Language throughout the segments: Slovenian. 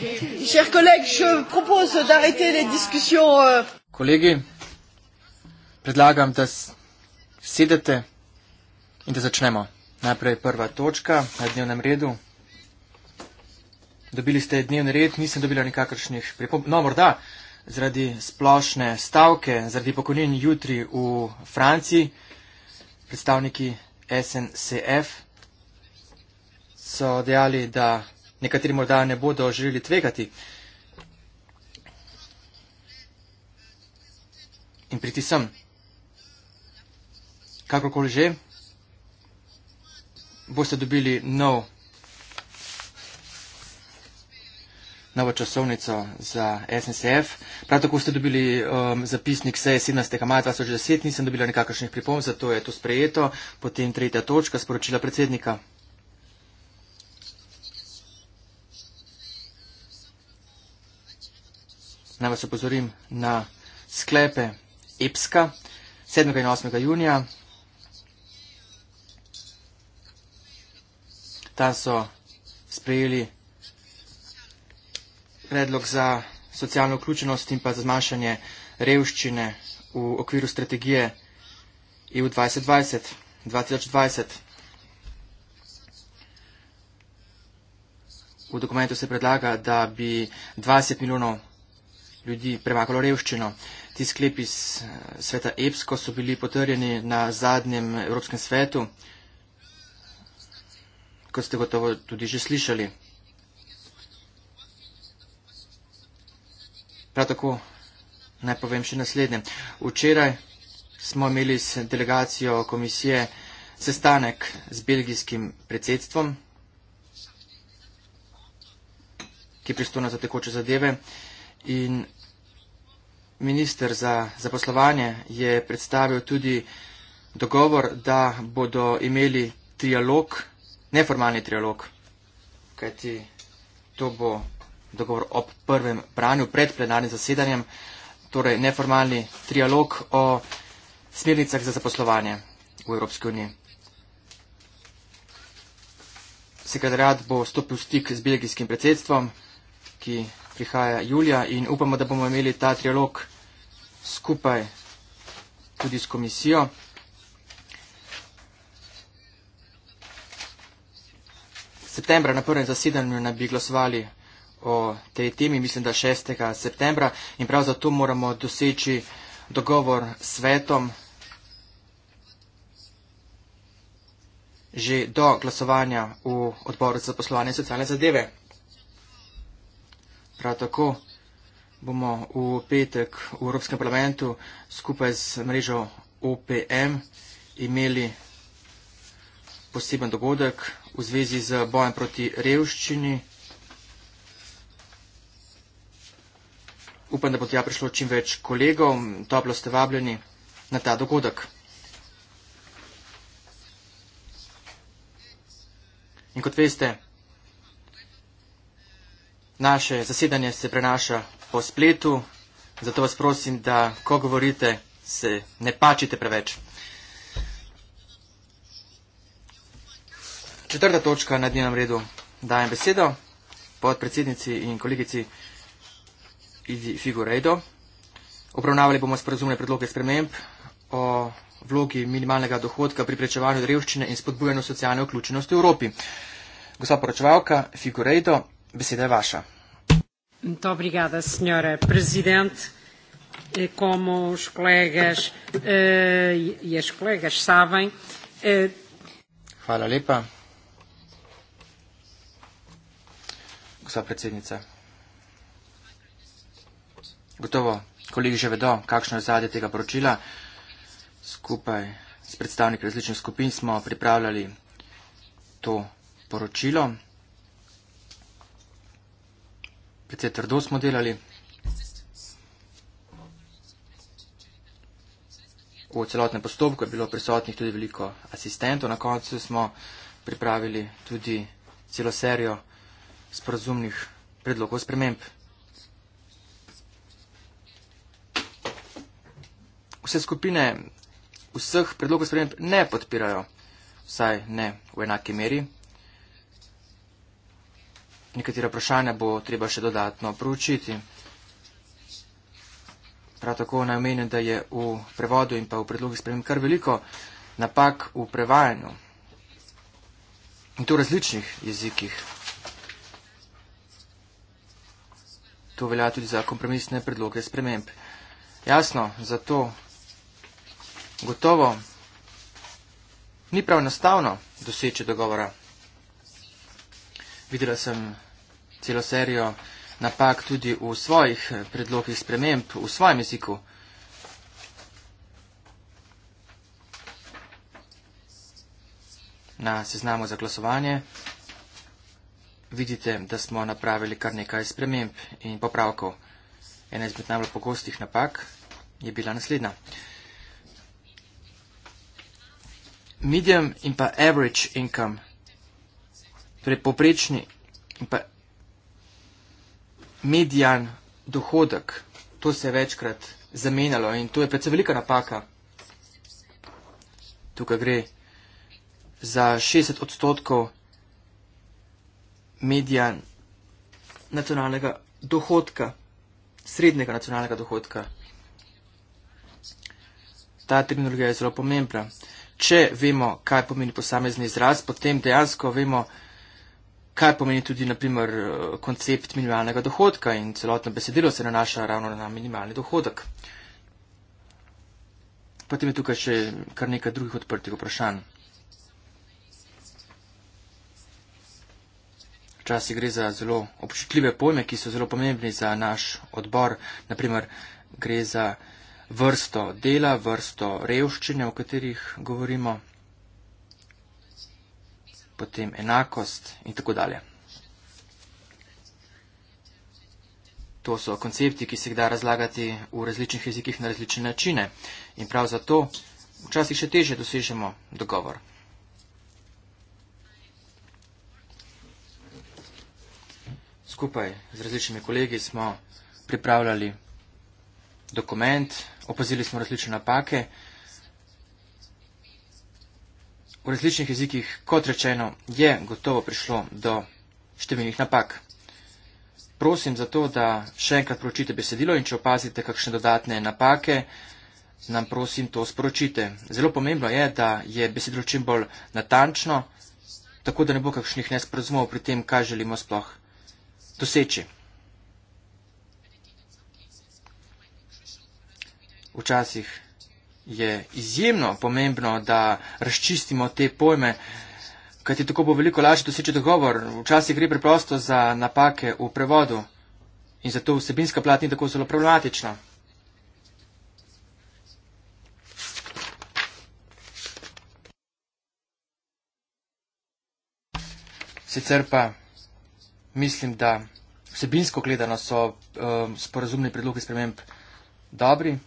Chers collègues, je propose d'arrêter les discussions. Euh. Kolegi, predlagam, da sedete in da začnemo. Najprej prva točka na dnevnem redu. Dobili ste dnevni red, nisem dobila nikakršnih pripomb. No, morda zaradi splošne stavke, zaradi pokolin jutri v Franciji, predstavniki SNCF so dejali, da nekateri morda ne bodo želeli tvegati in priti sem. Kakorkoli že, boste dobili nov, novo časovnico za SNCF. Prav tako ste dobili um, zapisnik seje 17. maja 2010, nisem dobila nekakšnih pripomb, zato je to sprejeto. Potem tretja točka, sporočila predsednika. naj vas opozorim na sklepe EPSKA 7. in 8. junija. Tam so sprejeli predlog za socialno vključenost in pa za zmanjšanje revščine v okviru strategije EU 2020. 2020. V dokumentu se predlaga, da bi 20 milijonov ljudi premagalo revščino. Ti sklepi sveta EPSKO so bili potrjeni na zadnjem Evropskem svetu, kot ste gotovo tudi že slišali. Prav tako naj povem še naslednje. Včeraj smo imeli s delegacijo komisije sestanek z belgijskim predsedstvom, ki je pristojno za tekoče zadeve in minister za zaposlovanje je predstavil tudi dogovor, da bodo imeli trialog, neformalni trialog, kajti to bo dogovor ob prvem branju pred plenarnim zasedanjem, torej neformalni trialog o smernicah za zaposlovanje v Evropski uniji. Sekretariat bo stopil v stik z belgijskim predsedstvom, ki prihaja julija in upamo, da bomo imeli ta trialog skupaj tudi s komisijo. Septembra na prvem zasedanju naj bi glasovali o tej temi, mislim, da 6. septembra in prav zato moramo doseči dogovor s svetom že do glasovanja v odboru za poslovanje in socialne zadeve. Prav tako bomo v petek v Evropskem parlamentu skupaj z mrežo OPM imeli poseben dogodek v zvezi z bojem proti revščini. Upam, da bo tja prišlo čim več kolegov, toplo ste vabljeni na ta dogodek. In kot veste, Naše zasedanje se prenaša po spletu, zato vas prosim, da ko govorite, se ne pačite preveč. Četrta točka na dnevnem redu dajem besedo podpredsednici in kolegici Idi Figurejdo. Obravnavali bomo sporozumne predloge sprememb o vlogi minimalnega dohodka pri prečevanju revščine in spodbujanju socialne vključenosti v Evropi. Gospa poročevalka Figurejdo, Muito obrigada, Senhora Presidente. Eh, como os colegas uh, e as colegas sabem. Uh... Eh, Fala lepa. Gospa predsednica. Gotovo, kolegi že vedo, kakšno je zadje tega poročila. Skupaj s predstavniki različnih skupin smo pripravljali to poročilo precej trdo smo delali. V celotnem postopku je bilo prisotnih tudi veliko asistentov. Na koncu smo pripravili tudi celo serijo sporazumnih predlogov sprememb. Vse skupine vseh predlogov sprememb ne podpirajo, vsaj ne v enaki meri nekatera vprašanja bo treba še dodatno proučiti. Prav tako naj omenim, da je v prevodu in pa v predlogi sprememb kar veliko napak v prevajanju. In to v različnih jezikih. To velja tudi za kompromisne predloge sprememb. Jasno, zato gotovo ni prav enostavno doseči dogovora videla sem celo serijo napak tudi v svojih predlogih sprememb, v svojem jeziku. Na seznamu za glasovanje vidite, da smo napravili kar nekaj sprememb in popravkov. Ena izmed najbolj pogostih napak je bila naslednja. Medium in pa average income prepoprečni torej, median dohodek, to se je večkrat zamenjalo in to je predvsem velika napaka. Tukaj gre za 60 odstotkov median nacionalnega dohodka, srednjega nacionalnega dohodka. Ta terminologija je zelo pomembna. Če vemo, kaj pomeni posamezni izraz, potem dejansko vemo, kaj pomeni posamezni izraz kaj pomeni tudi, naprimer, eh, koncept minimalnega dohodka in celotno besedilo se nanaša ravno na minimalni dohodek. Potem je tukaj še kar nekaj drugih odprtih vprašanj. Včasih gre za zelo občutljive pojme, ki so zelo pomembni za naš odbor. Naprimer, gre za vrsto dela, vrsto revščine, o katerih govorimo potem enakost in tako dalje. To so koncepti, ki se jih da razlagati v različnih jezikih na različne načine in prav zato včasih še teže dosežemo dogovor. Skupaj z različnimi kolegi smo pripravljali dokument, opazili smo različne napake v različnih jezikih, kot rečeno, je gotovo prišlo do številnih napak. Prosim za to, da še enkrat pročite besedilo in če opazite kakšne dodatne napake, nam prosim to sporočite. Zelo pomembno je, da je besedilo čim bolj natančno, tako da ne bo kakšnih nesporazumov pri tem, kaj želimo sploh doseči. Včasih je izjemno pomembno, da razčistimo te pojme, kaj ti tako bo veliko lažje doseči dogovor. Včasih gre preprosto za napake v prevodu in zato vsebinska plat ni tako zelo problematična. Sicer pa mislim, da vsebinsko gledano so um, sporazumni predlogi sprememb dobri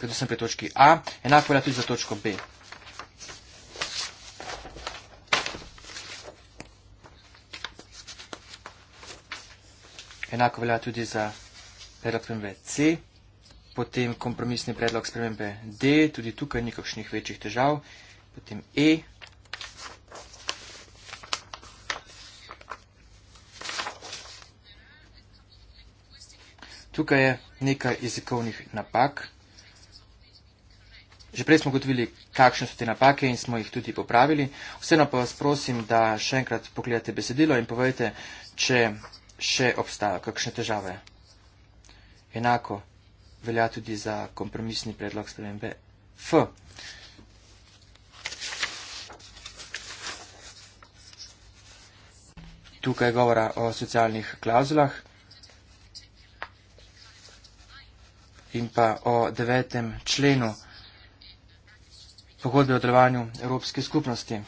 zato sem pri točki A, enako velja tudi za točko B. Enako velja tudi za predlog spremembe C, potem kompromisni predlog spremembe D, tudi tukaj nikakšnih večjih težav, potem E, Tukaj je nekaj jezikovnih napak. Že prej smo gotovili, kakšne so te napake in smo jih tudi popravili. Vseeno pa vas prosim, da še enkrat pogledate besedilo in povejte, če še obstajajo kakšne težave. Enako velja tudi za kompromisni predlog spremembe F. Tukaj je govora o socialnih klauzulah in pa o devetem členu pogodbe o delovanju Evropske skupnosti.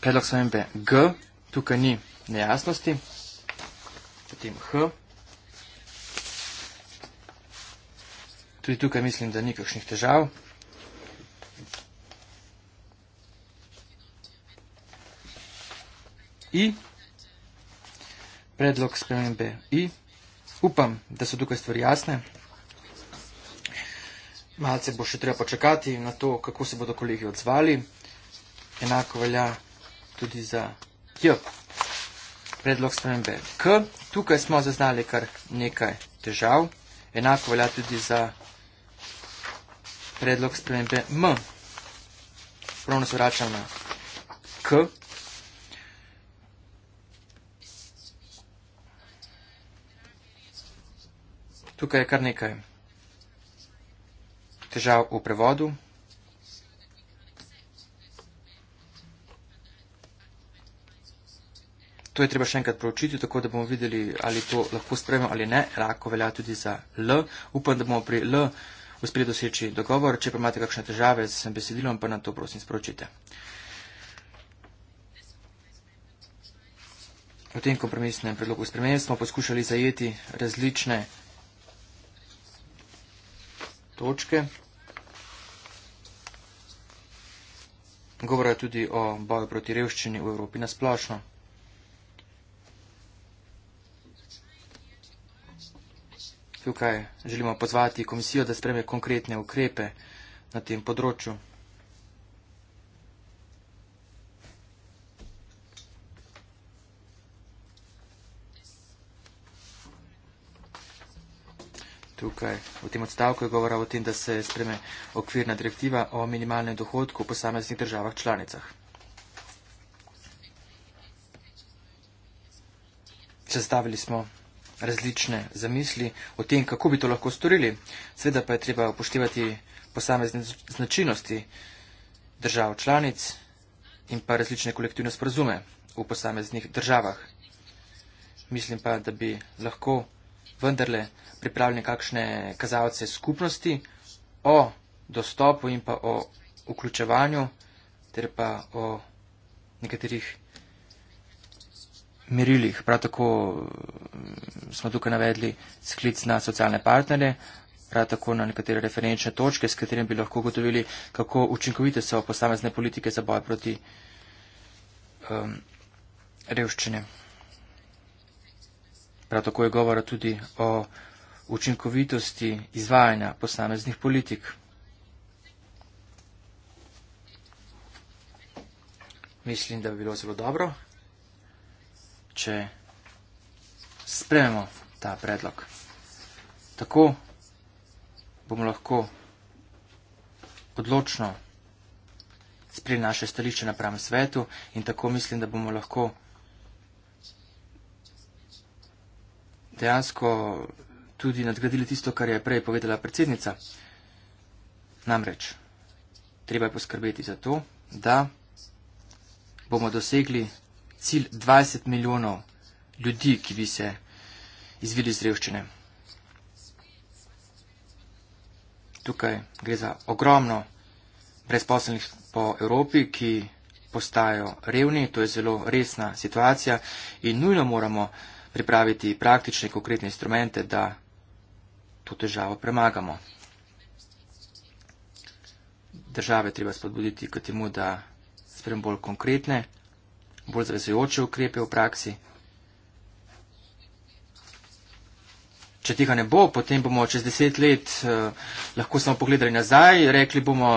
Predlog svembe G, tukaj ni nejasnosti, potem H. Tudi tukaj mislim, da ni kakšnih težav. I, predlog spremembe I, upam, da so tukaj stvari jasne. Malce bo še treba počakati na to, kako se bodo kolegi odzvali. Enako velja tudi za J, predlog spremembe K. Tukaj smo zaznali kar nekaj težav. Enako velja tudi za predlog spremembe M. Pravno se vračam na K. Tukaj je kar nekaj težav v prevodu. To je treba še enkrat proučiti, tako da bomo videli, ali to lahko spremem ali ne. Lahko velja tudi za L. Upam, da bomo pri L uspeli doseči dogovor. Če pa imate kakšne težave s tem besedilom, pa na to prosim sporočite. V tem kompromisnem predlogu spremenjen smo poskušali zajeti različne točke. Govora je tudi o boju proti revščini v Evropi nasplošno. Tukaj želimo pozvati komisijo, da spreme konkretne ukrepe na tem področju. tukaj v tem odstavku je govora o tem, da se spreme okvirna direktiva o minimalnem dohodku v posameznih državah članicah. Sestavili smo različne zamisli o tem, kako bi to lahko storili. Sveda pa je treba upoštevati posamezne značilnosti držav članic in pa različne kolektivne sporazume v posameznih državah. Mislim pa, da bi lahko vendarle pripravljene kakšne kazalce skupnosti o dostopu in pa o vključevanju ter pa o nekaterih merilih. Prav tako mm, smo tukaj navedli sklic na socialne partnerje, prav tako na nekatere referenčne točke, s katerimi bi lahko gotovili, kako učinkovite so posamezne politike za boj proti um, revščine. Prav tako je govora tudi o učinkovitosti izvajanja posameznih politik. Mislim, da bi bilo zelo dobro, če sprememo ta predlog. Tako bomo lahko odločno sprejeli naše stališče na pravem svetu in tako mislim, da bomo lahko dejansko tudi nadgradili tisto, kar je prej povedala predsednica. Namreč, treba je poskrbeti za to, da bomo dosegli cilj 20 milijonov ljudi, ki bi se izvili iz revščine. Tukaj gre za ogromno brezposelnih po Evropi, ki postajajo revni. To je zelo resna situacija in nujno moramo pripraviti praktične, konkretne instrumente, da to težavo premagamo. Države treba spodbuditi k temu, da sprem bolj konkretne, bolj zavezujoče ukrepe v praksi. Če tega ne bo, potem bomo čez deset let eh, lahko samo pogledali nazaj, rekli bomo,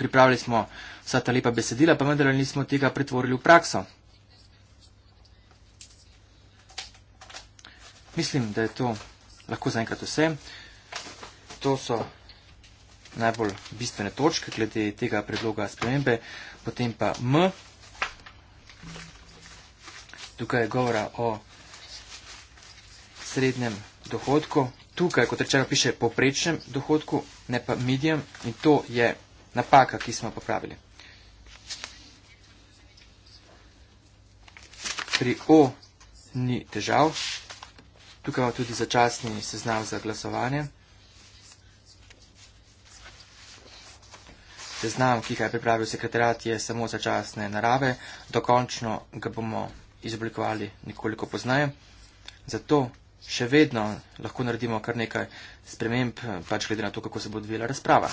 pripravili smo vsa ta lepa besedila, pa vendar nismo tega pretvorili v prakso. Mislim, da je to lahko zaenkrat vse. To so najbolj bistvene točke glede tega predloga spremembe. Potem pa M. Tukaj je govora o srednjem dohodku. Tukaj, kot rečeno, piše poprečnem dohodku, ne pa medijem in to je napaka, ki smo popravili. Pri O ni težav, Tukaj imamo tudi začasni seznam za glasovanje. Seznam, ki ga je pripravil sekretarjat, je samo začasne narave, dokončno ga bomo izoblikovali nekoliko poznaje. Zato še vedno lahko naredimo kar nekaj sprememb, pač glede na to, kako se bo odvila razprava.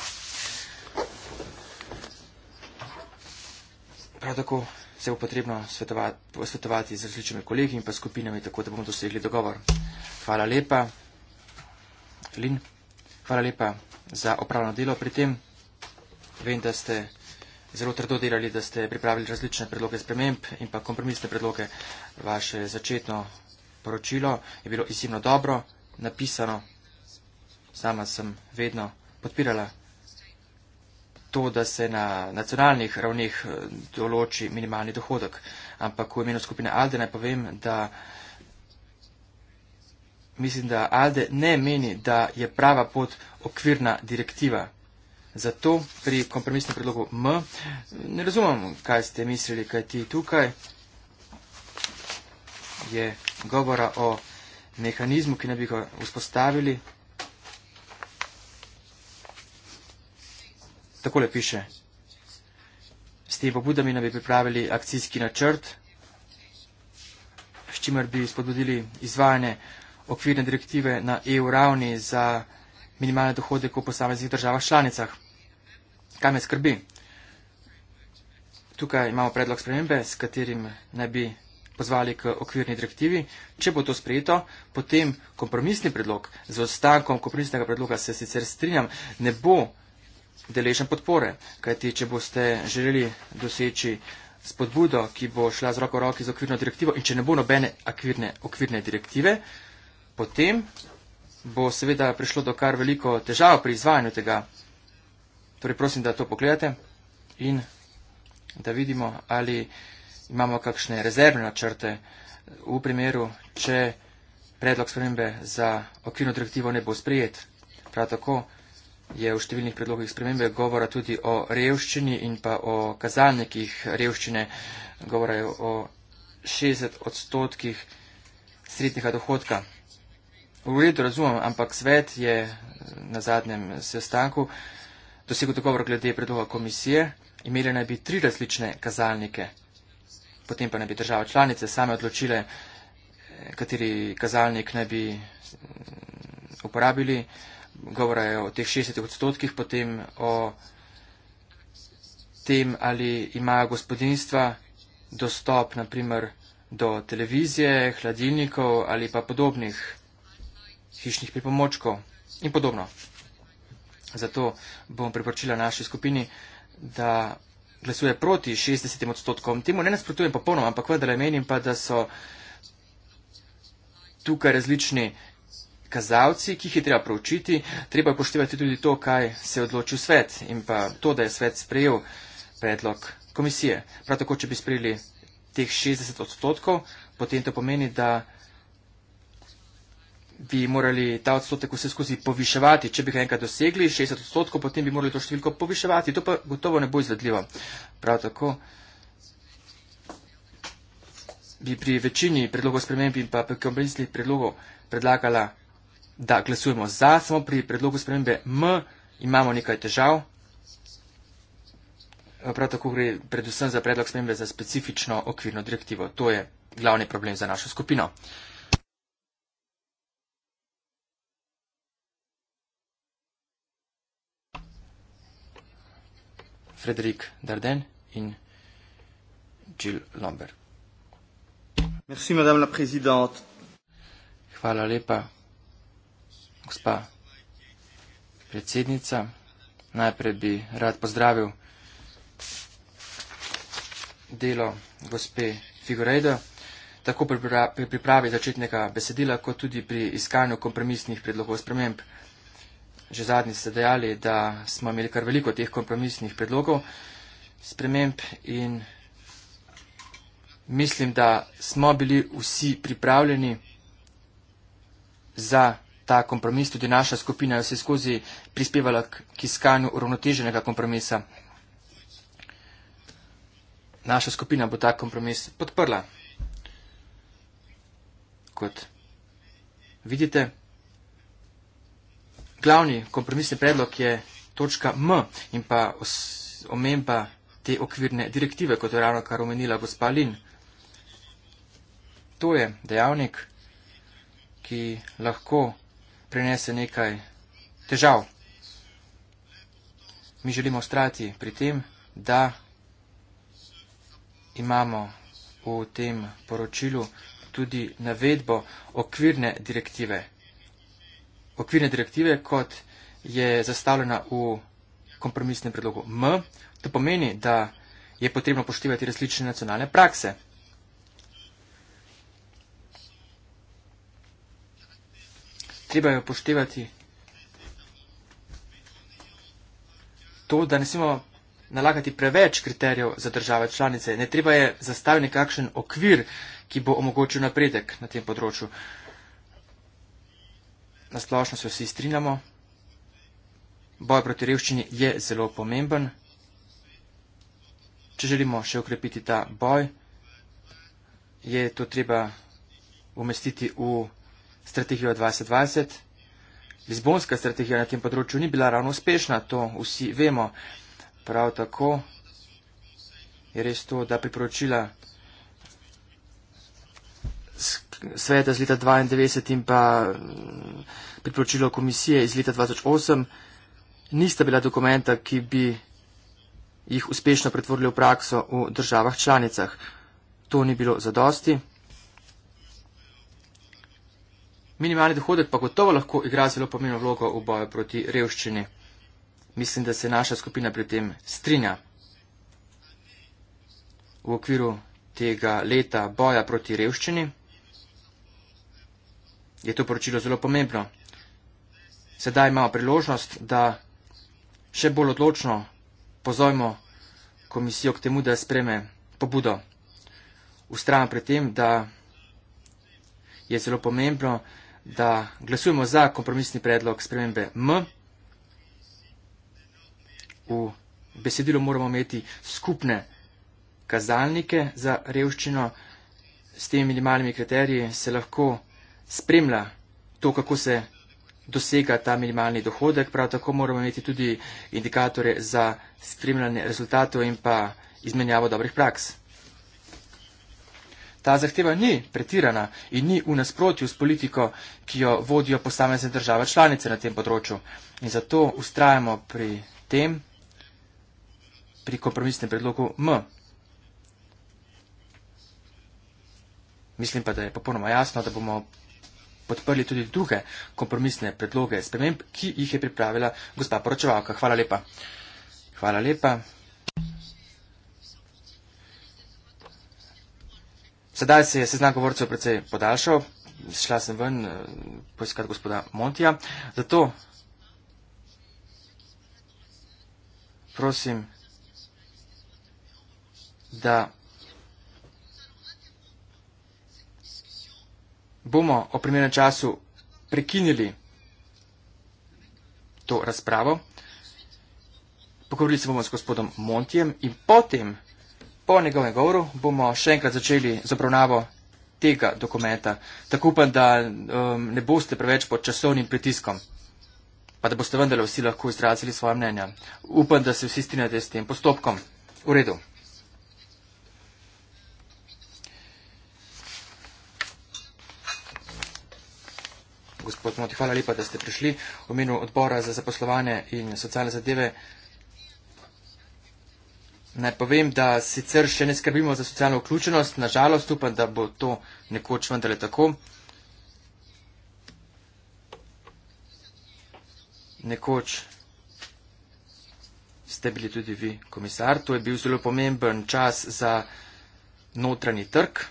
Prav tako se bo potrebno svetovati, svetovati z različnimi kolegi in pa skupinami, tako da bomo dosegli dogovor. Hvala lepa, Lin, hvala lepa za opravljeno delo pri tem. Vem, da ste zelo trdo delali, da ste pripravili različne predloge sprememb in pa kompromisne predloge. Vaše začetno poročilo je bilo izjemno dobro napisano. Sama sem vedno podpirala to, da se na nacionalnih ravneh eh, določi minimalni dohodek. Ampak v imenu skupine Alde naj povem, da mislim, da Alde ne meni, da je prava pot okvirna direktiva. Zato pri kompromisnem predlogu M eh, ne razumem, kaj ste mislili, kaj ti tukaj je govora o mehanizmu, ki ne bi ga vzpostavili Takole piše. S temi pobudami nam bi pripravili akcijski načrt, s čimer bi spodbudili izvajanje okvirne direktive na EU ravni za minimalne dohodek v posameznih državah članicah. Kaj me skrbi? Tukaj imamo predlog spremembe, s katerim naj bi pozvali k okvirni direktivi. Če bo to sprejeto, potem kompromisni predlog, z ostankom kompromisnega predloga se sicer strinjam, ne bo deležen podpore. Kajti, če boste želeli doseči spodbudo, ki bo šla z roko v roki z okvirno direktivo in če ne bo nobene akvirne, okvirne direktive, potem bo seveda prišlo do kar veliko težav pri izvajanju tega. Torej, prosim, da to pogledate in da vidimo, ali imamo kakšne rezervne načrte v primeru, če predlog spremembe za okvirno direktivo ne bo sprejet. Prav tako je v številnih predlogih spremembe govora tudi o revščini in pa o kazalnikih revščine. Govora je o 60 odstotkih srednjega dohodka. V redu razumem, ampak svet je eh, na zadnjem sestanku dosegel dogovor glede predloga komisije. Imeli naj bi tri različne kazalnike. Potem pa naj bi države članice same odločile, eh, kateri kazalnik naj bi eh, uporabili. Uh, govora je o teh 60 odstotkih, potem o tem, ali imajo gospodinstva dostop, naprimer, do televizije, hladilnikov ali pa podobnih hišnih pripomočkov in podobno. Zato bom priporočila naši skupini, da glasuje proti 60 odstotkom. Temu ne nasprotujem popolnoma, ampak vedele menim pa, da so tukaj različni kazalci, ki jih je treba proučiti, treba poštevati tudi to, kaj se je odločil svet in pa to, da je svet sprejel predlog komisije. Prav tako, če bi sprejeli teh 60 odstotkov, potem to pomeni, da bi morali ta odstotek vse skozi poviševati. Če bi ga enkrat dosegli, 60 odstotkov, potem bi morali to številko poviševati. To pa gotovo ne bo izvedljivo. Prav tako bi pri večini predlogov spremembi in pa pri kompenzni predlogov predlagala da glasujemo za, samo pri predlogu spremembe M imamo nekaj težav. Eh, prav tako gre predvsem za predlog spremembe za specifično okvirno direktivo. To je glavni problem za našo skupino. Frederik Darden in Jill Lomber. Merci, madame la présidente. Hvala lepa, gospa predsednica. Najprej bi rad pozdravil delo gospe Figurejda, tako pri pripravi začetnega besedila, kot tudi pri iskanju kompromisnih predlogov sprememb. Že zadnji ste dejali, da smo imeli kar veliko teh kompromisnih predlogov sprememb in mislim, da smo bili vsi pripravljeni za ta kompromis, tudi naša skupina je vse skozi prispevala k, k iskanju uravnoteženega kompromisa. Naša skupina bo ta kompromis podprla. Kot vidite, glavni kompromisni predlog je točka M in pa omemba te okvirne direktive, kot je ravno kar omenila gospa Lin. To je dejavnik, ki lahko prinese nekaj težav. Mi želimo ostati pri tem, da imamo v tem poročilu tudi navedbo okvirne direktive. Okvirne direktive, kot je zastavljena v kompromisnem predlogu M, to pomeni, da je potrebno poštivati različne nacionalne prakse. treba je upoštevati to, da ne smemo nalagati preveč kriterijev za države članice. Ne treba je zastaviti nekakšen okvir, ki bo omogočil napredek na tem področju. Nasplošno se vsi strinjamo. Boj proti revščini je zelo pomemben. Če želimo še ukrepiti ta boj, je to treba umestiti v strategijo 2020. Lizbonska strategija na tem področju ni bila ravno uspešna, to vsi vemo. Prav tako je res to, da priporočila sveta iz leta 92 in pa eh, priporočilo komisije iz leta 2008 nista bila dokumenta, ki bi jih uspešno pretvorili v prakso v državah članicah. To ni bilo zadosti. Minimalni dohodek pa gotovo lahko igra zelo pomembno vlogo v boju proti revščini. Mislim, da se naša skupina pri tem strinja. V okviru tega leta boja proti revščini je to poročilo zelo pomembno. Sedaj imamo priložnost, da še bolj odločno pozovemo komisijo k temu, da spreme pobudo. Ustrajam pri tem, da je zelo pomembno, da glasujemo za kompromisni predlog spremembe M. V besedilu moramo imeti skupne kazalnike za revščino. S temi minimalnimi kriteriji se lahko spremlja to, kako se dosega ta minimalni dohodek. Prav tako moramo imeti tudi indikatore za spremljanje rezultatov in pa izmenjavo dobrih praks. Ta zahteva ni pretirana in ni v nasprotju s politiko, ki jo vodijo posamezne države članice na tem področju. In zato ustrajamo pri tem, pri kompromisnem predlogu M. Mislim pa, da je popolnoma jasno, da bomo podprli tudi druge kompromisne predloge sprememb, ki jih je pripravila gospa poročevalka. Hvala lepa. Hvala lepa. Sedaj se je seznam govorcev precej podaljšal, šla sem ven eh, poiskati gospoda Montija. Zato prosim, da bomo o primernem času prekinili to razpravo. Pogovorili se bomo s gospodom Montijem in potem Po njegovem govoru bomo še enkrat začeli z obravnavo tega dokumenta. Tako upam, da um, ne boste preveč pod časovnim pritiskom, pa da boste vendarle vsi lahko izrazili svoje mnenja. Upam, da se vsi strinjate s tem postopkom. V redu. Gospod Moti, hvala lepa, da ste prišli v imenu odbora za zaposlovanje in socialne zadeve. Naj povem, da sicer še ne skrbimo za socialno vključenost, nažalost upam, da bo to nekoč vendarle tako. Nekoč ste bili tudi vi komisar, to je bil zelo pomemben čas za notranji trg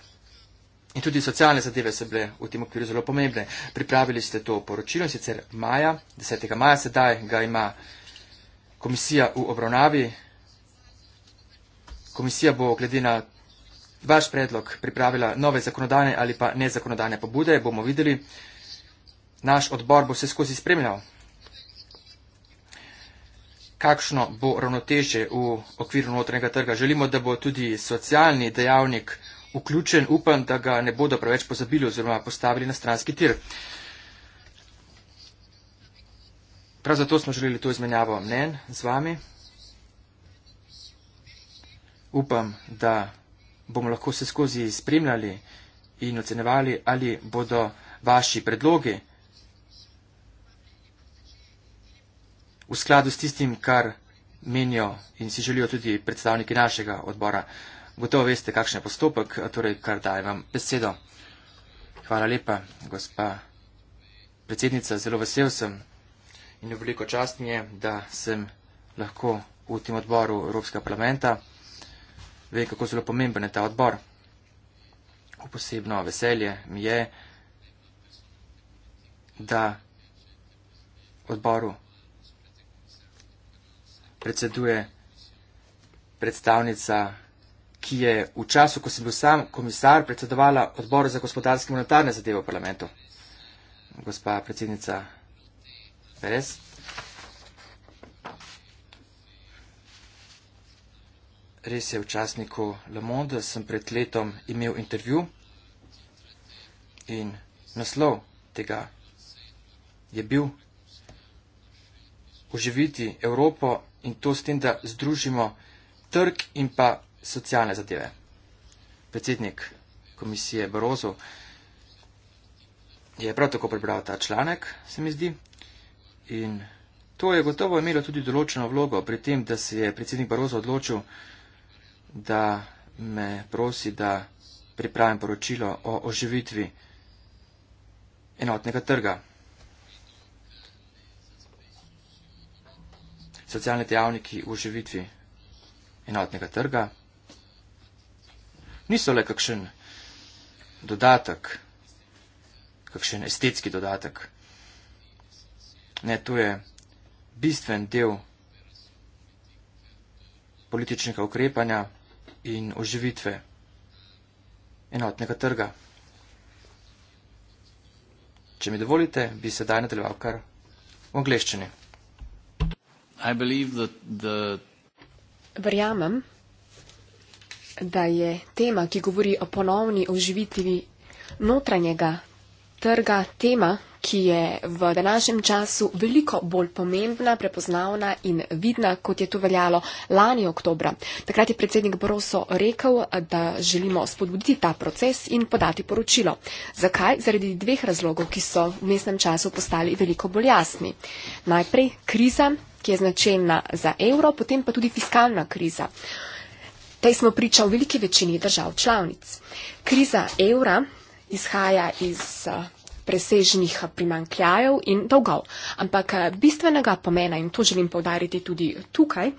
in tudi socialne zadeve so bile v tem okviru zelo pomembne. Pripravili ste to poročilo, sicer maja, 10. maja sedaj ga ima komisija v obravnavi. Komisija bo glede na vaš predlog pripravila nove zakonodane ali pa nezakonodane pobude, bomo videli. Naš odbor bo se skozi spremljal, kakšno bo ravnotežje v okviru notranjega trga. Želimo, da bo tudi socialni dejavnik vključen. Upam, da ga ne bodo preveč pozabili oziroma postavili na stranski tir. Prav zato smo želeli to izmenjavo mnen z vami upam, da bomo lahko se skozi spremljali in ocenevali, ali bodo vaši predlogi v skladu s tistim, kar menijo in si želijo tudi predstavniki našega odbora. Gotovo veste, kakšen je postopek, torej kar dajem vam besedo. Hvala lepa, gospa predsednica, zelo vesel sem in je veliko čast mi je, da sem lahko v tem odboru Evropskega parlamenta ve, kako zelo pomemben je ta odbor. V posebno veselje mi je, da odboru predseduje predstavnica, ki je v času, ko sem bil sam komisar, predsedovala odboru za gospodarske in monetarne zadeve v parlamentu. Gospa predsednica Perez. res je v časniku Le Monde, sem pred letom imel intervju in naslov tega je bil Oživiti Evropo in to s tem, da združimo trg in pa socialne zadeve. Predsednik komisije Barozo je prav tako prebral ta članek, se mi zdi, in to je gotovo imelo tudi določeno vlogo pri tem, da se je predsednik Barozo odločil, da me prosi, da pripravim poročilo o oživitvi enotnega trga. Socialni dejavniki v oživitvi enotnega trga niso le kakšen dodatek, kakšen estetski dodatek. Ne, to je bistven del političnega ukrepanja, in oživitve enotnega trga. Če mi dovolite, bi sedaj nadaljeval kar v angleščini. Verjamem, da je tema, ki govori o ponovni oživitvi notranjega trga tema, ki je v današnjem času veliko bolj pomembna, prepoznavna in vidna, kot je to veljalo lani oktobra. Takrat je predsednik Broso rekel, da želimo spodbuditi ta proces in podati poročilo. Zakaj? Zaradi dveh razlogov, ki so v mestnem času postali veliko bolj jasni. Najprej kriza, ki je značena za evro, potem pa tudi fiskalna kriza. Tej smo priča v veliki večini držav članic. Kriza evra izhaja iz eh, presežnih eh, primankljajev in dolgov. Ampak eh, bistvenega pomena, in to želim povdariti tudi tukaj,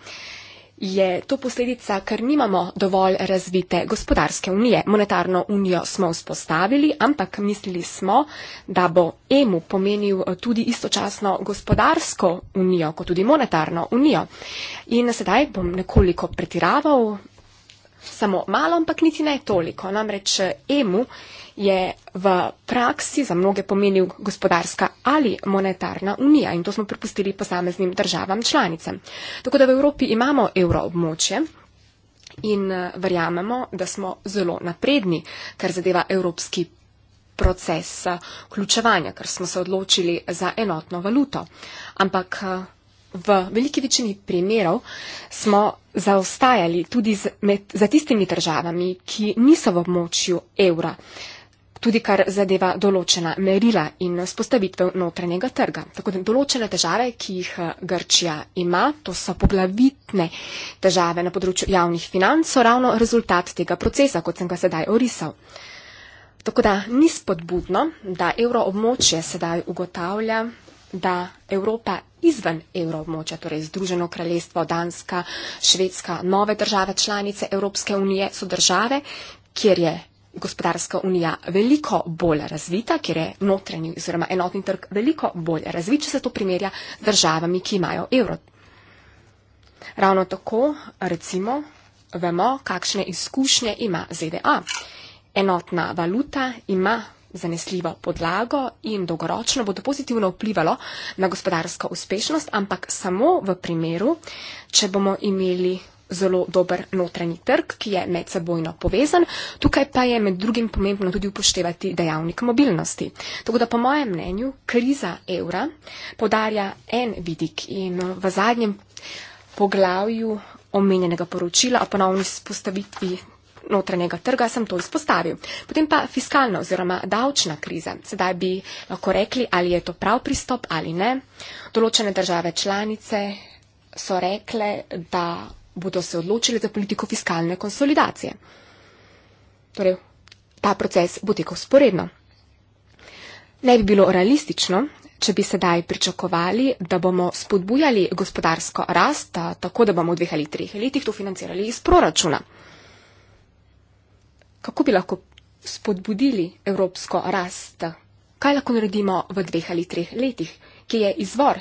je to posledica, ker nimamo dovolj razvite gospodarske unije. Monetarno unijo smo vzpostavili, ampak mislili smo, da bo EMU pomenil tudi istočasno gospodarsko unijo, kot tudi monetarno unijo. In sedaj bom nekoliko pretiraval, samo malo, ampak niti ne toliko. Namreč EMU. E je v praksi za mnoge pomenil gospodarska ali monetarna unija in to smo prepustili posameznim državam članicam. Tako da v Evropi imamo evroobmočje in eh, verjamemo, da smo zelo napredni, kar zadeva evropski proces eh, ključevanja, ker smo se odločili za enotno valuto. Ampak eh, v veliki večini primerov smo zaostajali tudi z, med, za tistimi državami, ki niso v območju evra. Uh, tudi kar zadeva določena merila in spostavitve notranjega trga. Tako da določene težave, ki jih eh, Grčija ima, to so poglavitne težave na področju javnih financ, so ravno rezultat tega procesa, kot sem ga sedaj orisal. Tako da ni spodbudno, da evroobmočje sedaj ugotavlja, da Evropa izven evroobmočja, torej Združeno kraljestvo, Danska, Švedska, nove države članice Evropske unije so države, kjer je gospodarska unija veliko bolj razvita, kjer je notranji oziroma enotni trg veliko bolj razvit, če se to primerja z državami, ki imajo evro. Ravno tako, recimo, vemo, kakšne izkušnje ima ZDA. Enotna valuta ima zanesljivo podlago in dolgoročno bo to pozitivno vplivalo na gospodarsko uspešnost, ampak samo v primeru, če bomo imeli zelo dober notranji trg, ki je medsebojno povezan. Tukaj pa je med drugim pomembno tudi upoštevati dejavnik mobilnosti. Tako da po mojem mnenju kriza evra podarja en vidik in v zadnjem poglavju omenjenega poročila o ponovni spostavitvi notranjega trga sem to izpostavil. Potem pa fiskalna oziroma davčna kriza. Sedaj bi lahko rekli, ali je to prav pristop ali ne. Določene države članice so rekle, da bodo se odločili za politiko fiskalne konsolidacije. Torej, ta proces bo tekel sporedno. Ne bi bilo realistično, če bi sedaj pričakovali, da bomo spodbujali gospodarsko rast, tako da bomo v dveh ali treh letih to financirali iz proračuna. Kako bi lahko spodbudili evropsko rast? Kaj lahko naredimo v dveh ali treh letih, ki je izvor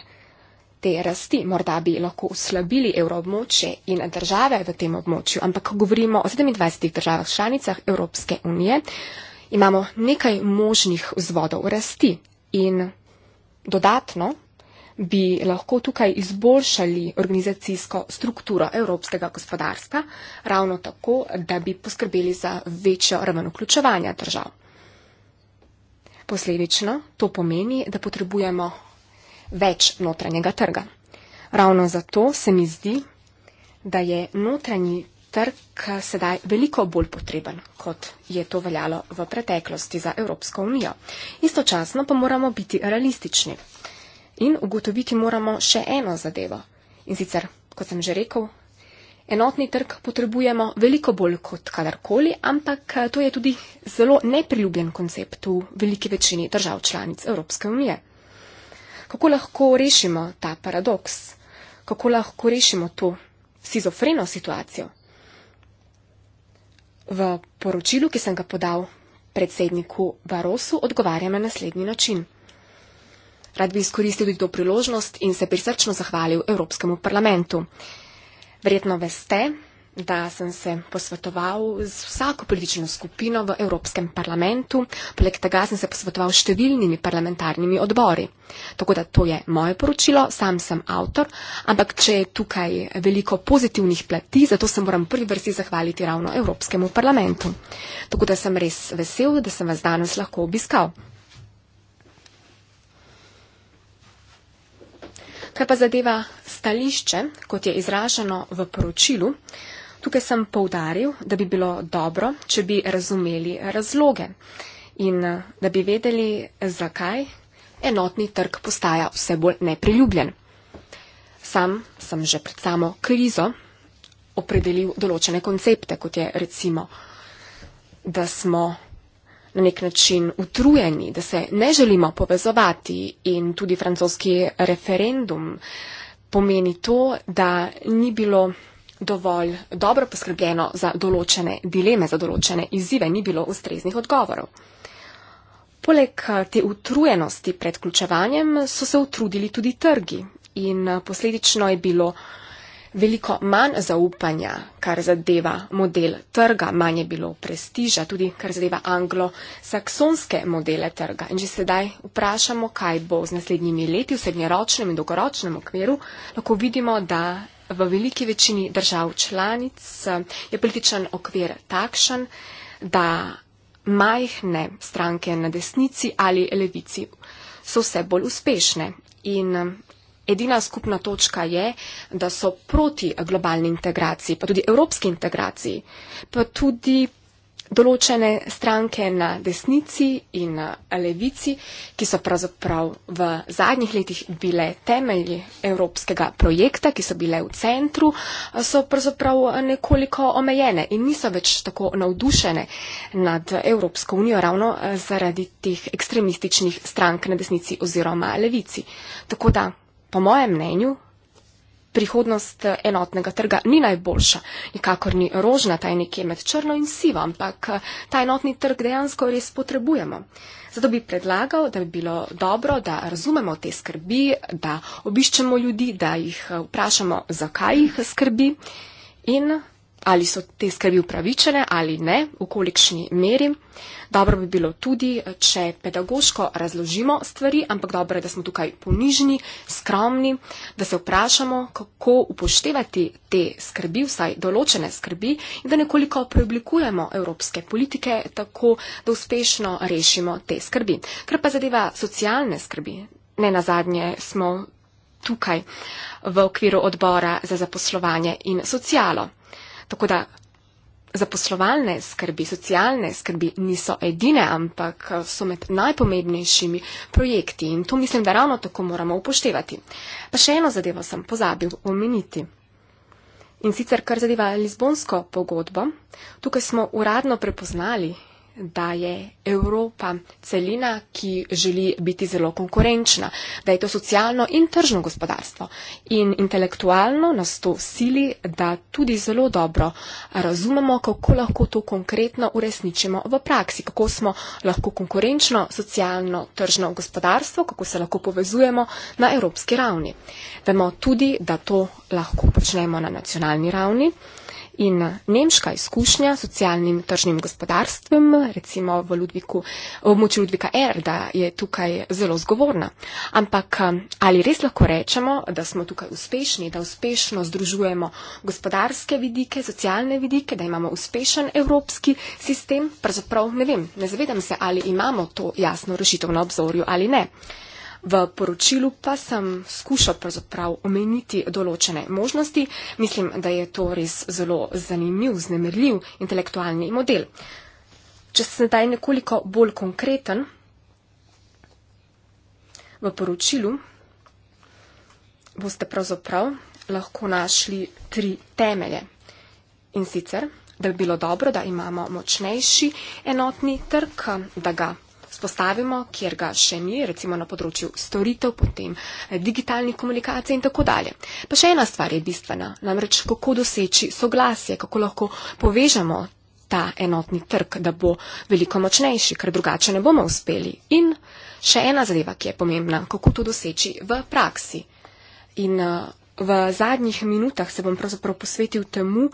te rasti, morda bi lahko uslabili evroobmočje in države v tem območju, ampak ko govorimo o 27 državah članicah Evropske unije, imamo nekaj možnih vzvodov rasti in dodatno bi lahko tukaj izboljšali organizacijsko strukturo evropskega gospodarstva, ravno tako, da bi poskrbeli za večjo raven vključevanja držav. Posledično to pomeni, da potrebujemo več notranjega trga. Ravno zato se mi zdi, da je notranji trg sedaj veliko bolj potreben, kot je to veljalo v preteklosti za Evropsko unijo. Istočasno pa moramo biti realistični in ugotoviti moramo še eno zadevo. In sicer, kot sem že rekel, enotni trg potrebujemo veliko bolj kot kadarkoli, ampak eh, to je tudi zelo nepriljubljen koncept v veliki večini držav članic Evropske unije kako lahko rešimo ta paradoks, kako lahko rešimo to sizofreno situacijo. V poročilu, ki sem ga podal predsedniku Barosu, odgovarjam na naslednji način. Rad bi izkoristil tudi to priložnost in se prisrčno zahvalil Evropskemu parlamentu. Verjetno veste, da sem se posvetoval z vsako politično skupino v Evropskem parlamentu, poleg tega sem se posvetoval s številnimi parlamentarnimi odbori. Tako da to je moje poročilo, sam sem avtor, ampak če je tukaj veliko pozitivnih plati, zato se moram prvi vrsti zahvaliti ravno Evropskemu parlamentu. Tako da sem res vesel, da sem vas danes lahko obiskal. Kaj pa zadeva stališče, kot je izraženo v poročilu, Tukaj sem povdaril, da bi bilo dobro, če bi razumeli razloge in eh, da bi vedeli, zakaj enotni trg postaja vse bolj nepriljubljen. Sam sem že pred samo krizo opredelil določene koncepte, kot je recimo, da smo na nek način utrujeni, da se ne želimo povezovati in tudi francoski referendum pomeni to, da ni bilo dovolj dobro poskrbljeno za določene dileme, za določene izzive, ni bilo ustreznih odgovorov. Poleg eh, te utrujenosti pred vključevanjem so se utrudili tudi trgi in eh, posledično je bilo veliko manj zaupanja, kar zadeva model trga, manj je bilo prestiža, tudi kar zadeva anglo-saksonske modele trga. In že sedaj vprašamo, kaj bo z naslednjimi leti v srednjeročnem in dolgoročnem okviru, lahko vidimo, da v veliki večini držav članic eh, je političen okvir takšen, da majhne stranke na desnici ali levici so vse bolj uspešne. In eh, edina skupna točka je, da so proti globalni integraciji, pa tudi evropski integraciji, pa tudi določene stranke na desnici in na levici, ki so pravzaprav v zadnjih letih bile temelji evropskega projekta, ki so bile v centru, so pravzaprav nekoliko omejene in niso več tako navdušene nad Evropsko unijo ravno eh, zaradi teh ekstremističnih strank na desnici oziroma levici. Tako da, po mojem mnenju, prihodnost eh, enotnega trga ni najboljša. Nikakor ni rožna, ta je nekje med črno in sivo, ampak eh, ta enotni trg dejansko res potrebujemo. Zato bi predlagal, da bi bilo dobro, da razumemo te skrbi, da obiščemo ljudi, da jih eh, vprašamo, zakaj jih skrbi in ali so te skrbi upravičene ali ne, v kolikšni meri. Dobro bi bilo tudi, če pedagoško razložimo stvari, ampak dobro je, da smo tukaj ponižni, skromni, da se vprašamo, kako upoštevati te skrbi, vsaj določene skrbi, in da nekoliko preoblikujemo evropske politike tako, da uspešno rešimo te skrbi. Ker pa zadeva socialne skrbi, ne nazadnje smo tukaj v okviru odbora za zaposlovanje in socialo. Tako da zaposlovalne skrbi, socialne skrbi niso edine, ampak eh, so med najpomembnejšimi projekti in to mislim, da ravno tako moramo upoštevati. Pa še eno zadevo sem pozabil omeniti. In sicer, kar zadeva Lizbonsko pogodbo, tukaj smo uradno prepoznali da je Evropa celina, ki želi biti zelo konkurenčna, da je to socialno in tržno gospodarstvo. In intelektualno nas to sili, da tudi zelo dobro razumemo, kako lahko to konkretno uresničimo v praksi, kako smo lahko konkurenčno socialno tržno gospodarstvo, kako se lahko povezujemo na evropski ravni. Vemo tudi, da to lahko počnemo na nacionalni ravni. In nemška izkušnja s socialnim tržnim gospodarstvom, recimo v Ludviku, v moči Ludvika Erda, je tukaj zelo zgovorna. Ampak um, ali res lahko rečemo, da smo tukaj uspešni, da uspešno združujemo gospodarske vidike, socialne vidike, da imamo uspešen evropski sistem? Pravzaprav ne vem, ne zavedam se, ali imamo to jasno rešitev na obzorju ali ne. V poročilu pa sem skušal omeniti določene možnosti. Mislim, da je to res zelo zanimiv, znemerljiv intelektualni model. Če se zdaj nekoliko bolj konkreten, v poročilu boste pravzaprav lahko našli tri temelje. In sicer, da bi bilo dobro, da imamo močnejši enotni trg, da ga vzpostavimo, kjer ga še ni, recimo na področju storitev, potem eh, digitalnih komunikacij in tako dalje. Pa še ena stvar je bistvena, namreč kako doseči soglasje, kako lahko povežemo ta enotni trg, da bo veliko močnejši, ker drugače ne bomo uspeli. In še ena zadeva, ki je pomembna, kako to doseči v praksi. In eh, V zadnjih minutah se bom pravzaprav posvetil temu,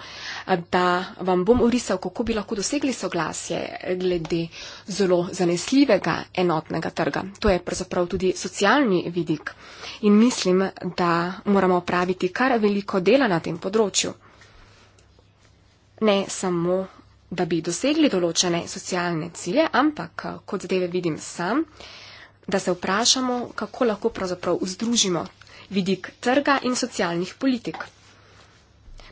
da vam bom orisal, kako bi lahko dosegli soglasje glede zelo zanesljivega enotnega trga. To je pravzaprav tudi socialni vidik in mislim, da moramo opraviti kar veliko dela na tem področju. Ne samo, da bi dosegli določene socialne cilje, ampak kot zdaj vidim sam, da se vprašamo, kako lahko pravzaprav združimo vidik trga in socialnih politik.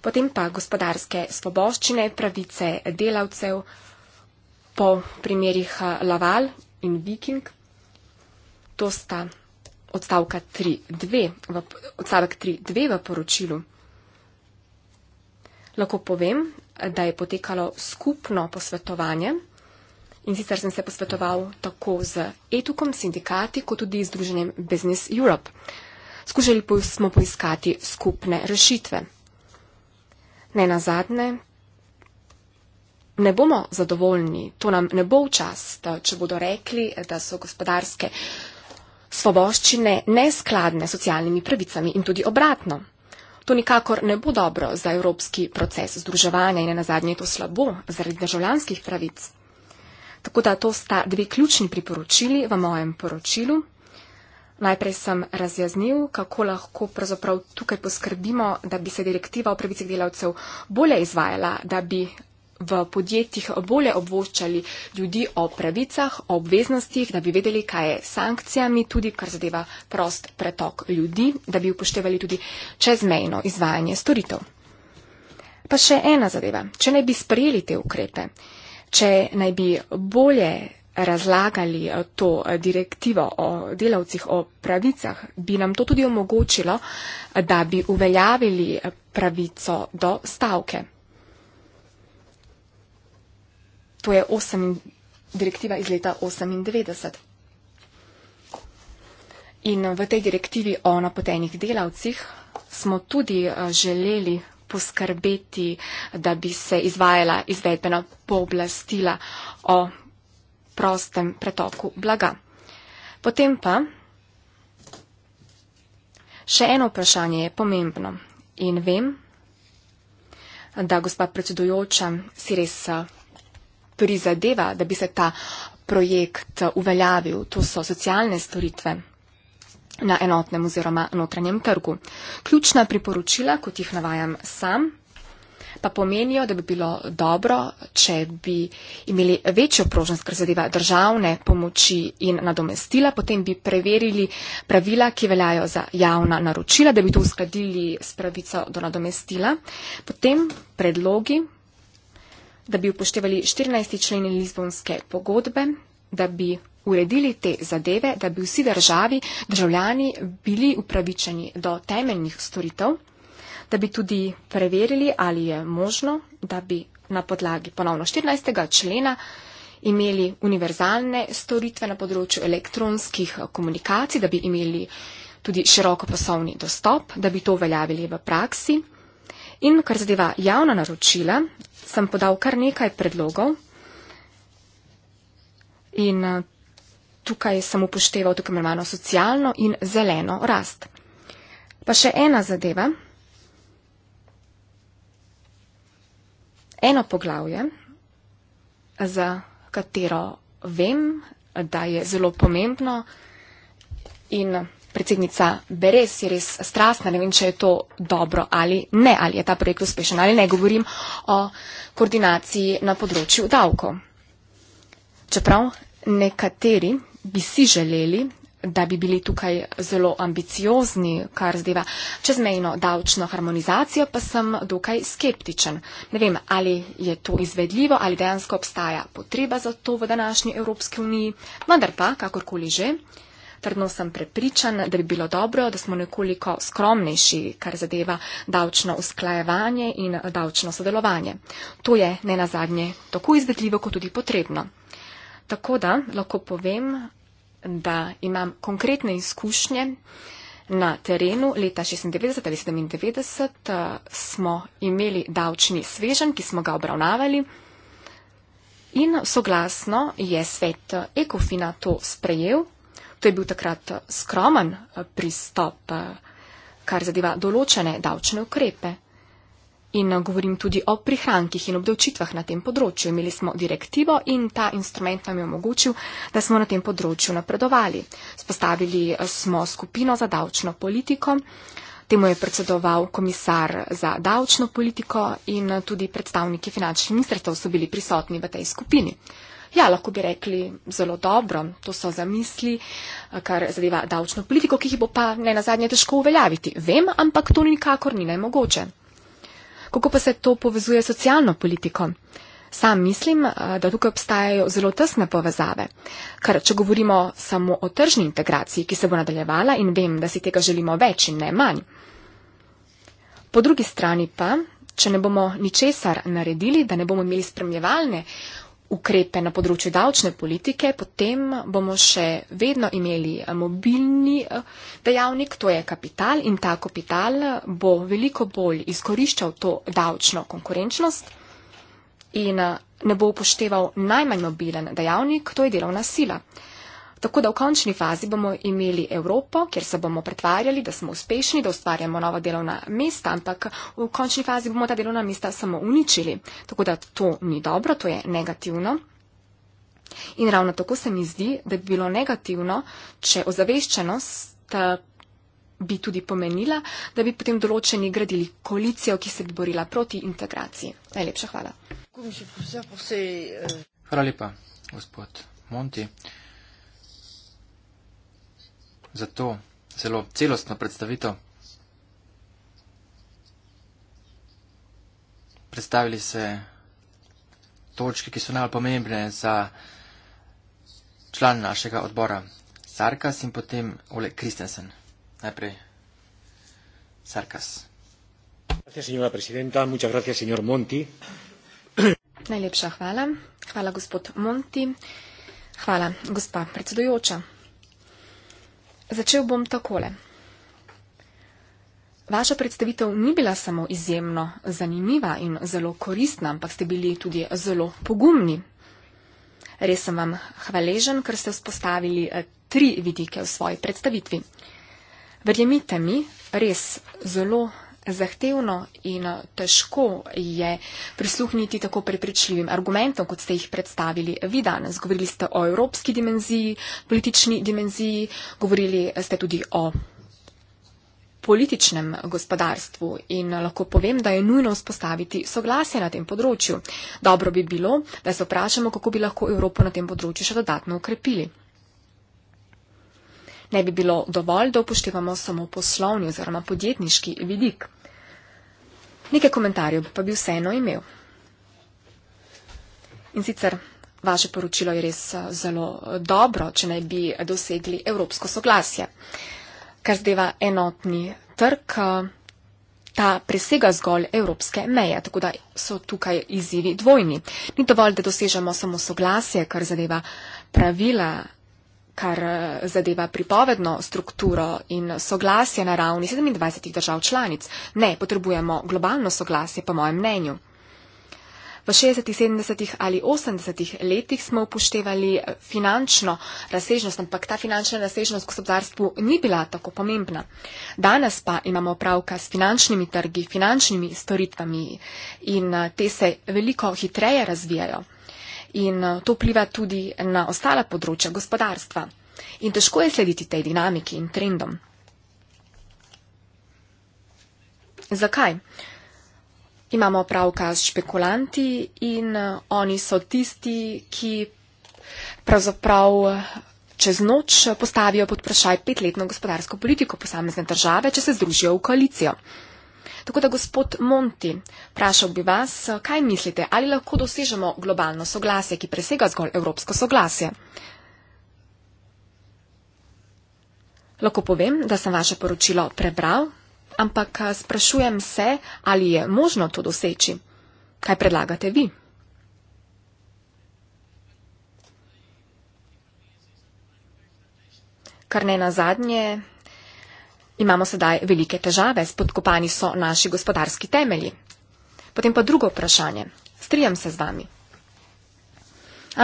Potem pa gospodarske svoboščine, pravice delavcev po primerjih eh, Laval in Viking. To sta odstavka 3, 2, v, odstavek 3.2 v poročilu. Lahko povem, da je potekalo skupno posvetovanje in sicer sem se posvetoval tako z ETUKom, sindikati, kot tudi Združenjem Business Europe. Skušali smo poiskati skupne rešitve. Ne na zadnje, ne bomo zadovoljni, to nam ne bo v čas, da, če bodo rekli, da so gospodarske svoboščine neskladne s socialnimi pravicami in tudi obratno. To nikakor ne bo dobro za evropski proces združevanja in na zadnje je to slabo zaradi državljanskih pravic. Tako da to sta dve ključni priporočili v mojem poročilu. Najprej sem razjaznil, kako lahko pravzaprav tukaj poskrbimo, da bi se direktiva o pravicah delavcev bolje izvajala, da bi v podjetjih bolje obvoščali ljudi o pravicah, o obveznostih, da bi vedeli, kaj je sankcijami, tudi kar zadeva prost pretok ljudi, da bi upoštevali tudi čezmejno izvajanje storitev. Pa še ena zadeva. Če naj bi sprejeli te ukrepe, če naj bi bolje razlagali eh, to eh, direktivo o delavcih, o pravicah, bi nam to tudi omogočilo, eh, da bi uveljavili pravico do stavke. To je osem, direktiva iz leta 1998. In v tej direktivi o napotenih delavcih smo tudi želeli poskrbeti, da bi se izvajala izvedbena pooblastila o prostem pretoku blaga. Potem pa še eno vprašanje je pomembno in vem, da gospa predsedujoča si res prizadeva, da bi se ta projekt uveljavil. To so socialne storitve na enotnem oziroma notranjem trgu. Ključna priporočila, kot jih navajam sam, pa pomenijo, da bi bilo dobro, če bi imeli večjo prožnost, kar zadeva državne pomoči in nadomestila, potem bi preverili pravila, ki veljajo za javna naročila, da bi to uskladili s pravico do nadomestila. Potem predlogi, da bi upoštevali 14. člen Lizbonske pogodbe, da bi uredili te zadeve, da bi vsi državi, državljani bili upravičeni do temeljnih storitev da bi tudi preverili, ali je možno, da bi na podlagi ponovno 14. člena imeli univerzalne storitve na področju elektronskih komunikacij, da bi imeli tudi široko poslovni dostop, da bi to uveljavili v praksi. In kar zadeva javna naročila, sem podal kar nekaj predlogov in eh, tukaj sem upošteval tako imenovano socialno in zeleno rast. Pa še ena zadeva, eno poglavje, za katero vem, da je zelo pomembno in predsednica Beres je res strastna, ne vem, če je to dobro ali ne, ali je ta projekt uspešen ali ne, govorim o koordinaciji na področju davko. Čeprav nekateri bi si želeli, da bi bili tukaj zelo ambiciozni, kar zdeva čezmejno davčno harmonizacijo, pa sem dokaj skeptičen. Ne vem, ali je to izvedljivo, ali dejansko obstaja potreba za to v današnji Evropski uniji, vendar pa, kakorkoli že, trdno sem prepričan, da bi bilo dobro, da smo nekoliko skromnejši, kar zadeva davčno usklajevanje in davčno sodelovanje. To je ne nazadnje tako izvedljivo, kot tudi potrebno. Tako da lahko povem, da imam konkretne izkušnje na terenu. Leta 96 ali 97 eh, smo imeli davčni svežen, ki smo ga obravnavali in soglasno je svet Ekofina to sprejel. To je bil takrat eh, skromen eh, pristop, kar zadeva določene davčne ukrepe. In eh, govorim tudi o prihrankih in obdavčitvah na tem področju. Imeli smo direktivo in ta instrument nam je omogočil, da smo na tem področju napredovali. Spostavili eh, smo skupino za davčno politiko. Temu je predsedoval komisar za davčno politiko in eh, tudi predstavniki finančnih ministrstv so bili prisotni v tej skupini. Ja, lahko bi rekli zelo dobro, to so zamisli, kar zadeva davčno politiko, ki jih bo pa ne nazadnje težko uveljaviti. Vem, ampak to nikakor ni najmogoče. Kako pa se to povezuje s socialno politiko? Sam mislim, eh, da tukaj obstajajo zelo tesne povezave. Ker če govorimo samo o tržni integraciji, ki se bo nadaljevala in vem, da si tega želimo več in ne manj. Po drugi strani pa, če ne bomo ničesar naredili, da ne bomo imeli spremljevalne ukrepe na področju davčne politike, potem bomo še vedno imeli eh, mobilni eh, dejavnik, to je kapital in ta kapital eh, bo veliko bolj izkoriščal to davčno konkurenčnost in ne bo upošteval najmanj mobilen dejavnik, to je delovna sila. Tako da v končni fazi bomo imeli Evropo, kjer se bomo pretvarjali, da smo uspešni, da ustvarjamo nova delovna mesta, ampak v končni fazi bomo ta delovna mesta samo uničili. Tako da to ni dobro, to je negativno. In ravno tako se mi zdi, da bi bilo negativno, če ozaveščenost eh, bi tudi pomenila, da bi potem določeni gradili koalicijo, ki se bi borila proti integraciji. Najlepša hvala. Eh, hvala lepa, gospod Monti za to zelo celostno predstavitev. Predstavili se točke, ki so najpomembne za član našega odbora Sarkas in potem Ole Kristensen. Najprej Sarkas. Najlepša hvala. Hvala, gospod Monti. Hvala, gospa predsedujoča. Začel bom takole. Vaša predstavitev ni bila samo izjemno zanimiva in zelo koristna, ampak ste bili tudi zelo pogumni. Res sem vam hvaležen, ker ste vzpostavili eh, tri vidike v svoji predstavitvi. Verjemite mi, res zelo zahtevno in eh, težko je prisluhniti tako prepričljivim argumentom, kot ste jih predstavili vi danes. Govorili ste o evropski dimenziji, politični dimenziji, govorili ste tudi o političnem gospodarstvu in eh, lahko povem, da je nujno vzpostaviti soglasje na tem področju. Dobro bi bilo, da se vprašamo, kako bi lahko Evropo na tem področju še dodatno ukrepili ne bi bilo dovolj, da upoštevamo samo poslovni oziroma podjetniški vidik. Nekaj komentarjev pa bi vseeno imel. In sicer vaše poročilo je res eh, zelo eh, dobro, če naj bi dosegli evropsko soglasje. Kar zdeva enotni trg, eh, ta presega zgolj evropske meje, tako da so tukaj izzivi dvojni. Ni dovolj, da dosežemo samo soglasje, kar zadeva pravila kar eh, zadeva pripovedno strukturo in soglasje na ravni 27 držav članic. Ne, potrebujemo globalno soglasje, po mojem mnenju. V 60, 70 ali 80 letih smo upoštevali eh, finančno razsežnost, ampak ta finančna razsežnost v gospodarstvu ni bila tako pomembna. Danes pa imamo opravka s finančnimi trgi, finančnimi storitvami in eh, te se veliko hitreje razvijajo in eh, to pliva tudi na ostala področja gospodarstva. In težko je slediti tej dinamiki in trendom. Zakaj? Imamo opravka s špekulanti in eh, oni so tisti, ki pravzaprav eh, čez noč postavijo pod vprašaj petletno gospodarsko politiko posamezne države, če se združijo v koalicijo. Tako da, gospod Monti, vprašal bi vas, kaj mislite, ali lahko dosežemo globalno soglasje, ki presega zgolj evropsko soglasje? Lahko povem, da sem vaše poročilo prebral, ampak sprašujem se, ali je možno to doseči. Kaj predlagate vi? Kar ne na zadnje, Imamo sedaj velike težave, spodkopani so naši gospodarski temelji. Potem pa drugo vprašanje. Strijam se z vami.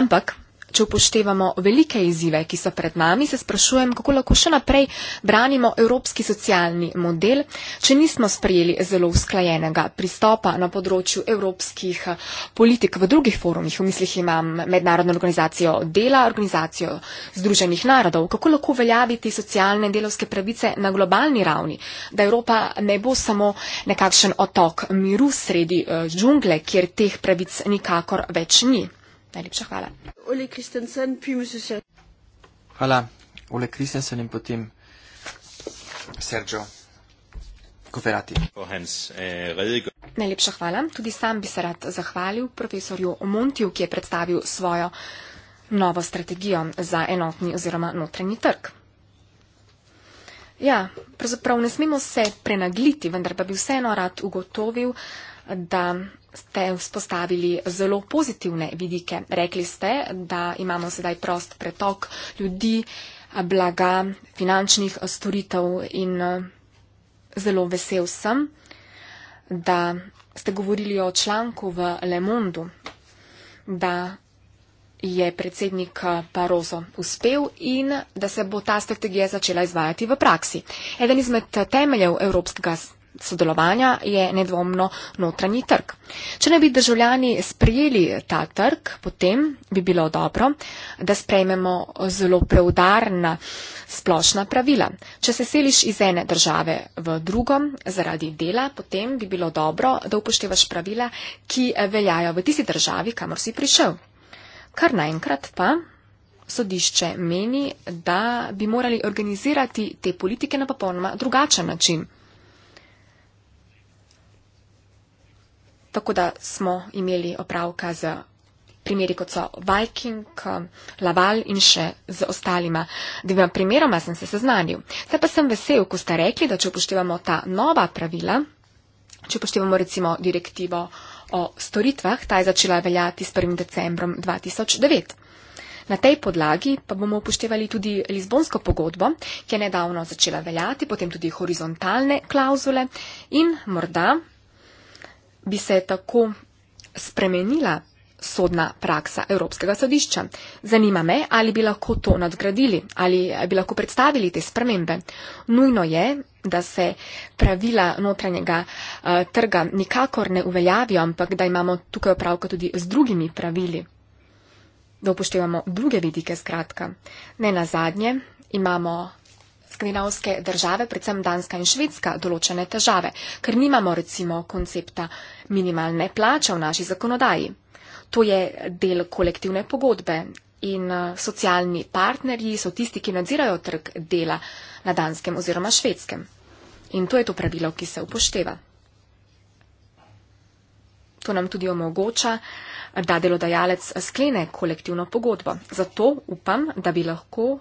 Ampak če upoštevamo velike izzive, ki so pred nami, se sprašujem, kako lahko še naprej branimo evropski socialni model, če nismo sprejeli zelo usklajenega pristopa na področju evropskih eh, politik v drugih forumih. V mislih imam Mednarodno organizacijo dela, organizacijo Združenih narodov. Kako lahko veljaviti socialne delovske pravice na globalni ravni, da Evropa ne bo samo nekakšen otok miru sredi eh, džungle, kjer teh pravic nikakor več ni. Najlepša hvala. Ole Kristensen, pijmo se še. Hvala. Ole Kristensen in potem Sergio Koferati. Eh, Najlepša hvala. Tudi sam bi se rad zahvalil profesorju Omontiju, ki je predstavil svojo novo strategijo za enotni oziroma notranji trg. Ja, pravzaprav ne smemo se prenagliti, vendar pa bi vseeno rad ugotovil, da ste vzpostavili zelo pozitivne vidike. Rekli ste, da imamo sedaj prost pretok ljudi, blaga, finančnih storitev in zelo vesel sem, da ste govorili o članku v Le Monde, da je predsednik Barozo uspel in da se bo ta strategija začela izvajati v praksi. Eden izmed temeljev evropskega sodelovanja je nedvomno notranji trg. Če ne bi državljani sprijeli ta trg, potem bi bilo dobro, da sprejmemo zelo preudarna splošna pravila. Če se seliš iz ene države v drugo zaradi dela, potem bi bilo dobro, da upoštevaš pravila, ki veljajo v tisti državi, kamor si prišel. Kar naenkrat pa. Sodišče meni, da bi morali organizirati te politike na popolnoma drugačen način. tako da smo imeli opravka z primeri, kot so Viking, um, Laval in še z ostalima dvema primeroma sem se seznanil. Zdaj pa sem vesel, ko ste rekli, da če upoštevamo ta nova pravila, če upoštevamo recimo direktivo o storitvah, ta je začela veljati s 1. decembrom 2009. Na tej podlagi pa bomo upoštevali tudi Lizbonsko pogodbo, ki je nedavno začela veljati, potem tudi horizontalne klauzule in morda bi se tako spremenila sodna praksa Evropskega sodišča. Zanima me, ali bi lahko to nadgradili, ali bi lahko predstavili te spremembe. Nujno je, da se pravila notranjega eh, trga nikakor ne uveljavijo, ampak da imamo tukaj opravka tudi z drugimi pravili, da upoštevamo druge vidike skratka. Ne na zadnje, imamo skandinavske države, predvsem Danska in Švedska, določene težave, ker nimamo recimo koncepta minimalne plače v naši zakonodaji. To je del kolektivne pogodbe in eh, socialni partnerji so tisti, ki nadzirajo trg dela na Danskem oziroma Švedskem. In to je to pravilo, ki se upošteva. To nam tudi omogoča, da delodajalec sklene kolektivno pogodbo. Zato upam, da bi lahko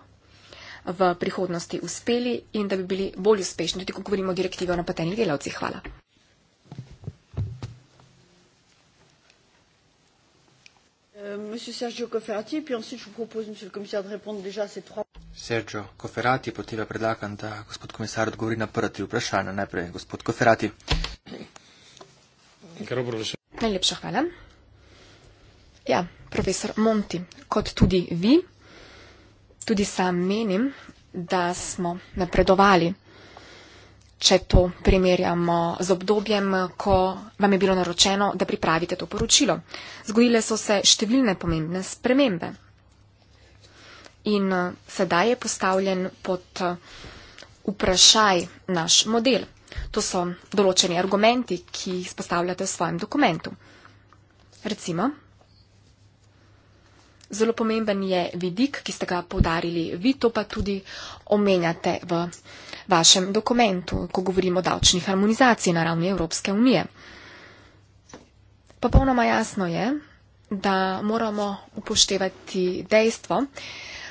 v prihodnosti uspeli in da bi bili bolj uspešni, tudi ko govorimo o direktivi o napotenih delavcih. Hvala. Euh, Sergio Koferati, potem pa predlagam, da gospod komisar odgovori na prvi vprašanje. Najprej gospod Koferati. Najlepša hvala. Ja, profesor Monti, kot tudi vi. Tudi sam menim, da smo napredovali, če to primerjamo z obdobjem, ko vam je bilo naročeno, da pripravite to poročilo. Zgodile so se številne pomembne spremembe. In eh, sedaj je postavljen pod eh, vprašaj naš model. To so določeni argumenti, ki jih spostavljate v svojem dokumentu. Recimo, Zelo pomemben je vidik, ki ste ga podarili vi, to pa tudi omenjate v vašem dokumentu, ko govorimo o davčni harmonizaciji na ravni Evropske unije. Popolnoma jasno je, da moramo upoštevati dejstvo,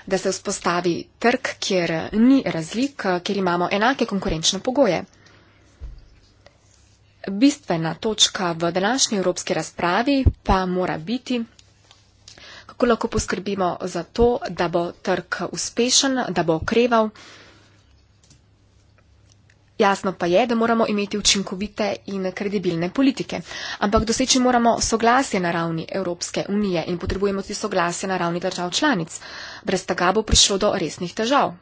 da se vzpostavi trg, kjer ni razlik, kjer imamo enake konkurenčne pogoje. Bistvena točka v današnji evropski razpravi pa mora biti kako lahko poskrbimo za to, da bo trg uspešen, da bo okreval. Jasno pa je, da moramo imeti učinkovite in kredibilne politike. Ampak doseči moramo soglasje na ravni Evropske unije in potrebujemo tudi soglasje na ravni držav članic. Brez tega bo prišlo do resnih težav.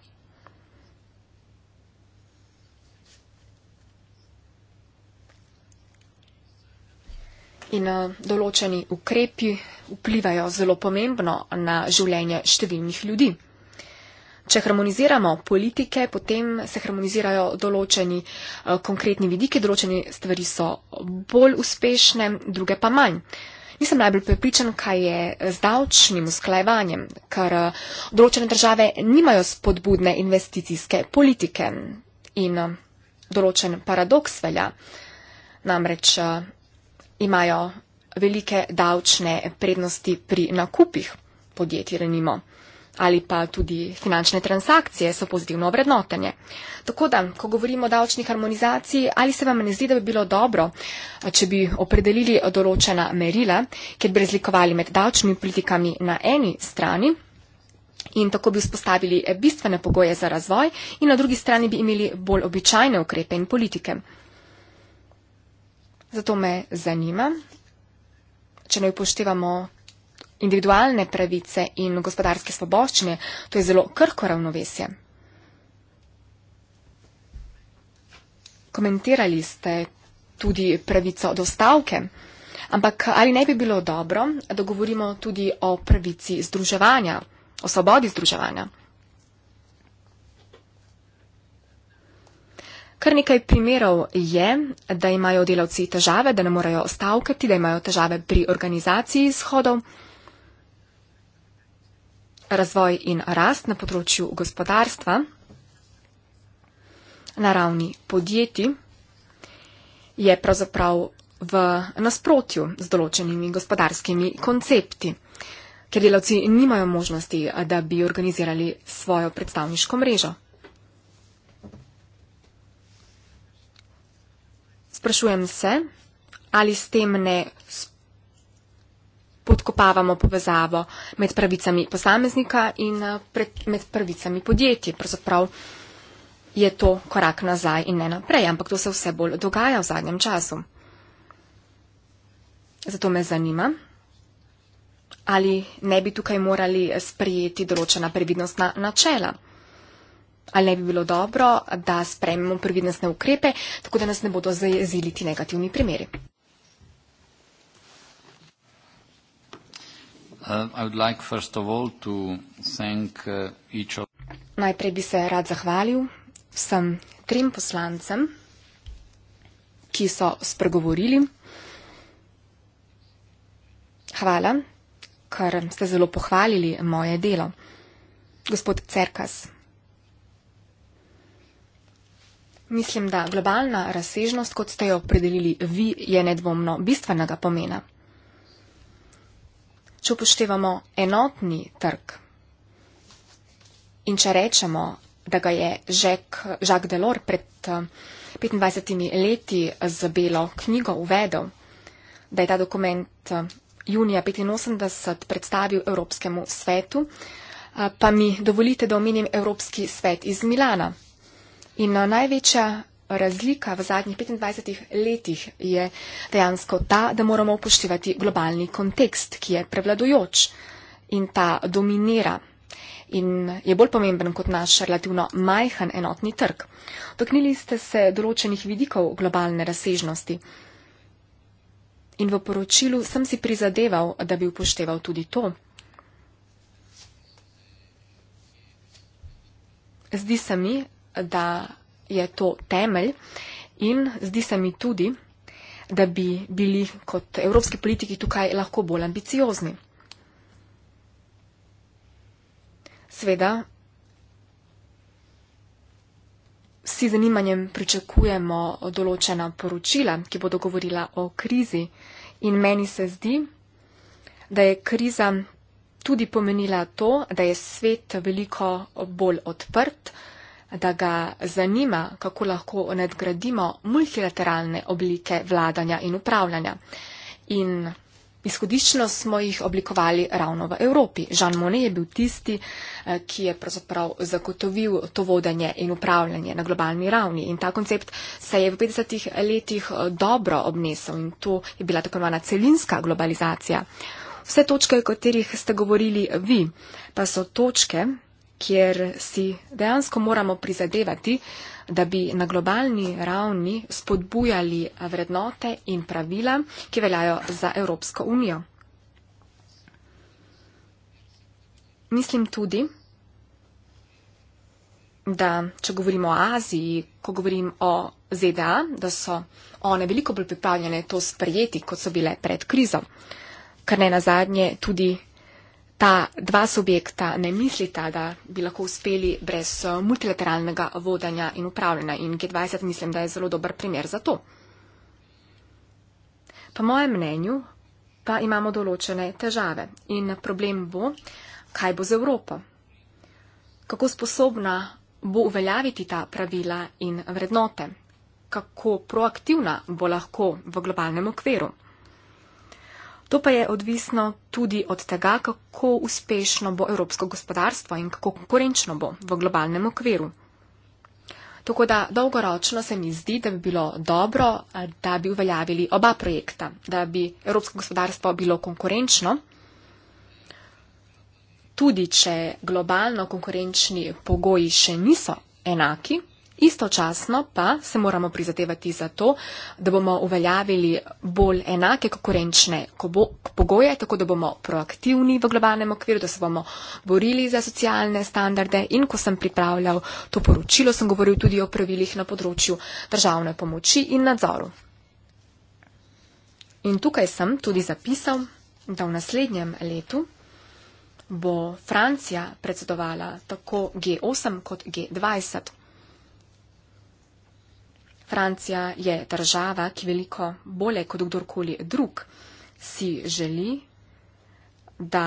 In eh, določeni ukrepi vplivajo zelo pomembno na življenje številnih ljudi. Če harmoniziramo politike, potem se harmonizirajo določeni eh, konkretni vidiki, določene stvari so bolj uspešne, druge pa manj. Nisem najbolj prepričan, kaj je z davčnim usklajevanjem, ker eh, določene države nimajo spodbudne investicijske politike in eh, določen paradoks velja. Namreč imajo velike davčne prednosti pri nakupih podjetij renimo ali pa tudi finančne transakcije so pozitivno obrednotenje. Tako da, ko govorimo o davčni harmonizaciji, ali se vam ne zdi, da bi bilo dobro, če bi opredelili določena merila, ker bi razlikovali med davčnimi politikami na eni strani in tako bi vzpostavili bistvene pogoje za razvoj in na drugi strani bi imeli bolj običajne ukrepe in politike. Zato me zanima, če ne upoštevamo individualne pravice in gospodarske svoboščine, to je zelo krko ravnovesje. Komentirali ste tudi pravico do stavke, ampak ali ne bi bilo dobro, da govorimo tudi o pravici združevanja, o svobodi združevanja? Kar nekaj primerov je, da imajo delavci težave, da ne morejo stavkati, da imajo težave pri organizaciji izhodov. Razvoj in rast na področju gospodarstva, na ravni podjetij, je pravzaprav v nasprotju z določenimi gospodarskimi koncepti, ker delavci nimajo možnosti, da bi organizirali svojo predstavniško mrežo. Sprašujem se, ali s tem ne podkopavamo povezavo med pravicami posameznika in eh, pred, med pravicami podjetij. Pravzaprav je to korak nazaj in ne naprej, ampak to se vse bolj dogaja v zadnjem času. Zato me zanima, ali ne bi tukaj morali sprijeti določena previdnostna načela ali ne bi bilo dobro, da sprejmemo previdnostne ukrepe, tako da nas ne bodo zajezili ti negativni primeri. Uh, uh, Najprej bi se rad zahvalil vsem trem poslancem, ki so spregovorili. Hvala, ker ste zelo pohvalili moje delo. Gospod Cerkas, Mislim, da globalna razsežnost, kot ste jo opredelili vi, je nedvomno bistvenega pomena. Če upoštevamo enotni trg in če rečemo, da ga je Jacques Delors pred 25 eh, leti z belo knjigo uvedel, da je ta dokument eh, junija 1985 predstavil Evropskemu svetu, eh, pa mi dovolite, da omenim Evropski svet iz Milana. In no, največja razlika v zadnjih 25 letih je dejansko ta, da moramo upoštevati globalni kontekst, ki je prevladujoč in ta dominira in je bolj pomemben kot naš relativno majhen enotni trg. Doknili ste se določenih vidikov globalne razsežnosti in v poročilu sem si prizadeval, da bi upošteval tudi to. Zdi se mi, da je to temelj in zdi se mi tudi, da bi bili kot evropski politiki tukaj lahko bolj ambiciozni. Sveda, vsi zanimanjem pričakujemo določena poročila, ki bodo govorila o krizi in meni se zdi, da je kriza tudi pomenila to, da je svet veliko bolj odprt, da ga zanima, kako lahko nadgradimo multilateralne oblike vladanja in upravljanja. In izhodiščno smo jih oblikovali ravno v Evropi. Žan Monet je bil tisti, eh, ki je pravzaprav zagotovil to vodanje in upravljanje na globalni ravni. In ta koncept se je v 50-ih letih eh, dobro obnesel in to je bila tako imena celinska globalizacija. Vse točke, o katerih ste govorili vi, pa so točke, kjer si dejansko moramo prizadevati, da bi na globalni ravni spodbujali vrednote in pravila, ki veljajo za Evropsko unijo. Mislim tudi, da če govorimo o Aziji, ko govorim o ZDA, da so one veliko bolj pripravljene to sprejeti, kot so bile pred krizo. Kar ne nazadnje tudi ta dva subjekta ne mislita, da bi lahko uspeli brez eh, multilateralnega vodanja in upravljanja. In G20 mislim, da je zelo dober primer za to. Po mojem mnenju pa imamo določene težave in problem bo, kaj bo z Evropo. Kako sposobna bo uveljaviti ta pravila in vrednote? Kako proaktivna bo lahko v globalnem okviru? To pa je odvisno tudi od tega, kako uspešno bo evropsko gospodarstvo in kako konkurenčno bo v globalnem okviru. Tako da dolgoročno se mi zdi, da bi bilo dobro, da bi uveljavili oba projekta, da bi evropsko gospodarstvo bilo konkurenčno, tudi če globalno konkurenčni pogoji še niso enaki, Istočasno pa se moramo prizadevati za to, da bomo uveljavili bolj enake konkurenčne pogoje, tako da bomo proaktivni v globalnem okviru, da se bomo borili za socialne standarde in ko sem pripravljal to poročilo, sem govoril tudi o pravilih na področju državne pomoči in nadzoru. In tukaj sem tudi zapisal, da v naslednjem letu bo Francija predsedovala tako G8 kot G20 Francija je država, ki veliko bolje kot kdorkoli drug si želi, da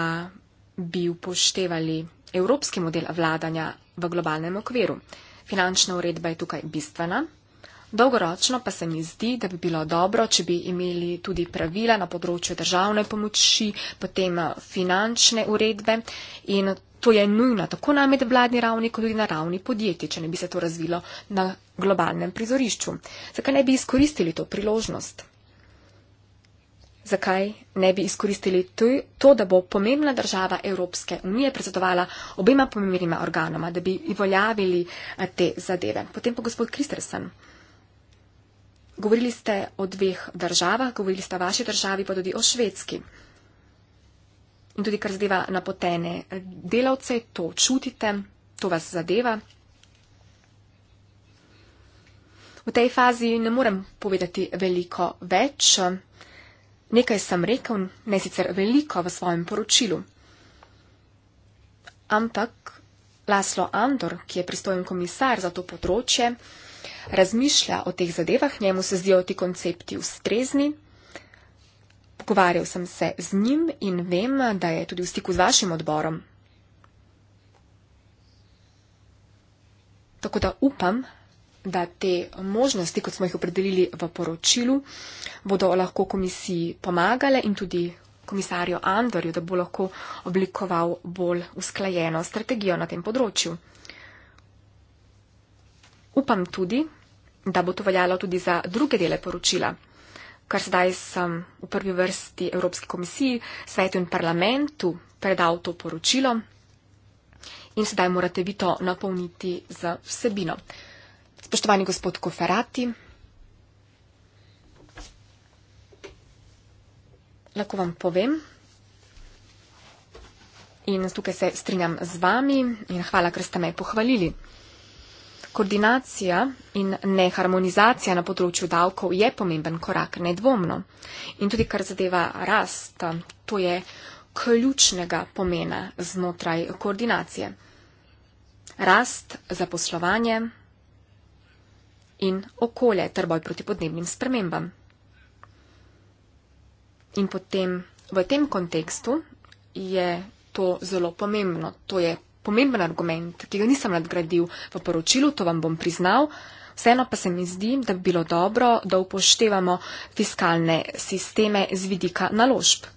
bi upoštevali evropski model vladanja v globalnem okviru. Finančna uredba je tukaj bistvena. Dolgoročno pa se mi zdi, da bi bilo dobro, če bi imeli tudi pravila na področju državne pomoči, potem eh, finančne uredbe in To je nujno tako na medvladni ravni, kot tudi na ravni podjetij, če ne bi se to razvilo na globalnem prizorišču. Zakaj ne bi izkoristili to priložnost? Zakaj ne bi izkoristili to, da bo pomembna država Evropske unije predsedovala obema pomembnima organoma, da bi uveljavili eh, te zadeve? Potem pa gospod Kristersen. Govorili ste o dveh državah, govorili ste o vaši državi, pa tudi o švedski in tudi kar zadeva napotene delavce, to čutite, to vas zadeva. V tej fazi ne morem povedati veliko več. Nekaj sem rekel, ne sicer veliko v svojem poročilu. Ampak Laslo Andor, ki je pristojen komisar za to področje, razmišlja o teh zadevah, njemu se zdijo ti koncepti ustrezni. Pogovarjal sem se z njim in vem, da je tudi v stiku z vašim odborom. Tako da upam, da te možnosti, kot smo jih opredelili v poročilu, bodo lahko komisiji pomagale in tudi komisarju Andorju, da bo lahko oblikoval bolj usklajeno strategijo na tem področju. Upam tudi, da bo to veljalo tudi za druge dele poročila kar sedaj sem v prvi vrsti Evropski komisiji, svetu in parlamentu predal to poročilo in sedaj morate vi to napolniti z vsebino. Spoštovani gospod Koferati, lahko vam povem. In tukaj se strinjam z vami in hvala, ker ste me pohvalili. Koordinacija in neharmonizacija na področju davkov je pomemben korak, nedvomno. In tudi kar zadeva rast, to je ključnega pomena znotraj koordinacije. Rast za poslovanje in okolje ter boj proti podnebnim spremembam. In potem v tem kontekstu je to zelo pomembno. To je pomemben argument, ki ga nisem nadgradil v poročilu, to vam bom priznal. Vseeno pa se mi zdi, da bi bilo dobro, da upoštevamo fiskalne sisteme z vidika naložb.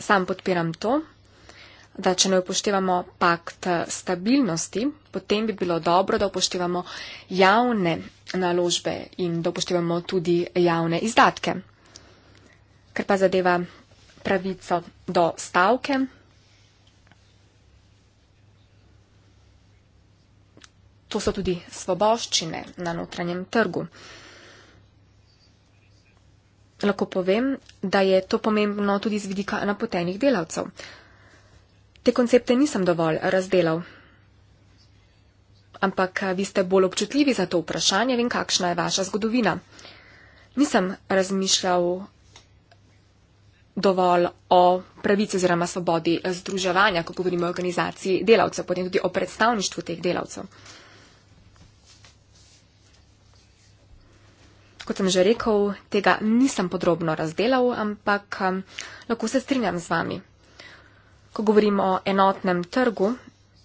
Sam podpiram to, da če ne upoštevamo pakt stabilnosti, potem bi bilo dobro, da upoštevamo javne naložbe in da upoštevamo tudi javne izdatke. Ker pa zadeva pravico do stavke. To so tudi svoboščine na notranjem trgu. Lahko povem, da je to pomembno tudi z vidika napotenih delavcev. Te koncepte nisem dovolj razdelal, ampak eh, vi ste bolj občutljivi za to vprašanje, vem, kakšna je vaša zgodovina. Nisem razmišljal dovolj o pravici oziroma svobodi združevanja, ko govorimo o organizaciji delavcev, potem tudi o predstavništvu teh delavcev. Kot sem že rekel, tega nisem podrobno razdelal, ampak hm, lahko se strinjam z vami. Ko govorimo o enotnem trgu,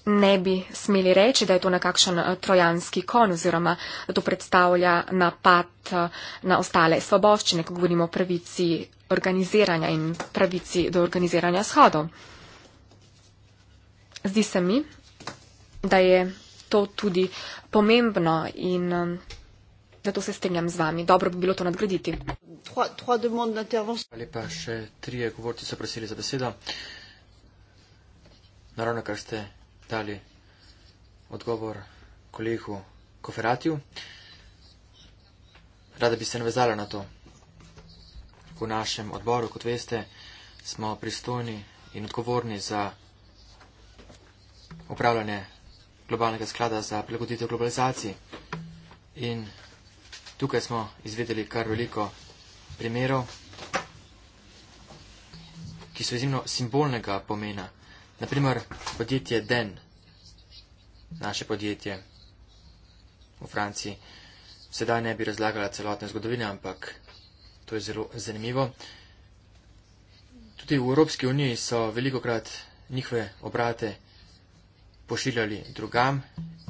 ne bi smeli reči, da je to nekakšen eh, trojanski kon oziroma da to predstavlja napad eh, na ostale svoboščine, ko govorimo o pravici organiziranja in pravici do organiziranja shodov. Zdi se mi, da je to tudi pomembno in eh, da to se strinjam z vami. Dobro bi bilo to nadgraditi. Hvala lepa, še trije govorci so prosili za besedo. Naravno, kar ste dali odgovor kolegu Koferatiju. Rada bi se navezala na to. V našem odboru, kot veste, smo pristojni in odgovorni za upravljanje globalnega sklada za prilagoditev globalizaciji. In tukaj smo izvedeli kar veliko primerov, ki so izjemno simbolnega pomena. Naprimer, podjetje Den, naše podjetje v Franciji, sedaj ne bi razlagala celotne zgodovine, ampak to je zelo zanimivo. Tudi v Evropski uniji so veliko krat njihove obrate pošiljali drugam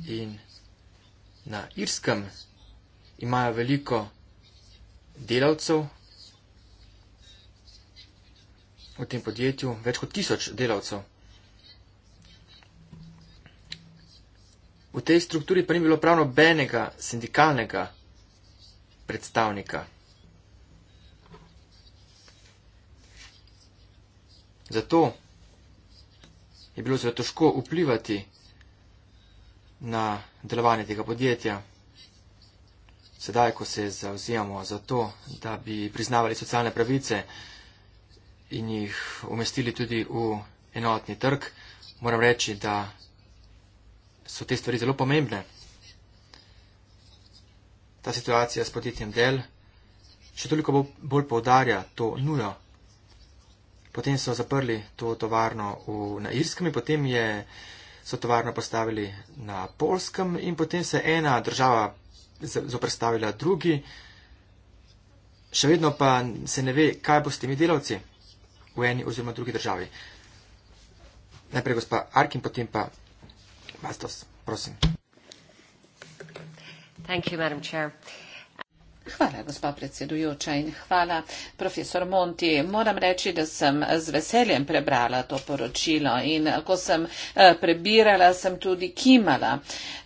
in na Irskem imajo veliko delavcev v tem podjetju, več kot tisoč delavcev. V tej strukturi pa ni bilo pravno benega sindikalnega predstavnika. Zato je bilo zelo težko vplivati na delovanje tega podjetja. Sedaj, ko se zauzijamo za to, da bi priznavali socialne pravice in jih umestili tudi v enotni trg, moram reči, da so te stvari zelo pomembne. Ta situacija s podjetjem Del še toliko bolj povdarja to nujo. Potem so zaprli to tovarno v, na Irskem in potem je, so tovarno postavili na Polskem in potem se je ena država zoprstavila drugi. Še vedno pa se ne ve, kaj bo s temi delavci v eni oziroma drugi državi. Najprej gospa Arkin, potem pa Bastos, prosim. Thank you, Madam Chair. Hvala, gospa predsedujoča in hvala, profesor Monti. Moram reči, da sem z veseljem prebrala to poročilo in ko sem eh, prebirala, sem tudi kimala.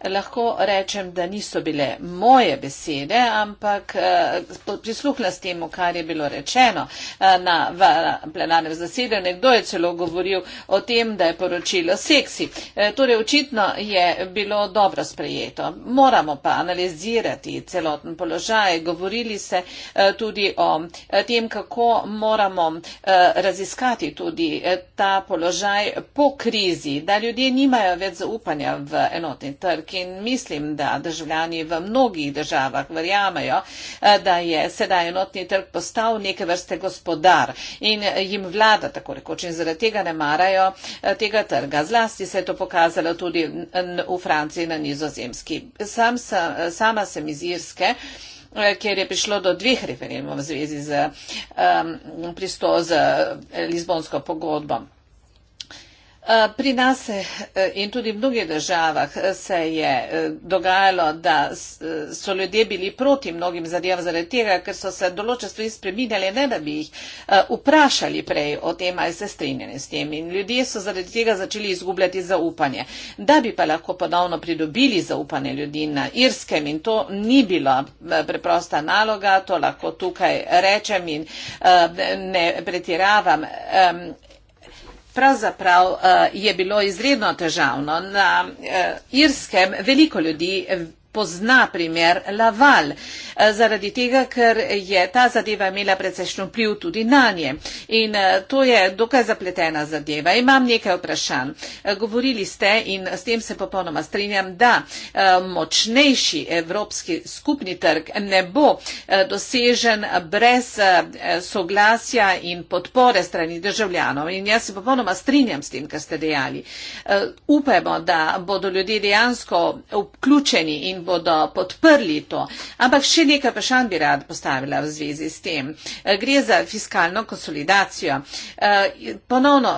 Lahko rečem, da niso bile moje besede, ampak eh, prisluhla s temu, kar je bilo rečeno eh, na plenarnem zasedanju. Nekdo je celo govoril o tem, da je poročilo seksi. Torej, očitno je bilo dobro sprejeto. Moramo pa analizirati celoten položaj govorili se eh, tudi o eh, tem, kako moramo eh, raziskati tudi ta položaj po krizi, da ljudje nimajo več zaupanja v enotni trg in mislim, da državljani v mnogih državah verjamejo, da je sedaj enotni trg postal neke vrste gospodar in jim vlada tako rekoč in zaradi tega ne marajo tega trga. Zlasti se je to pokazalo tudi v Franciji na nizozemski. Sam sa, sama sem iz Irske. Eh, kjer je prišlo do dveh referendumov v zvezi z, um, pristo, z eh, Lizbonsko pogodbo. Eh, pri nas eh, in tudi v mnogih državah eh, se je dogajalo, da so ljudje bili proti mnogim zadevam zaradi tega, ker so se določene stvari spreminjali, ne da bi jih vprašali prej o tem, ali se strinjali s tem. In ljudje so zaradi tega začeli izgubljati zaupanje. Da bi pa lahko ponovno pridobili zaupanje ljudi na Irskem in to ni bila preprosta naloga, to lahko tukaj rečem in ne pretiravam pravzaprav eh, je bilo izredno težavno. Na eh, Irskem veliko ljudi pozna primer Laval, e, zaradi tega, ker je ta zadeva imela precejšnjo vpliv tudi na nje. In e, to je dokaj zapletena zadeva. Imam nekaj vprašanj. E, govorili ste in s tem se popolnoma strinjam, da močnejši evropski skupni trg ne bo dosežen brez soglasja in podpore strani državljanov. In jaz se popolnoma strinjam s tem, kar ste dejali. Upajmo, da bodo ljudje dejansko vključeni in bodo bodo podprli to. Ampak še nekaj vprašanj bi rad postavila v zvezi s tem. Eh, gre za fiskalno konsolidacijo. Eh, ponovno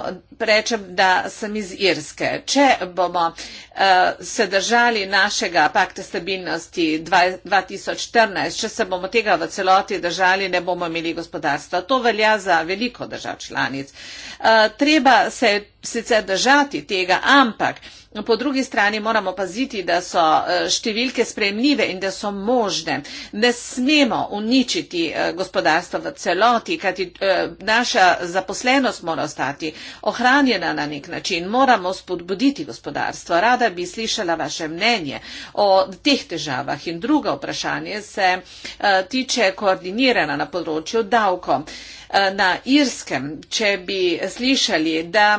rečem, da sem iz Irske. Če bomo eh, se držali našega pakta stabilnosti 2014, če se bomo tega v celoti držali, ne bomo imeli gospodarstva. To velja za veliko držav članic. Treba se je sicer držati tega, ampak po drugi strani moramo paziti, da so e, številke spremljive in da so možne. Ne smemo uničiti e, gospodarstva v celoti, kajti e, naša zaposlenost mora ostati ohranjena na nek način. Moramo spodbuditi gospodarstvo. Rada bi slišala vaše mnenje o teh težavah. In drugo vprašanje se tiče koordinirana na področju davko. Na Irskem, če bi slišali, da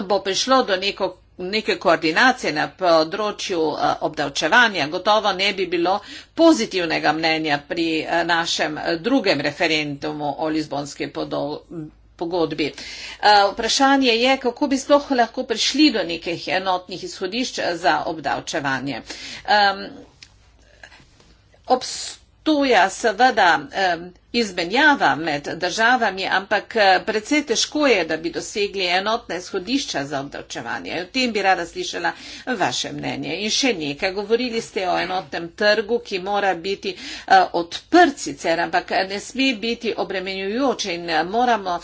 bo prišlo do neko, neke koordinacije na področju eh, obdavčevanja, gotovo ne bi bilo pozitivnega mnenja pri eh, našem eh, drugem referendumu o Lizbonske podobi. Pogodbi. Vprašanje je, kako bi sploh lahko prišli do nekih enotnih izhodišč za obdavčevanje. Um, obst- To je seveda izmenjava med državami, ampak eh, predvsej težko je, da bi dosegli enotna izhodišča za obdavčevanje. O tem bi rada slišala vaše mnenje. In še nekaj, govorili ste o enotnem trgu, ki mora biti eh, odprt sicer, ampak eh, ne sme biti obremenjujoče in moramo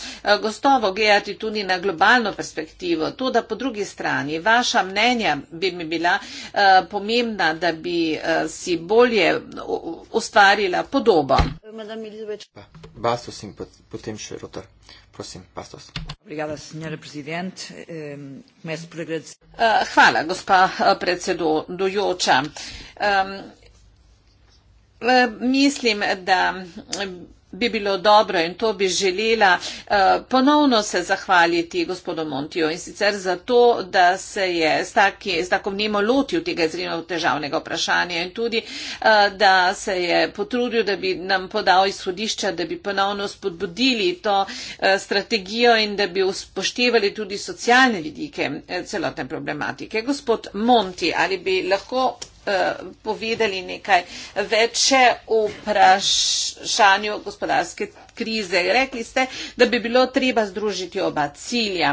gostovo gledati tudi na globalno perspektivo. To, da po drugi strani vaša mnenja bi mi bila pomembna, da bi si bolje ustvarila podobo. Bastos in potem še Rotar. Prosim, Bastos. Ehm, eh, hvala, gospa eh, predsedujoča. Ehm, eh, mislim, da bi bilo dobro in to bi želela uh, ponovno se zahvaliti gospodu Montiju in sicer za to, da se je s, taki, s tako vnemo lotil tega izredno težavnega vprašanja in tudi, uh, da se je potrudil, da bi nam podal izhodišča, da bi ponovno spodbudili to uh, strategijo in da bi spoštevali tudi socialne vidike celotne problematike. Gospod Monti, ali bi lahko Eh, povedali nekaj več o vprašanju gospodarske krize. Rekli ste, da bi bilo treba združiti oba cilja,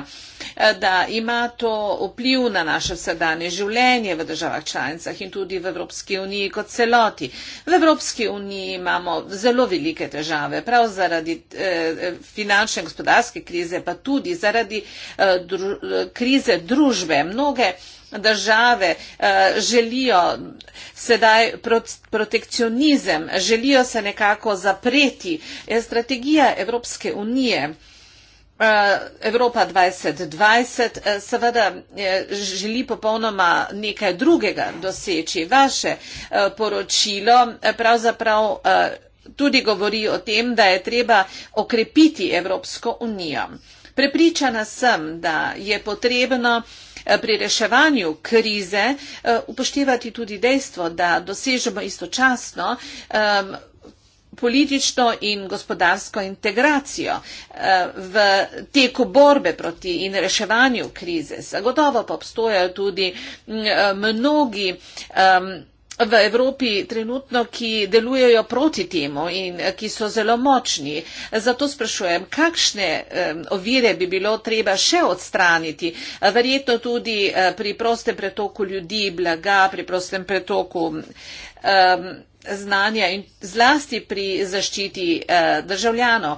eh, da ima to vpliv na naše vsedanje življenje v državah članicah in tudi v Evropski uniji kot celoti. V Evropski uniji imamo zelo velike težave, prav zaradi eh, finančne gospodarske krize, pa tudi zaradi eh, dru krize družbe. Mnoge države eh, želijo sedaj protekcionizem, želijo se nekako zapreti. Je strategija Evropske unije. Eh, Evropa 2020 eh, seveda želi popolnoma nekaj drugega doseči. Vaše poročilo pravzaprav tudi govori o tem, da je treba okrepiti Evropsko unijo. Prepričana sem, da je potrebno uh, Eh, pri reševanju krize eh, upoštevati tudi dejstvo, da dosežemo istočasno politično in gospodarsko integracijo eh, v teku borbe proti in reševanju krize. Zagotovo pa obstojajo tudi mm, mnogi v Evropi trenutno, ki delujejo proti temu in eh, ki so zelo močni. Zato sprašujem, kakšne ovire bi bilo treba še odstraniti, verjetno tudi eh, pri prostem pretoku ljudi, blaga, pri prostem pretoku znanja in zlasti pri zaščiti eh, državljanov.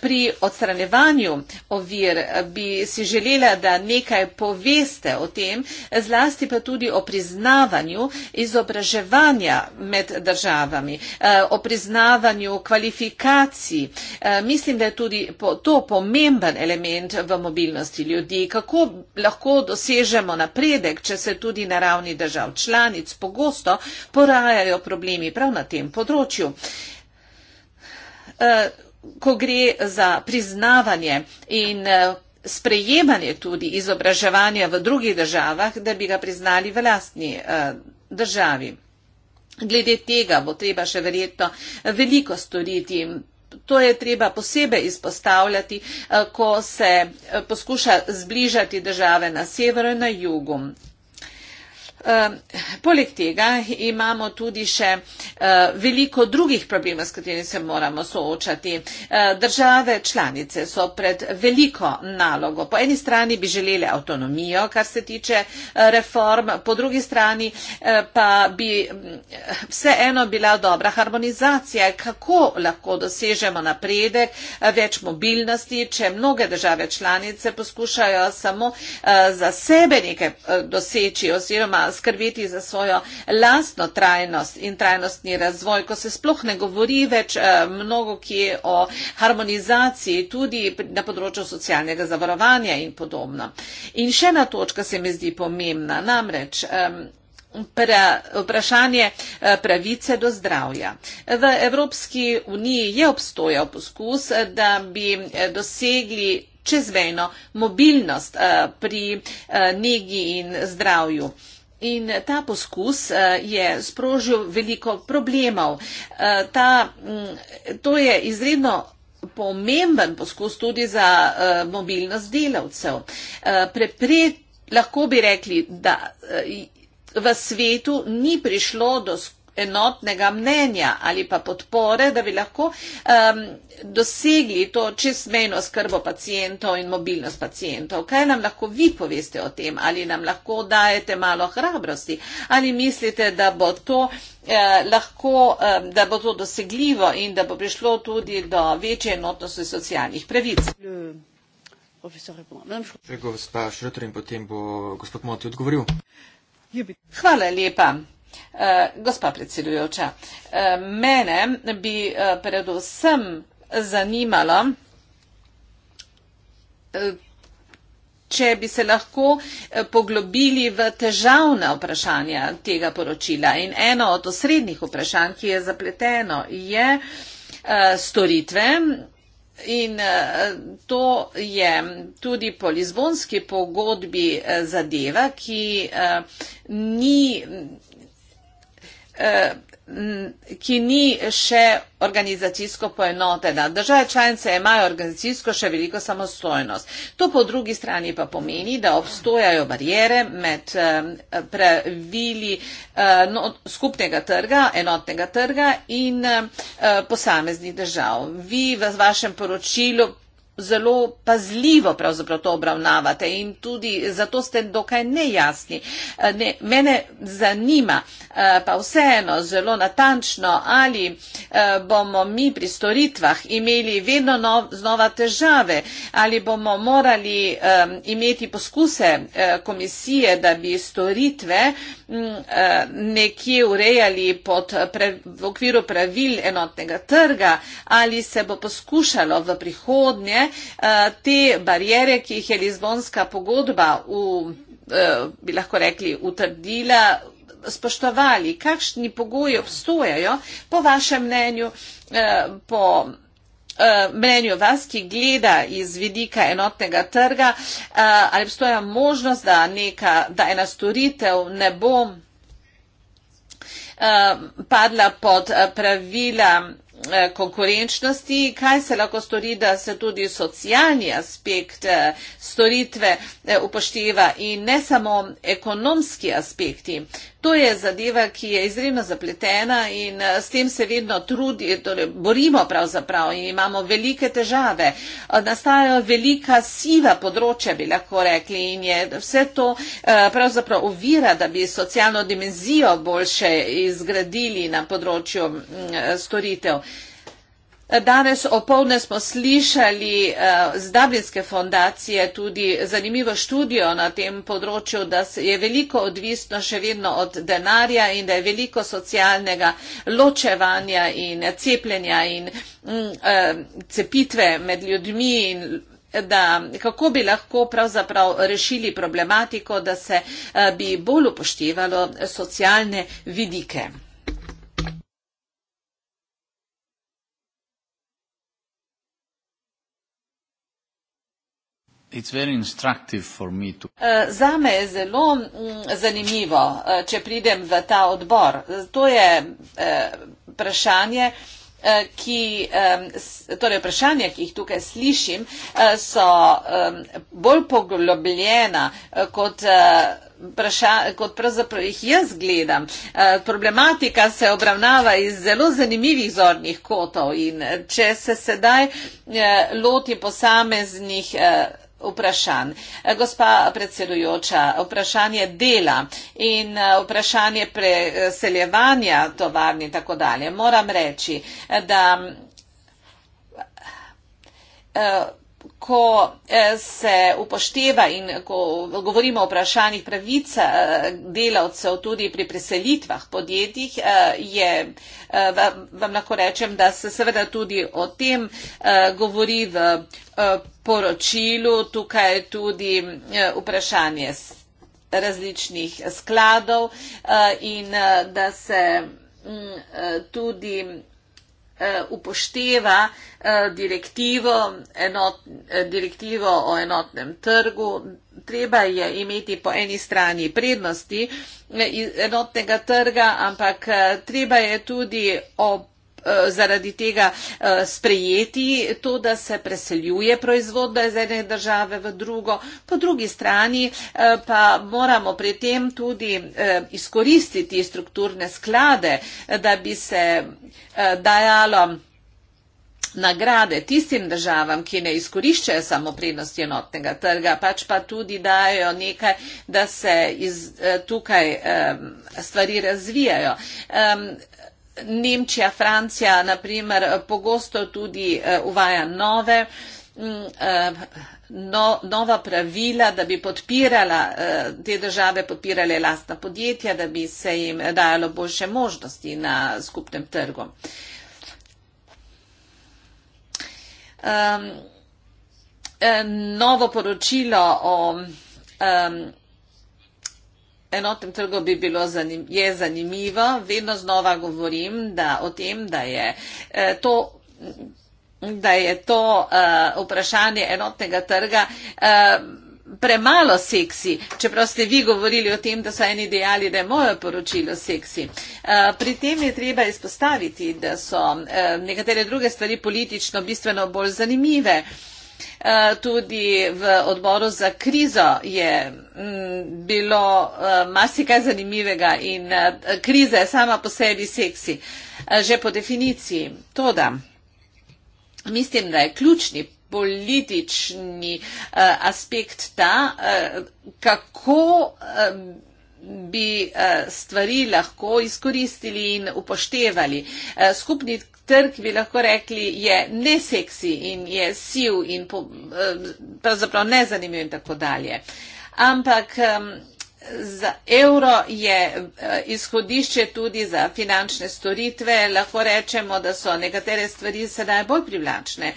Pri odstranjevanju ovir bi si želela, da nekaj poveste o tem, zlasti pa tudi o priznavanju izobraževanja med državami, eh, o priznavanju kvalifikacij. Eh, mislim, da je tudi to pomemben element v mobilnosti ljudi, kako lahko dosežemo napredek, če se tudi na ravni držav članic pogosto porajajo problemi prav na tem področju. Eh, ko gre za priznavanje in eh, sprejemanje tudi izobraževanja v drugih državah, da bi ga priznali v lastni eh, državi. Glede tega bo treba še verjetno veliko storiti. To je treba posebej izpostavljati, eh, ko se poskuša zbližati države na severu in na jugu. Ehm, poleg tega imamo tudi še eh, veliko drugih problemov, s katerimi se moramo soočati. Eh, države članice so pred veliko nalogo. Po eni strani bi želeli avtonomijo, kar se tiče eh, reform, po drugi strani pa bi mm, vseeno bila dobra harmonizacija, kako lahko dosežemo napredek, več mobilnosti, če mnoge države članice poskušajo samo za sebe nekaj doseči oziroma skrbeti za svojo lastno trajnost in trajnostni razvoj, ko se sploh ne govori več eh, mnogo kje o harmonizaciji tudi na področju socialnega zavarovanja in podobno. In še ena točka se mi zdi pomembna, namreč. Pra, vprašanje eh, pravice do zdravja. V Evropski uniji je obstojal poskus, eh, da bi dosegli čezmejno mobilnost pri negi in zdravju. In ta poskus eh, je sprožil veliko problemov. Eh, ta, mm, to je izredno pomemben poskus tudi za eh, mobilnost delavcev. Prepre, lahko bi rekli, da v svetu ni prišlo do skupnosti enotnega mnenja ali pa podpore, da bi lahko um, dosegli to čezmejno skrbo pacijentov in mobilnost pacijentov. Kaj nam lahko vi poveste o tem? Ali nam lahko dajete malo hrabrosti? Ali mislite, da bo to, eh, lahko, eh, da bo to dosegljivo in da bo prišlo tudi do večje enotnosti socialnih pravic? Gospa Šrotr in potem bo gospod Moti odgovoril. Hvala lepa. Eh, gospa predsedujoča, eh, mene bi eh, predvsem zanimalo, če bi se lahko poglobili v težavna vprašanja tega poročila. In eno od osrednjih vprašanj, ki je zapleteno, je storitve. In to je tudi po lizbonski pogodbi zadeva, ki ni Eh, ki ni še organizacijsko poenotena. Države članice imajo organizacijsko še veliko samostojnost. To po drugi strani pa pomeni, da obstojajo barijere med eh, pravili eh, no, skupnega trga, enotnega trga in posameznih držav. Vi v vašem poročilu zelo pazljivo pravzaprav to obravnavate in tudi zato ste dokaj nejasni. Eh, ne, mene zanima eh, pa vseeno zelo natančno, ali eh, bomo mi pri storitvah imeli vedno nov, znova težave, ali bomo morali um, imeti poskuse komisije, da bi storitve mm, nekje urejali pod, pre, v okviru pravil enotnega trga, ali se bo poskušalo v prihodnje Eh, te barijere, ki jih je Lizbonska pogodba v, eh, bi lahko rekli, utrdila, spoštovali, kakšni pogoji obstojajo, po vašem mnenju, eh, po mnenju vas, ki gleda iz vidika enotnega trga, ali obstoja možnost, da, neka, da ena storitev ne bo padla pod pravila Eh, konkurenčnosti, kaj se lahko stori, da se tudi socialni aspekt eh, storitve eh, upošteva in ne samo ekonomski aspekti. To je zadeva, ki je izredno zapletena in eh, s tem se vedno trudi, torej borimo pravzaprav in imamo velike težave. Eh, nastajajo velika siva področja, bi lahko rekli, in je vse to eh, pravzaprav ovira, da bi socialno dimenzijo boljše izgradili na področju mm, storitev. Danes opovdne smo slišali eh, z Dublinske fondacije tudi zanimivo študijo na tem področju, da je veliko odvisno še vedno od denarja in da je veliko socialnega ločevanja in cepljenja in mm, eh, cepitve med ljudmi in da kako bi lahko pravzaprav rešili problematiko, da se eh, bi bolj upoštevalo socialne vidike. Eh, zame je zelo mm, zanimivo, eh, če pridem v ta odbor. To je eh, vprašanje, ki, torej vprašanje, ki jih tukaj slišim, so bolj poglobljena kot. Praša, kot pravzaprav jih jaz gledam. Problematika se obravnava iz zelo zanimivih zornih kotov in če se sedaj loti posameznih vprašanj. Gospa predsedujoča, vprašanje dela in eh, vprašanje preseljevanja tovarni itd. Moram reči, da eh, ko eh, se upošteva in ko govorimo o vprašanjih pravica eh, delavcev tudi pri preselitvah podjetjih, eh, je, vam lahko rečem, da se seveda tudi o tem govori v poročilu, tukaj je tudi vprašanje različnih skladov in da se mm, tudi Eh, upošteva eh, direktivo, enot, eh, direktivo o enotnem trgu. Treba je imeti po eni strani prednosti enotnega trga, ampak treba je tudi opozoriti, Eh, zaradi tega eh, sprejeti to, da se preseljuje proizvodnja iz ene države v drugo. Po drugi strani eh, pa moramo pri tem tudi izkoristiti strukturne sklade, da bi se dajalo nagrade tistim državam, ki ne izkoriščajo samo prednosti enotnega trga, pač pa tudi dajo nekaj, da se iz, tukaj stvari razvijajo. Nemčija, Francija naprimer pogosto tudi eh, uvaja nove, mm, eh, no, nova pravila, da bi podpirala eh, te države, podpirale lastna podjetja, da bi se jim dajalo boljše možnosti na skupnem trgu. Novo poročilo o enotnem trgu bi bilo zanim, je zanimivo. Vedno znova govorim da, o tem, da je eh, to da je to uh, vprašanje enotnega trga uh, premalo seksi, čeprav ste vi govorili o tem, da so eni dejali, da je moje poročilo seksi. Uh, pri tem je treba izpostaviti, da so uh, nekatere druge stvari politično bistveno bolj zanimive. Uh, Eh, tudi v odboru za krizo je mm, bilo eh, marsikaj zanimivega in eh, kriza je sama po sebi seksi, že po definiciji. To da, mislim, da je ključni politični aspekt ta, kako bi eh, stvari lahko izkoristili in upoštevali. Eh, skupni trg bi lahko rekli je neseksi in je siv in po, eh, pravzaprav nezanimiv in tako dalje. Ampak za evro je izhodišče tudi za finančne storitve. Lahko rečemo, da so nekatere stvari sedaj bolj privlačne.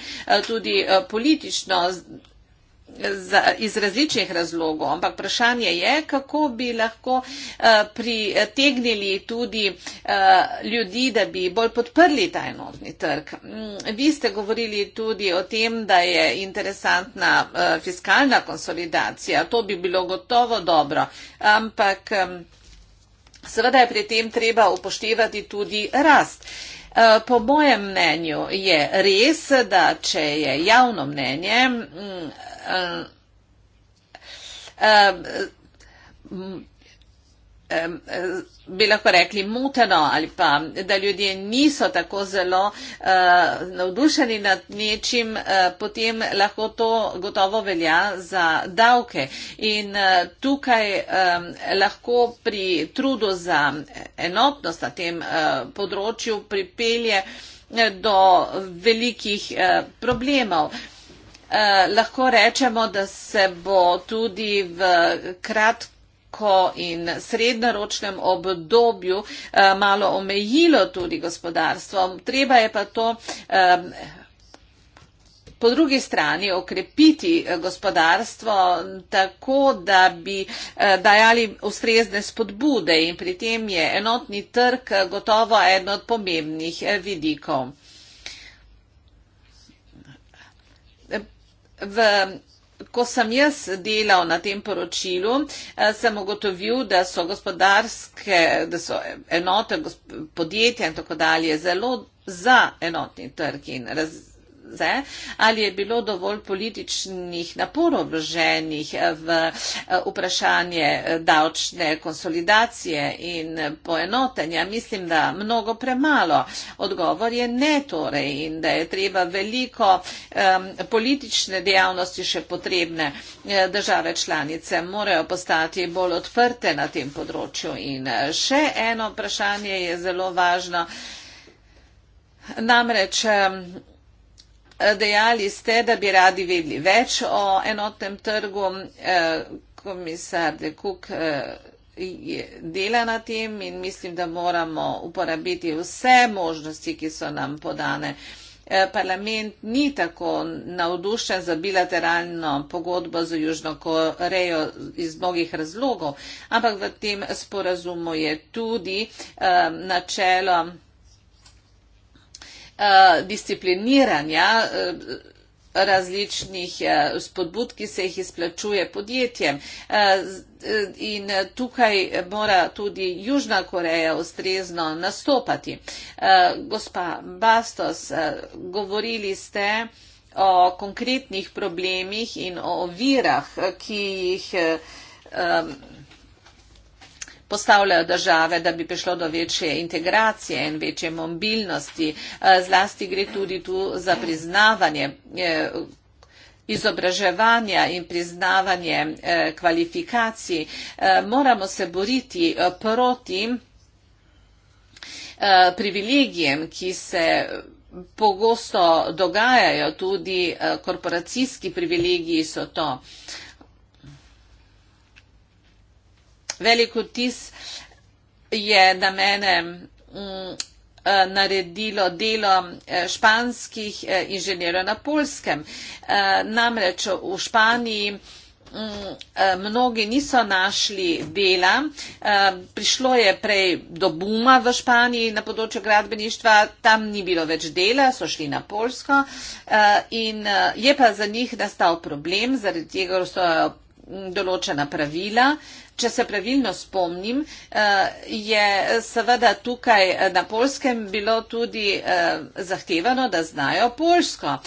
Tudi politično za, iz različnih razlogov, ampak vprašanje je, kako bi lahko uh, pritegnili tudi uh, ljudi, da bi bolj podprli ta enotni trg. Mm, vi ste govorili tudi o tem, da je interesantna uh, fiskalna konsolidacija, to bi bilo gotovo dobro, ampak um, seveda je pri tem treba upoštevati tudi rast. Uh, Eh, po mojem mnenju je res, da če je javno mnenje, m, m, m, m, bi lahko rekli muteno ali pa, da ljudje niso tako zelo uh, navdušeni nad nečim, uh, potem lahko to gotovo velja za davke. In uh, tukaj um, lahko pri trudu za enotnost na tem uh, področju pripelje do velikih uh, problemov. Uh, lahko rečemo, da se bo tudi v kratkem kratko in srednjeročnem obdobju eh, malo omejilo tudi gospodarstvo. Treba je pa to. Eh, po drugi strani okrepiti eh, gospodarstvo tako, da bi dajali ustrezne spodbude in pri tem je enotni trg gotovo eden od pomembnih vidikov. V ko sem jaz delal na tem poročilu, eh, sem ugotovil, da so gospodarske, da so enote, podjetja in tako dalje zelo za enotni trg in različni. Ze, ali je bilo dovolj političnih naporov vloženih v eh, vprašanje eh, davčne konsolidacije in poenotenja? Mislim, da mnogo premalo. Odgovor je ne torej in da je treba veliko um, politične dejavnosti še potrebne. Eh, države članice morajo postati bolj odprte na tem področju in še eno vprašanje je zelo važno. Namreč um, Dejali ste, da bi radi vedeli več o enotnem trgu. E, komisar De Kuk e, dela na tem in mislim, da moramo uporabiti vse možnosti, ki so nam podane. E, parlament ni tako navdušen za bilateralno pogodbo z Južno Korejo iz mnogih razlogov, ampak v tem sporazumu je tudi um, načelo Eh, discipliniranja eh, različnih eh, spodbud, ki se jih izplačuje podjetjem. In tukaj mora tudi Južna Koreja ustrezno nastopati. Gospa Bastos, govorili ste o konkretnih problemih in o virah, ki jih postavljajo države, da bi prišlo do večje integracije in večje mobilnosti. Eh, zlasti gre tudi tu za priznavanje eh, izobraževanja in priznavanje eh, kvalifikacij. Moramo se boriti proti privilegijem, ki se pogosto dogajajo, tudi korporacijski privilegiji so to. velik vtis je na mene mm, eh, naredilo delo eh, španskih eh, inženirjev na polskem. Namreč v Španiji mm, mnogi niso našli dela. Prišlo je prej do buma v Španiji na področju gradbeništva, tam ni bilo več dela, so šli na Polsko in je pa za njih nastal problem, zaradi tega so mm, določena pravila, Če se pravilno spomnim, eh, je seveda tukaj eh, na polskem bilo tudi eh, zahtevano, da znajo polsko.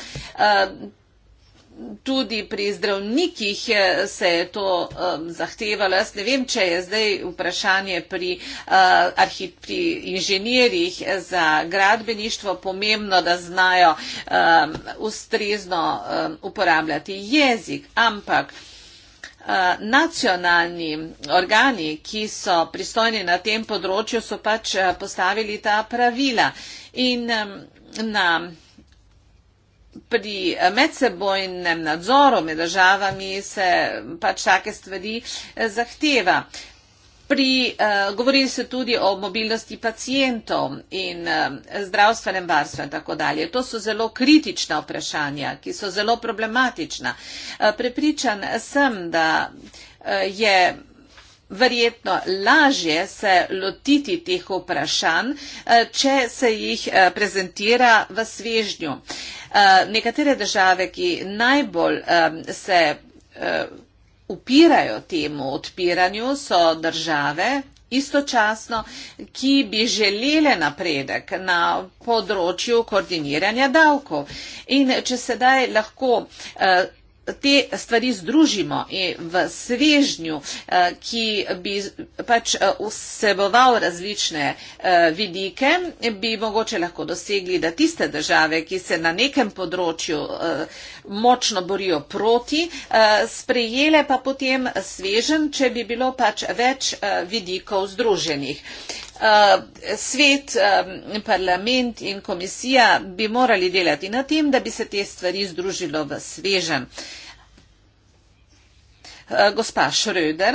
Tudi pri zdravnikih se je to um, zahtevalo. Jaz ne vem, če je zdaj vprašanje pri, uh, arhi, pri inženirjih za gradbeništvo pomembno, da znajo um, ustrezno um, uporabljati jezik, ampak uh, Eh, nacionalni organi, ki so pristojni na tem področju, so pač eh, postavili ta pravila. In na, pri medsebojnem nadzoru med državami se pač take stvari eh, zahteva. Pri, uh, govorili ste tudi o mobilnosti pacijentov in uh, zdravstvenem varstvu in tako dalje. To so zelo kritična vprašanja, ki so zelo problematična. Uh, prepričan sem, da uh, je verjetno lažje se lotiti teh vprašanj, uh, če se jih uh, prezentira v svežnju. Uh, nekatere države, ki najbolj uh, se. Uh, upirajo temu odpiranju, so države istočasno, ki bi želele napredek na področju koordiniranja davkov. In če sedaj lahko. Uh, te stvari združimo v svežnju, eh, ki bi pač eh, vseboval različne eh, vidike, bi mogoče lahko dosegli, da tiste države, ki se na nekem področju močno borijo proti, sprejele pa potem svežen, če bi bilo pač več vidikov združenih. Svet, parlament in komisija bi morali delati na tem, da bi se te stvari združilo v svežen. Eh, gospa Šröder,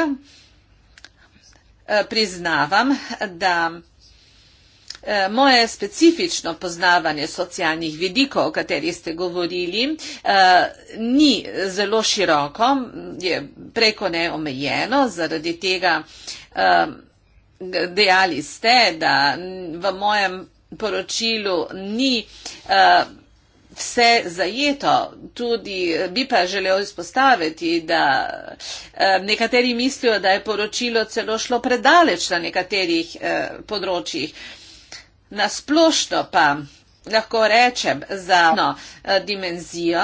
eh, priznavam, da eh, moje specifično poznavanje socialnih vidikov, o katerih ste govorili, ni zelo široko, je preko ne omejeno, zaradi tega dejali ste, da v mojem poročilu ni vsega, vse zajeto. Tudi eh, bi pa želel izpostaviti, da eh, nekateri mislijo, da je poročilo celo šlo predaleč na nekaterih eh, področjih. Nasplošno pa lahko rečem za eno dimenzijo,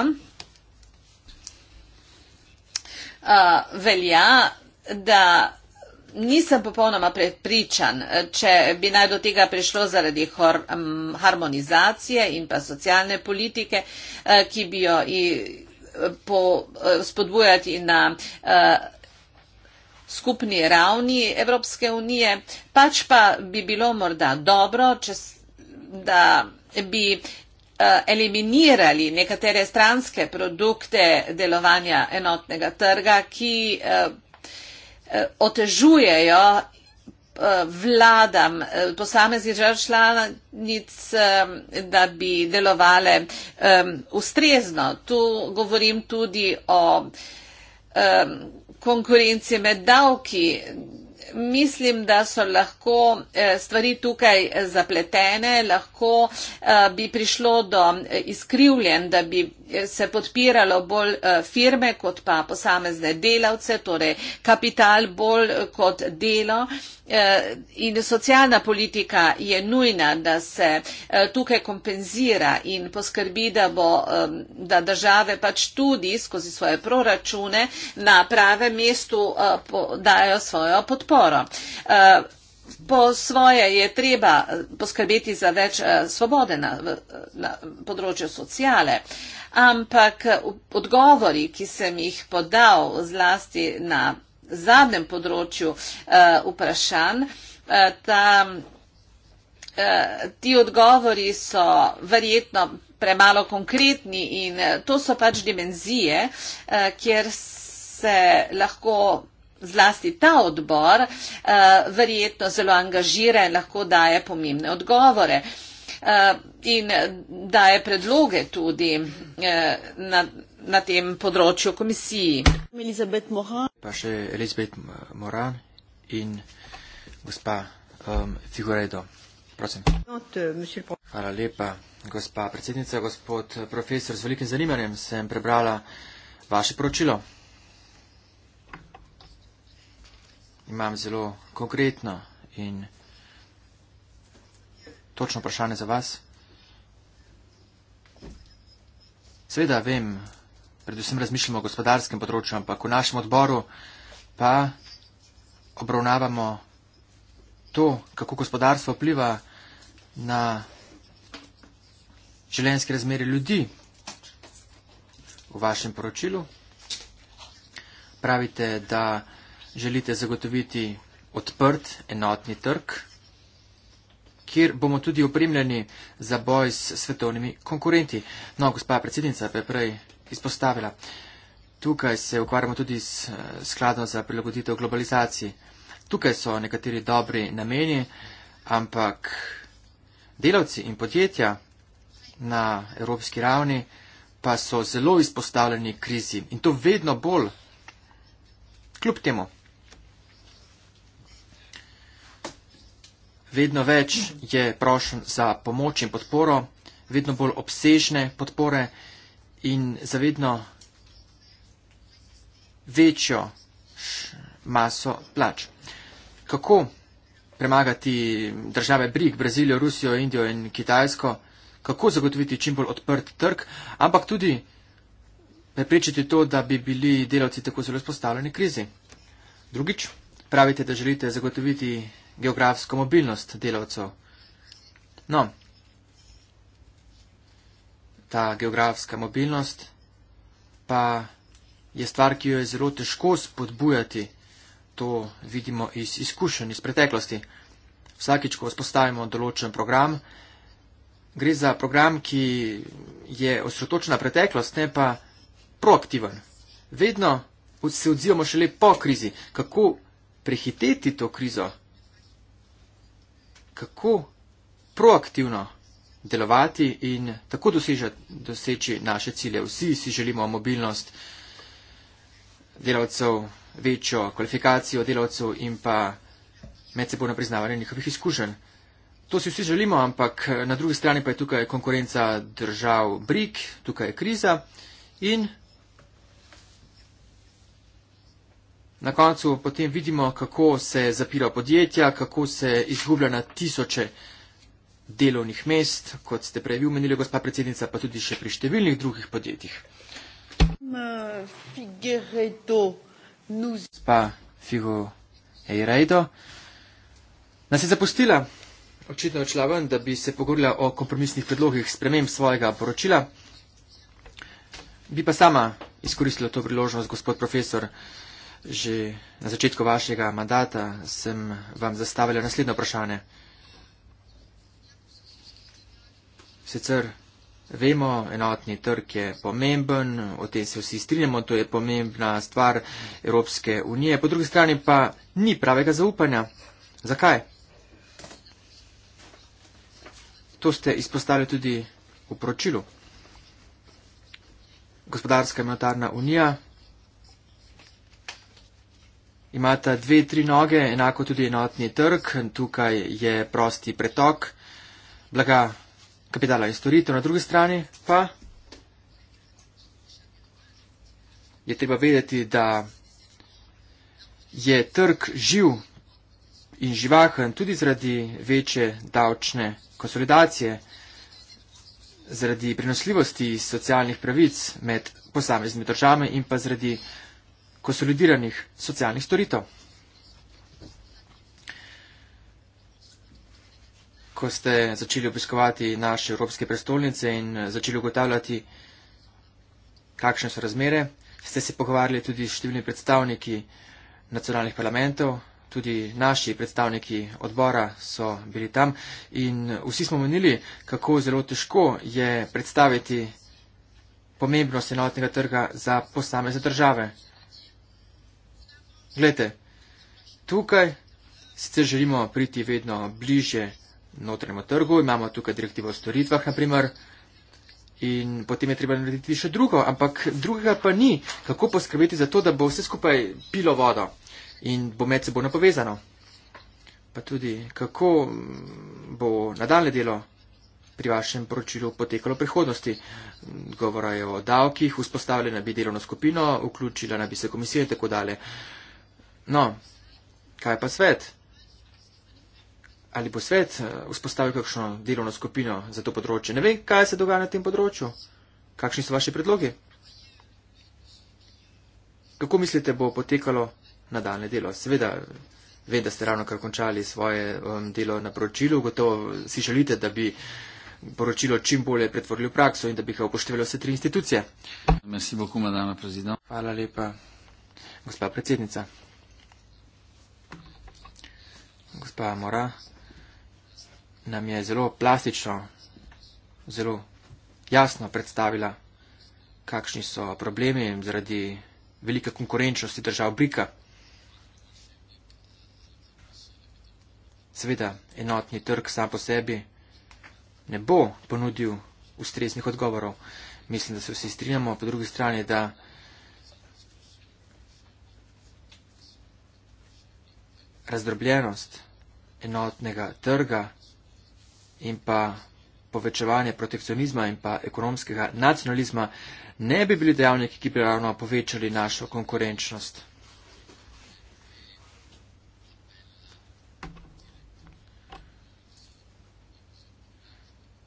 velja, da nisem popolnoma prepričan, če bi naj do tega prišlo zaradi hor, um, harmonizacije in pa socialne politike, uh, ki bi jo i, eh, po, uh, spodbujati na uh, skupni ravni Evropske unije, pač pa bi bilo morda dobro, če, da bi eliminirali nekatere stranske produkte delovanja enotnega trga, ki Eh, otežujejo eh, vladam eh, posameznih držav članic, da bi delovale ustrezno. Tu govorim tudi o konkurenci med davki, mislim, da so lahko eh, stvari tukaj eh, zapletene, lahko eh, bi prišlo do izkrivljen, da bi se podpiralo bolj firme kot pa posamezne delavce, torej kapital bolj kot delo. In socialna politika je nujna, da se tukaj kompenzira in poskrbi, da, bo, da države pač tudi skozi svoje proračune na pravem mestu dajo svojo podporo podporo. Eh, po svoje je treba poskrbeti za več eh, svobode na, na področju sociale, ampak eh, odgovori, ki sem jih podal zlasti na zadnjem področju vprašanj, ta, ti odgovori so verjetno premalo konkretni in to so pač dimenzije, kjer se lahko zlasti ta odbor eh, verjetno zelo angažira in lahko daje pomembne odgovore eh, in daje predloge tudi eh, na, na tem področju komisiji. Pa še Elizabeth Moran in gospa um, Figuredo. Prosim. Hvala lepa, gospa predsednica, gospod profesor. Z velikim zanimanjem sem prebrala vaše poročilo. imam zelo konkretno in točno vprašanje za vas. Sveda vem, predvsem razmišljamo o gospodarskem področju, ampak v našem odboru pa obravnavamo to, kako gospodarstvo vpliva na življenjske razmere ljudi v vašem poročilu. Pravite, da želite zagotoviti odprt, enotni trg, kjer bomo tudi opremljeni za boj s svetovnimi konkurenti. No, gospa predsednica, pa je prej izpostavila. Tukaj se ukvarjamo tudi s eh, skladom za prilagoditev globalizaciji. Tukaj so nekateri dobri nameni, ampak delavci in podjetja na evropski ravni pa so zelo izpostavljeni krizi in to vedno bolj. Kljub temu. Vedno več je prošen za pomoč in podporo, vedno bolj obsežne podpore in za vedno večjo maso plač. Kako premagati države Brig, Brazilijo, Rusijo, Indijo in Kitajsko, kako zagotoviti čim bolj odprt trg, ampak tudi preprečiti to, da bi bili delavci tako zelo izpostavljeni krizi. Drugič, pravite, da želite zagotoviti geografsko mobilnost delavcev. No, ta geografska mobilnost pa je stvar, ki jo je zelo težko spodbujati. To vidimo iz izkušenj iz preteklosti. Vsakič, ko vzpostavimo določen program, gre za program, ki je osredotočena preteklost, ne pa proaktiven. Vedno se odzivamo šele po krizi. Kako prehiteti to krizo? kako proaktivno delovati in tako dosežati, doseči naše cilje. Vsi si želimo mobilnost delavcev, večjo kvalifikacijo delavcev in pa medsebojno priznavanje njihovih izkušenj. To si vsi želimo, ampak eh, na drugi strani pa je tukaj konkurenca držav BRIK, tukaj je kriza in Na koncu potem vidimo, kako se zapira podjetja, kako se izgublja na tisoče delovnih mest, kot ste prej umenili, gospa predsednica, pa tudi še pri številnih drugih podjetjih. Gospa Figo Eirajdo nas je zapustila, očitno odšla ven, da bi se pogovorila o kompromisnih predlogih sprememb svojega poročila. Bi pa sama izkoristila to priložnost, gospod profesor. Že na začetku vašega mandata sem vam zastavila naslednjo vprašanje. Sicer vemo, enotni trg je pomemben, o tem se vsi strinjamo, to je pomembna stvar Evropske unije, po drugi strani pa ni pravega zaupanja. Zakaj? To ste izpostavili tudi v poročilu. Gospodarska in monetarna unija imata dve, tri noge, enako tudi enotni trg, tukaj je prosti pretok blaga, kapitala in storitev, na drugi strani pa je treba vedeti, da je trg živ in živahen tudi zaradi večje davčne konsolidacije, zaradi prenosljivosti socialnih pravic med posameznimi državami in pa zaradi konsolidiranih socialnih storitev. Ko ste začeli obiskovati naše evropske prestolnice in eh, začeli ugotavljati, kakšne so razmere, ste se pogovarjali tudi s številnimi predstavniki nacionalnih parlamentov, tudi naši predstavniki odbora so bili tam in eh, vsi smo menili, kako zelo težko je predstaviti pomembnost enotnega trga za posamezne države. Glede, tukaj sicer želimo priti vedno bliže notranjemu trgu, imamo tukaj direktivo o storitvah, naprimer, in potem je treba narediti še drugo, ampak drugega pa ni, kako poskrbeti za to, da bo vse skupaj pilo vodo in bo med seboj napovezano. Pa tudi, kako bo nadaljne delo pri vašem poročilu potekalo v prihodnosti. Govorajo o davkih, vzpostavljena bi delovno skupino, vključila bi se komisija in tako dalje. No, kaj pa svet? Ali bo svet eh, vzpostavil kakšno delovno skupino za to področje? Ne vem, kaj se dogaja na tem področju. Kakšni so vaši predlogi? Kako mislite, bo potekalo nadaljne delo? Seveda, vem, da ste ravno kar končali svoje um, delo na poročilu. Gotovo si želite, da bi poročilo čim bolje pretvorili v prakso in da bi ga upoštevali vse tri institucije. Hvala lepa, gospa predsednica gospa Mora, nam je zelo plastično, zelo jasno predstavila, kakšni so problemi zaradi velike konkurenčnosti držav Brika. Seveda, enotni trg sam po sebi ne bo ponudil ustreznih odgovorov. Mislim, da se vsi strinjamo, po drugi strani, da razdrobljenost enotnega trga in pa povečevanje protekcionizma in pa ekonomskega nacionalizma ne bi bili dejavniki, ki bi ravno povečali našo konkurenčnost.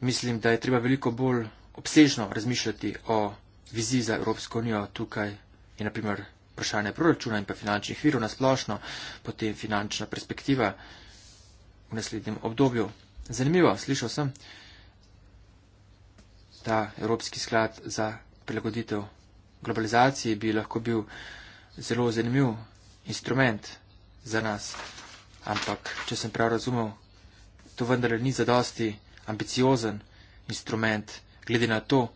Mislim, da je treba veliko bolj obsežno razmišljati o viziji za Evropsko unijo tukaj in naprimer vprašanje proračuna in pa finančnih virov na splošno, potem finančna perspektiva v naslednjem obdobju. Zanimivo, slišal sem, da Evropski sklad za prilagoditev globalizaciji bi lahko bil zelo zanimiv instrument za nas, ampak če sem prav razumel, to vendar ni zadosti ambiciozen instrument, glede na to,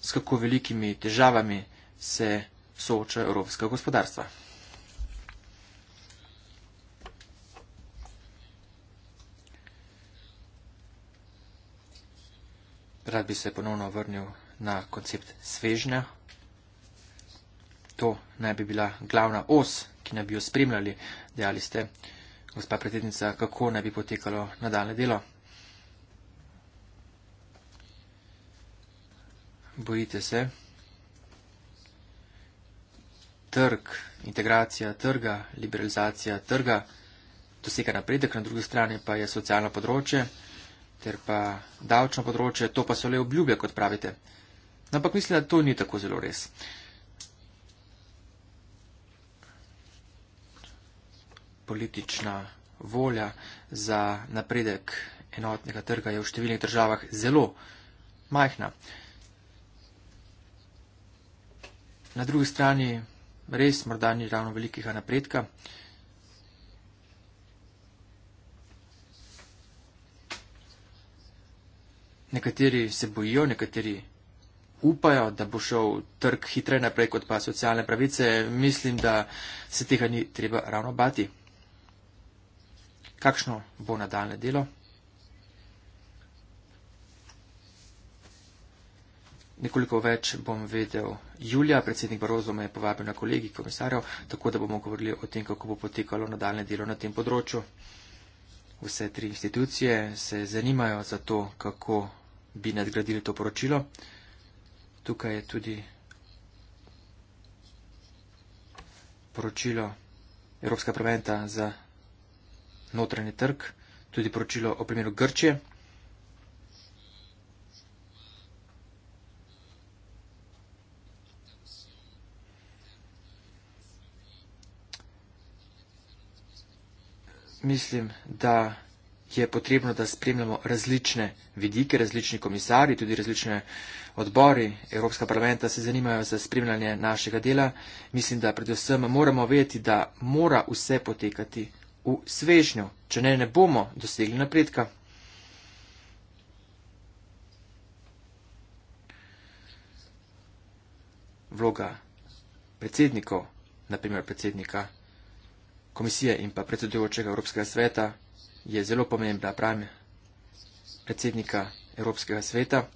s kako velikimi težavami se soočajo evropska gospodarstva. Rad bi se ponovno vrnil na koncept svežnja. To naj bi bila glavna os, ki naj bi jo spremljali, dejali ste, gospa predsednica, kako naj bi potekalo nadaljne delo. Bojite se, trg, integracija trga, liberalizacija trga, dosega napredek, na drugi strani pa je socialno področje ter pa davčno področje, to pa so le obljube, kot pravite. No, ampak mislim, da to ni tako zelo res. Politična volja za napredek enotnega trga je v številnih državah zelo majhna. Na drugi strani res morda ni ravno velikega napredka. Nekateri se bojijo, nekateri upajo, da bo šel trg hitreje naprej kot pa socialne pravice. Mislim, da se tega ni treba ravno bati. Kakšno bo nadaljne delo? nekoliko več bom vedel. Julija, predsednik Barozo, me je povabil na kolegi komisarjev, tako da bomo govorili o tem, kako bo potekalo nadaljne delo na tem področju. Vse tri institucije se zanimajo za to, kako bi nadgradili to poročilo. Tukaj je tudi poročilo Evropska preventa za notranji trg, tudi poročilo o primeru Grčije. mislim, da je potrebno, da spremljamo različne vidike, različni komisari, tudi različne odbori Evropska parlamenta se zanimajo za spremljanje našega dela. Mislim, da predvsem moramo vedeti, da mora vse potekati v svežnju, če ne, ne bomo dosegli napredka. Vloga predsednikov, naprimer predsednika komisije in pa predsedujočega Evropskega sveta je zelo pomembna, pravim, predsednika Evropskega sveta.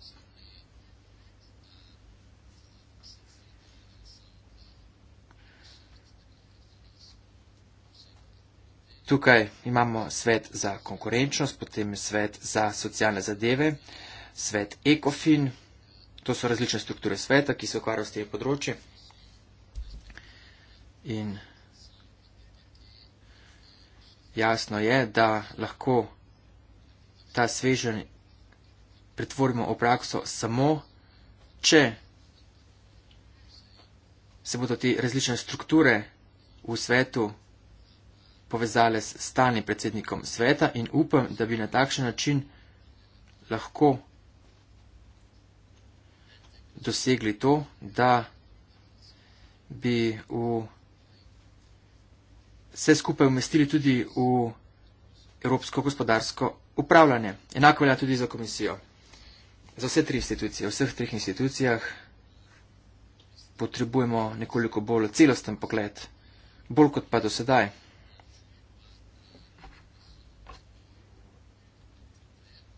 Tukaj imamo svet za konkurenčnost, potem svet za socialne zadeve, svet ECOFIN, to so različne strukture sveta, ki se ukvarjajo s tem področjem. In jasno je, da lahko ta svežen pretvorimo v prakso samo, če se bodo te različne strukture v svetu povezale s stalnim predsednikom sveta in upam, da bi na takšen način lahko dosegli to, da bi v vse skupaj umestili tudi v Evropsko gospodarsko upravljanje. Enako velja tudi za komisijo. Za vse tri institucije, v vseh treh institucijah potrebujemo nekoliko bolj celosten pogled, bolj kot pa do sedaj.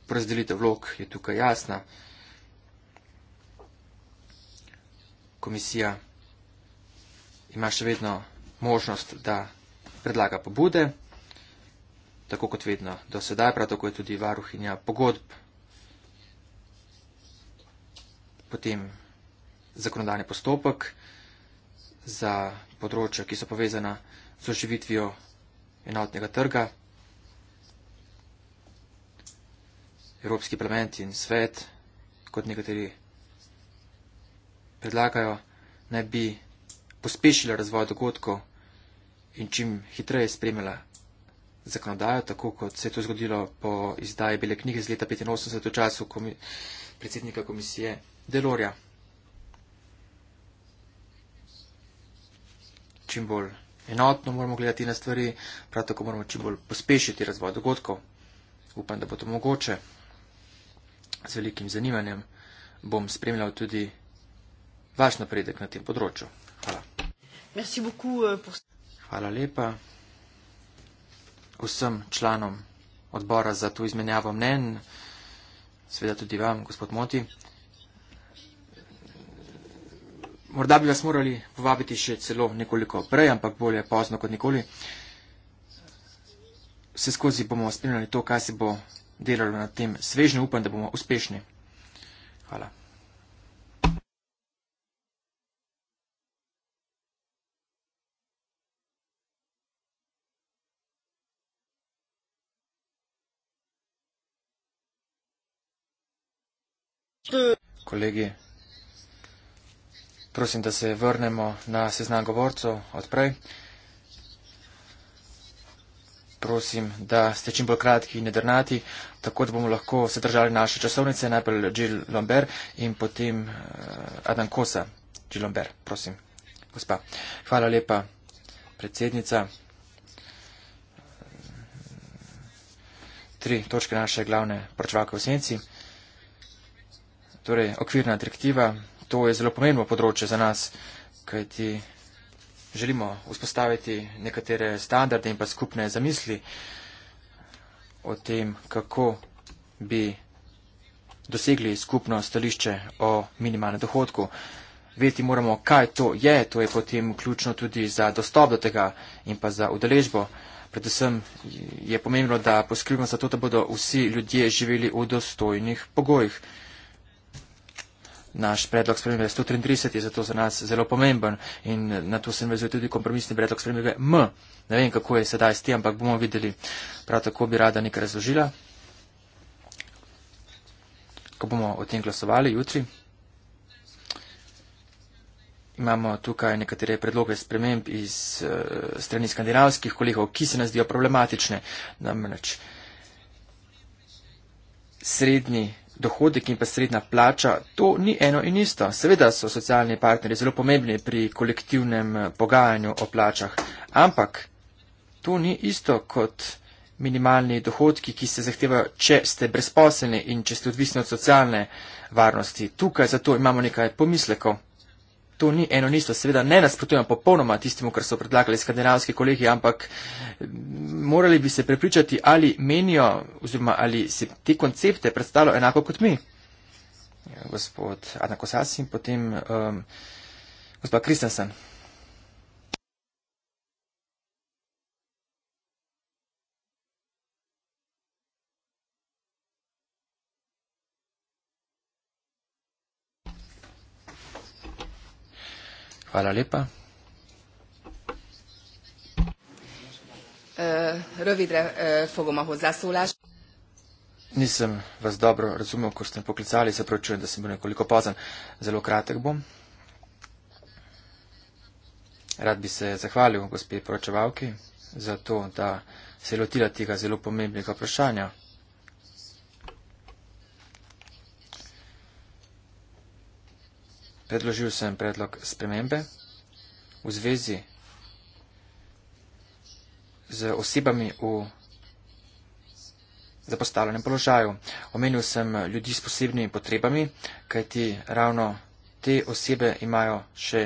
Prazdelitev vlog je tukaj jasna. Komisija ima še vedno možnost, da predlaga pobude, tako kot vedno do sedaj, prav tako je tudi varuhinja pogodb, potem zakonodajni postopek za področja, ki so povezana z oživitvijo enotnega trga. Evropski parlament in svet, kot nekateri predlagajo, naj ne bi pospešili razvoj dogodkov in čim hitreje spremljala zakonodajo, tako kot se je to zgodilo po izdaji bele knjige z leta 1985 v času komi predsednika komisije Delorja. Čim bolj enotno moramo gledati na stvari, prav tako moramo čim bolj pospešiti razvoj dogodkov. Upam, da bo to mogoče. Z velikim zanimanjem bom spremljal tudi vaš napredek na tem področju. Hvala. Merci beaucoup eh, pour Hvala lepa vsem članom odbora za to izmenjavo mnen, seveda tudi vam, gospod Moti. Morda bi vas morali povabiti še celo nekoliko prej, ampak bolje pozno kot nikoli. Vse skozi bomo spremljali to, kaj se bo delalo na tem svežnju. Upam, da bomo uspešni. Hvala. Kolegi, prosim, da se vrnemo na seznam govorcev odprej. Prosim, da ste čim bolj kratki in nedrnati, tako da bomo lahko se držali naše časovnice, najprej Jill Lomber in potem eh, Adam Kosa. Jill Lomber, prosim. Gospa. Hvala lepa, predsednica. Tri točke naše glavne pročvake v senci torej okvirna direktiva, to je zelo pomembno področje za nas, kajti želimo vzpostaviti nekatere standarde in pa skupne zamisli o tem, kako bi dosegli skupno stališče o minimalnem dohodku. Veti moramo, kaj to je, to je potem ključno tudi za dostop do tega in pa za udeležbo. Predvsem je pomembno, da poskrbimo za to, da bodo vsi ljudje živeli v dostojnih pogojih naš predlog spremembe 133 je zato za nas zelo pomemben in na to se navezuje tudi kompromisni predlog spremembe M. Ne vem, kako je sedaj s tem, ampak bomo videli. Prav tako bi rada nekaj razložila, ko bomo o tem glasovali jutri. Imamo tukaj nekatere predloge sprememb iz uh, strani skandinavskih kolegov, ki se nas zdijo problematične. Namreč srednji dohodek in pa sredna plača, to ni eno in isto. Seveda so socialni partneri zelo pomembni pri kolektivnem eh, pogajanju o plačah, ampak to ni isto kot minimalni dohodki, ki se zahtevajo, če ste brezposelni in če ste odvisni od socialne varnosti. Tukaj zato imamo nekaj pomislekov to ni eno isto. Seveda ne nasprotujem popolnoma tistemu, kar so predlagali skandinavski kolegi, ampak mm, morali bi se prepričati, ali menijo oziroma ali se te koncepte predstavljajo enako kot mi. Gospod Adna Kosasin, potem um, gospod Kristensen. Hvala lepa. Eh, rövidre eh, fogom ahhoz zászólás. Nisem vas dobro razumel, ko ste poklicali, se pravčujem, da sem bil nekoliko pozan. Zelo kratek bom. Rad bi se zahvalil gospe poročevalki za to, da se je lotila tega zelo pomembnega vprašanja. predložil sem predlog spremembe v zvezi z osebami v zapostavljenem položaju. Omenil sem ljudi s posebnimi potrebami, kajti ravno te osebe imajo še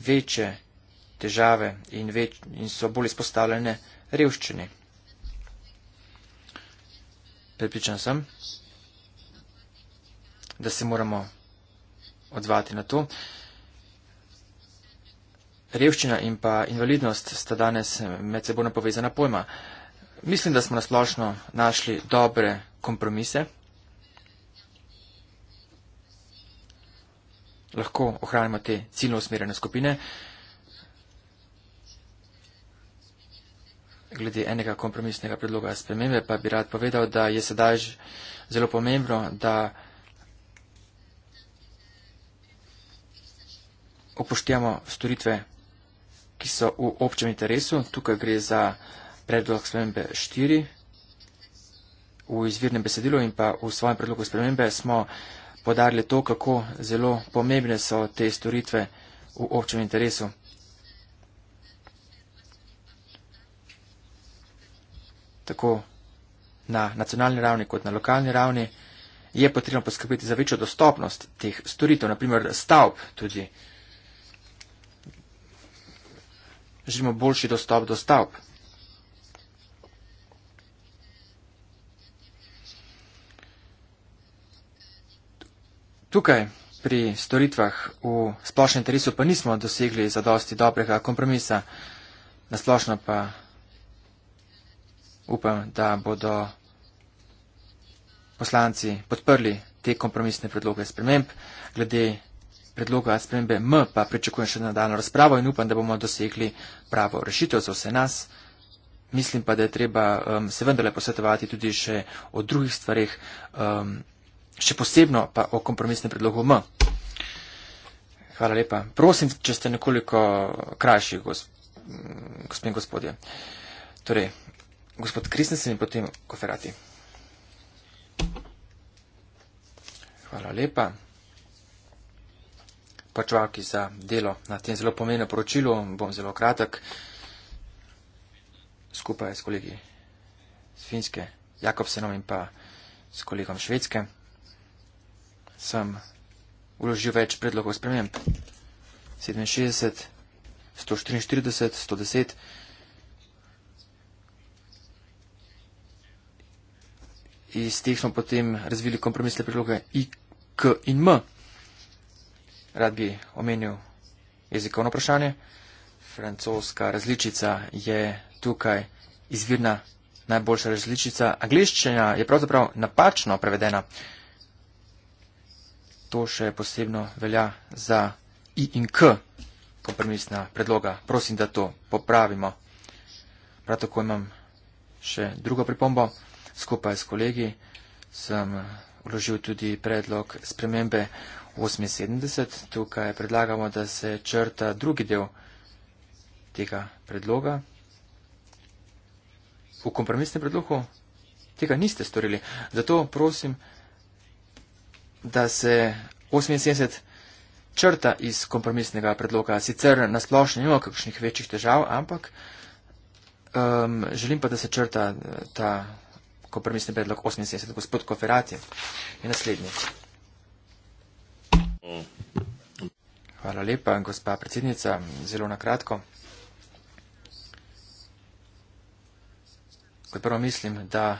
večje težave in, več, in so bolj izpostavljene revščini. Pripričan sem, da se moramo odzvati na to. Revščina in pa invalidnost sta danes med seboj napovezana pojma. Mislim, da smo nasplošno našli dobre kompromise. Lahko ohranimo te ciljno usmerjene skupine. Glede enega kompromisnega predloga spremembe pa bi rad povedal, da je sedaj zelo pomembno, da upoštevamo storitve, ki so v občem interesu. Tukaj gre za predlog spremembe 4 v izvirnem besedilu in pa v svojem predlogu spremembe smo podarili to, kako zelo pomembne so te storitve v občem interesu. Tako na nacionalni ravni kot na lokalni ravni je potrebno poskrbeti za večjo dostopnost teh storitev, naprimer stavb tudi. želimo boljši dostop do stavb. Tukaj pri storitvah v splošnem interesu pa nismo dosegli zadosti dobrega kompromisa, nasplošno pa upam, da bodo poslanci podprli te kompromisne predloge sprememb glede predloga spremembe M pa pričakujem še nadaljno razpravo in upam, da bomo dosegli pravo rešitev za vse nas. Mislim pa, da je treba um, se vendarle posvetovati tudi še o drugih stvarih, um, še posebno pa o kompromisnem predlogu M. Hvala lepa. Prosim, če ste nekoliko krajši, gospod in gospodje. Torej, gospod Kristensen in potem koferati. Hvala lepa pač vaki za delo na tem zelo pomenem poročilu. Bom zelo kratek. Skupaj s kolegi z Finske, Jakobsenom in pa s kolegom Švedske sem uložil več predlogov sprememb. 67, 144, 110. Iz teh smo potem razvili kompromisne predloge I, K in M. Rad bi omenil jezikovno vprašanje. Francoska različica je tukaj izvirna najboljša različica. Angliščina je pravzaprav napačno prevedena. To še posebno velja za I in K kompromisna predloga. Prosim, da to popravimo. Prav tako imam še drugo pripombo. Skupaj s kolegi sem uložil tudi predlog spremembe 78. Tukaj predlagamo, da se črta drugi del tega predloga. V kompromisnem predlogu tega niste storili. Zato prosim, da se 78 črta iz kompromisnega predloga. Sicer nasplošno nima kakšnih večjih težav, ampak um, želim pa, da se črta eh, ta kompromisni predlog 78. Gospod Koferati je naslednji. Hvala lepa, gospa predsednica. Zelo na kratko. Kot prvo mislim, da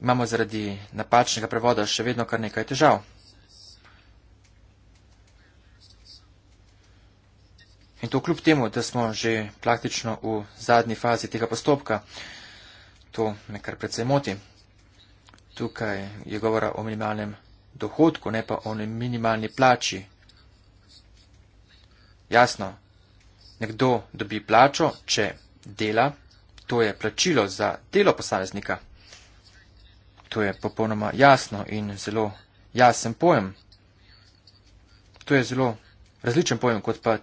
imamo zaradi napačnega prevoda še vedno kar nekaj težav. In to kljub temu, da smo že praktično v zadnji fazi tega postopka. To me kar predvsej moti. Tukaj je govora o minimalnem dohodku, ne pa o minimalni plači. Jasno, nekdo dobi plačo, če dela, to je plačilo za delo posameznika. To je popolnoma jasno in zelo jasen pojem. To je zelo različen pojem kot pa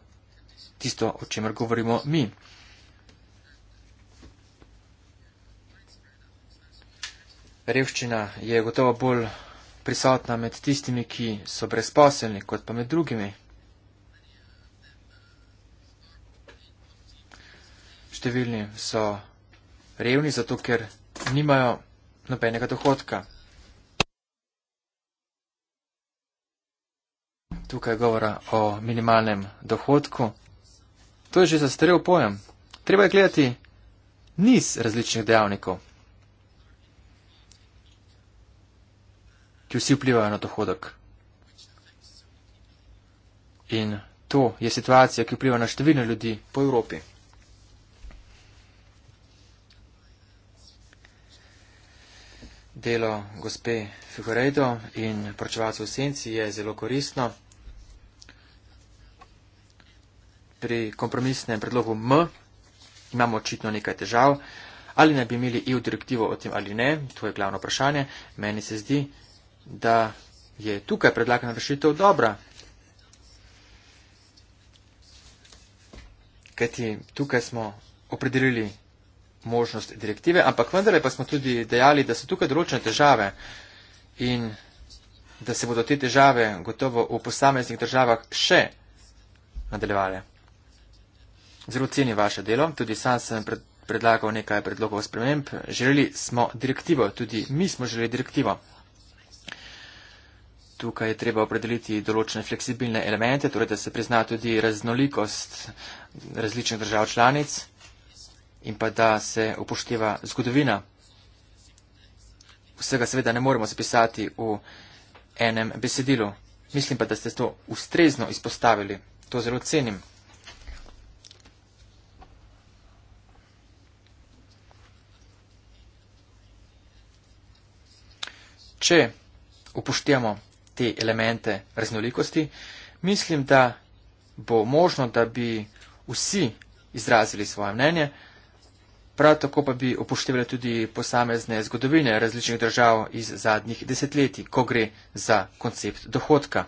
tisto, o čemer govorimo mi. Revščina je gotovo bolj prisotna med tistimi, ki so brezposelni, kot pa med drugimi. Številni so revni, zato ker nimajo nobenega dohodka. Tukaj je govora o minimalnem dohodku. To je že zastarel pojem. Treba je gledati niz različnih dejavnikov. ki vsi vplivajo na dohodek. In to je situacija, ki vpliva na številne ljudi po Evropi. Delo gospe Figurejdo in pročevalcev v senci je zelo koristno. Pri kompromisnem predlogu M imamo očitno nekaj težav. Ali ne bi imeli EU direktivo o tem ali ne, to je glavno vprašanje. Meni se zdi, da je tukaj predlagana rešitev dobra. Kajti tukaj smo opredelili možnost direktive, ampak vendarle pa smo tudi dejali, da so tukaj določene težave in da se bodo te težave gotovo v posameznih državah še nadaljevale. Zelo ceni vaše delo, tudi sam sem predlagal nekaj predlogov sprememb. Želeli smo direktivo, tudi mi smo želeli direktivo tukaj je treba opredeliti določene fleksibilne elemente, torej da se prizna tudi raznolikost različnih držav članic in pa da se upošteva zgodovina. Vsega seveda ne moremo zapisati v enem besedilu. Mislim pa, da ste to ustrezno izpostavili. To zelo cenim. Če upoštevamo te elemente raznolikosti, mislim, da bo možno, da bi vsi izrazili svoje mnenje, prav tako pa bi upoštevali tudi posamezne zgodovine različnih držav iz zadnjih desetletij, ko gre za koncept dohodka.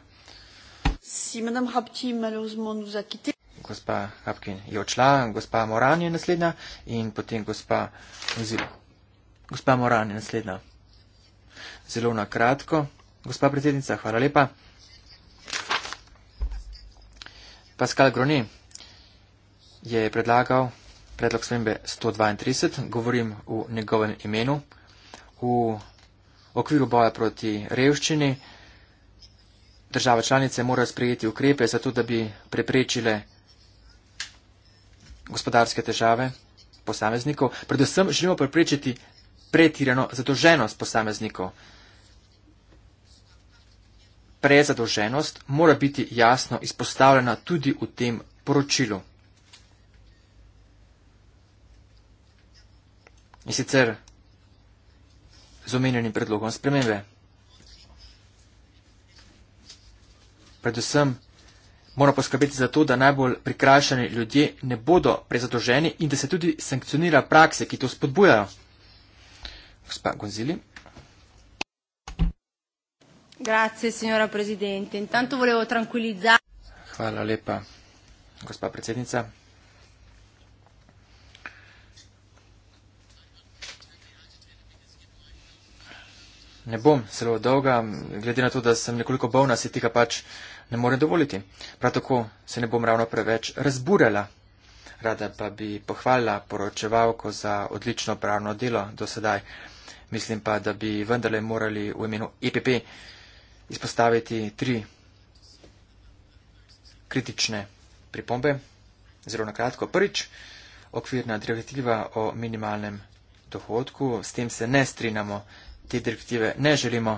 Si, Gospa Hapkin je odšla, gospa Moran je naslednja in potem gospa Muzil. Gospa Moran je naslednja. Zelo na kratko. Gospa predsednica, hvala lepa. Pascal Groni je predlagal predlog smembe 132, govorim v njegovem imenu, v okviru boja proti revščini. Država članice mora sprejeti ukrepe, zato da bi preprečile gospodarske težave posameznikov. Predvsem želimo preprečiti pretirano zadoženost posameznikov prezadolženost mora biti jasno izpostavljena tudi v tem poročilu. In sicer z omenjenim predlogom spremembe. Predvsem mora poskrbeti za to, da najbolj prikrajšani ljudje ne bodo prezadoženi in da se tudi sankcionira prakse, ki to spodbujajo. Gospa Gonzili. Grazie signora Presidente. Intanto volevo tranquillizzare. Hvala lepa, gospa predsednica. Ne bom zelo dolga, glede na to, da sem nekoliko bolna, si tega pač ne morem dovoliti. Prav tako se ne bom ravno preveč razburjala. Rada pa bi pohvalila poročevalko za odlično pravno delo do sedaj. Mislim pa, da bi vendarle morali v imenu EPP izpostaviti tri kritične pripombe. Zelo na kratko. Prvič, okvirna direktiva o minimalnem dohodku. S tem se ne strinjamo, te direktive ne želimo.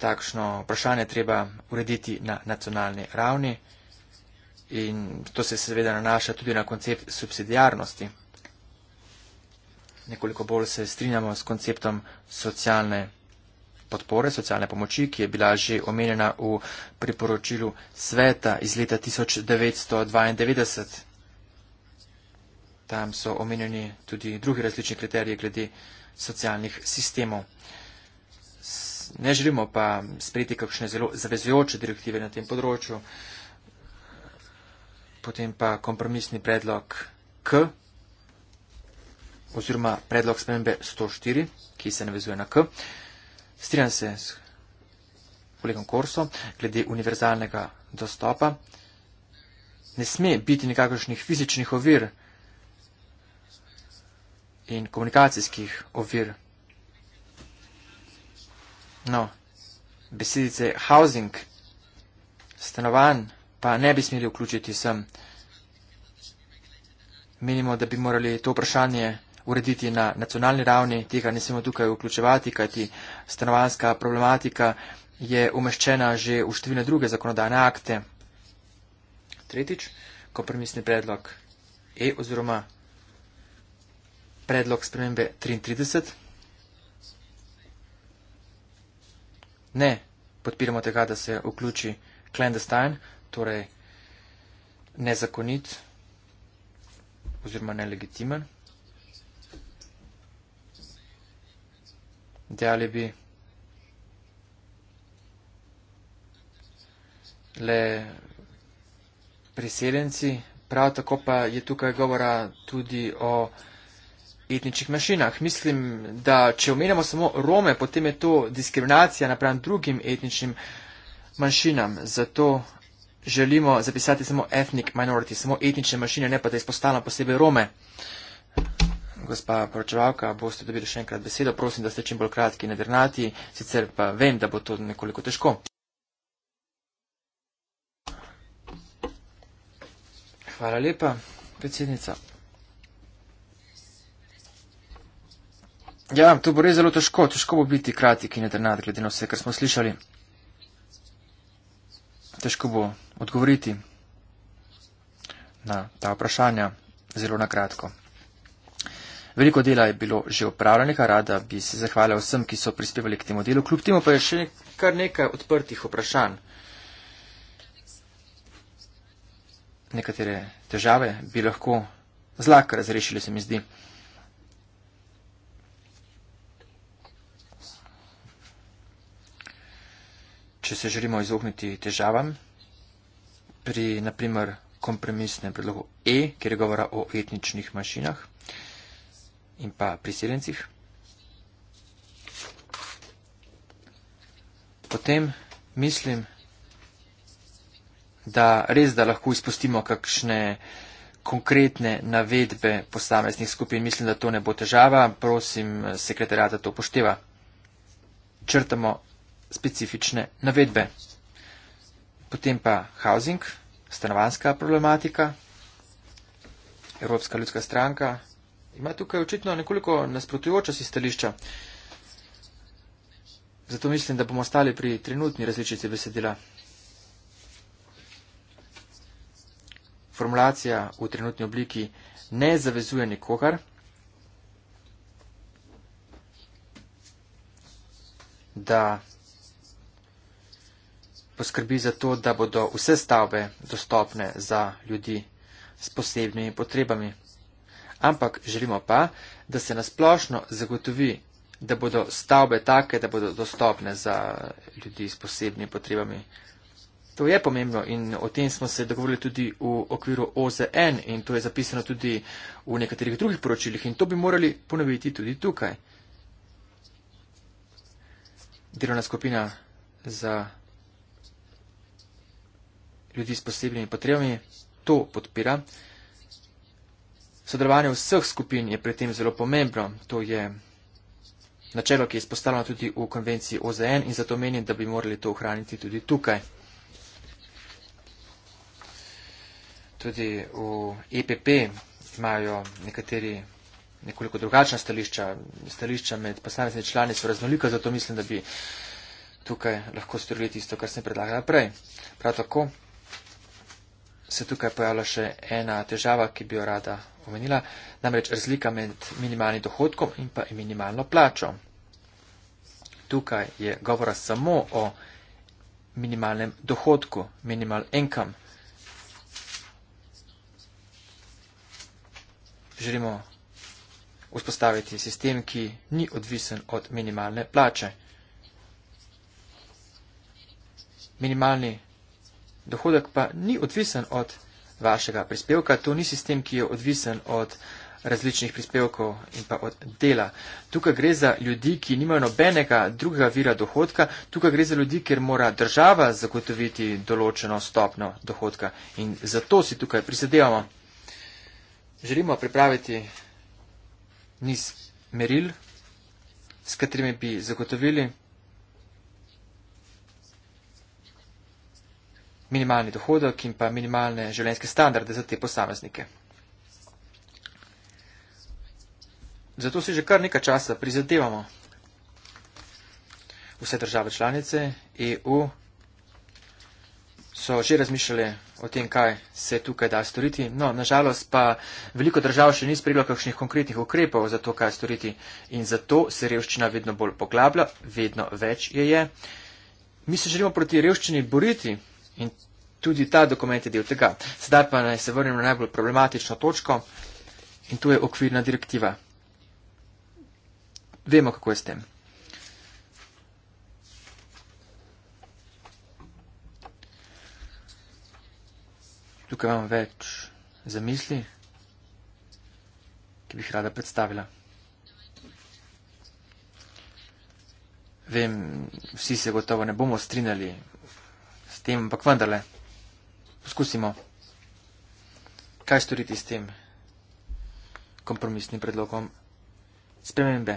Takšno vprašanje treba urediti na nacionalni ravni in to se seveda nanaša tudi na koncept subsidijarnosti. Nekoliko bolj se strinjamo s konceptom socialne podpore, socialne pomoči, ki je bila že omenjena v priporočilu sveta iz leta 1992. Tam so omenjeni tudi drugi različni kriteriji glede socialnih sistemov. Ne želimo pa sprejeti kakšne zelo zavezujoče direktive na tem področju. Potem pa kompromisni predlog K oziroma predlog spremembe 104, ki se navezuje na K. Strinjam se s kolegom Korso glede univerzalnega dostopa. Ne sme biti nekakšnih fizičnih ovir in komunikacijskih ovir. No, besedice housing, stanovanj pa ne bi smeli vključiti sem. Menimo, da bi morali to vprašanje urediti na nacionalni ravni, tega ne smemo tukaj vključevati, kajti stanovanska problematika je umeščena že v številne druge zakonodajne akte. Tretjič, kompromisni predlog E oziroma predlog spremembe 33. Ne podpiramo tega, da se vključi clandestine, torej nezakonit oziroma nelegitimen. Дяли би le priseljenci, prav tako pa je tukaj govora tudi o etničnih manjšinah. Mislim, da če omenjamo samo Rome, potem je to diskriminacija napram drugim etničnim manjšinam. Zato želimo zapisati samo ethnic minority, samo etnične manjšine, ne pa da izpostavljam posebej Rome. Uh, gospa poročevalka, boste dobili še enkrat besedo. Prosim, da ste čim bolj kratki in nedrnati, sicer pa vem, da bo to nekoliko težko. Hvala lepa, predsednica. Ja, to bo res zelo težko. Težko bo biti kratki in nedrnati, glede na vse, kar smo slišali. Težko bo odgovoriti na ta vprašanja zelo na kratko. Veliko dela je bilo že opravljenega, rada bi se zahvala vsem, ki so prispevali k temu delu. Kljub temu pa je še kar nekaj odprtih vprašanj. Nekatere težave bi lahko zlahka razrešili, se mi zdi. Če se želimo izogniti težavam pri, naprimer, kompromisnem predlogu E, kjer je govora o etničnih mašinah in pa prisiljencih. Potem mislim, da res, da lahko izpustimo kakšne konkretne navedbe posameznih skupin. Mislim, da to ne bo težava. Prosim, sekretarjata to pošteva. Črtamo specifične navedbe. Potem pa housing, stanovanska problematika, Evropska ljudska stranka ima tukaj očitno nekoliko nasprotujoča si stališča. Zato mislim, da bomo ostali pri trenutni različici besedila. Formulacija v trenutni obliki ne zavezuje nikogar, da poskrbi za to, da bodo vse stavbe dostopne za ljudi s posebnimi potrebami ampak želimo pa, da se nasplošno zagotovi, da bodo stavbe take, da bodo dostopne za ljudi s posebnimi potrebami. To je pomembno in o tem smo se dogovorili tudi v okviru OZN in to je zapisano tudi v nekaterih drugih poročilih in to bi morali ponoviti tudi tukaj. Delovna skupina za ljudi s posebnimi potrebami to podpira. Sodelovanje vseh skupin je pri tem zelo pomembno. To je načelo, ki je izpostavljeno tudi v konvenciji OZN in zato menim, da bi morali to ohraniti tudi tukaj. Tudi v EPP imajo nekateri nekoliko drugačna stališča. Stališča med posamezne člani so raznolika, zato mislim, da bi tukaj lahko storili tisto, kar sem predlagala prej. Prav tako se tukaj pojavlja še ena težava, ki bi jo rada omenila, namreč razlika med minimalnim dohodkom in pa minimalno plačo. Tukaj je govora samo o minimalnem dohodku, minimal income. Želimo vzpostaviti sistem, ki ni odvisen od minimalne plače. Minimalni Dohodek pa ni odvisen od vašega prispevka, to ni sistem, ki je odvisen od različnih prispevkov in pa od dela. Tukaj gre za ljudi, ki nimajo nobenega drugega vira dohodka, tukaj gre za ljudi, ker mora država zagotoviti določeno stopno dohodka in zato si tukaj prisedevamo. Želimo pripraviti niz meril, s katerimi bi zagotovili minimalni dohodek in pa minimalne življenjske standarde za te posameznike. Zato si že kar nekaj časa prizadevamo vse države članice EU so že razmišljali o tem, kaj se tukaj da storiti. No, nažalost pa veliko držav še ni sprejelo kakšnih konkretnih ukrepov za to, kaj storiti. In zato se revščina vedno bolj poglablja, vedno več je je. Mi se želimo proti revščini boriti, In tudi ta dokument je del tega. Sedaj pa naj se vrnem na najbolj problematično točko in tu je okvirna direktiva. Vemo, kako je s tem. Tukaj imam več zamisli, ki bi jih rada predstavila. Vem, vsi se gotovo ne bomo strinjali tem, ampak vendarle, poskusimo. Kaj storiti s tem kompromisnim predlogom spremembe?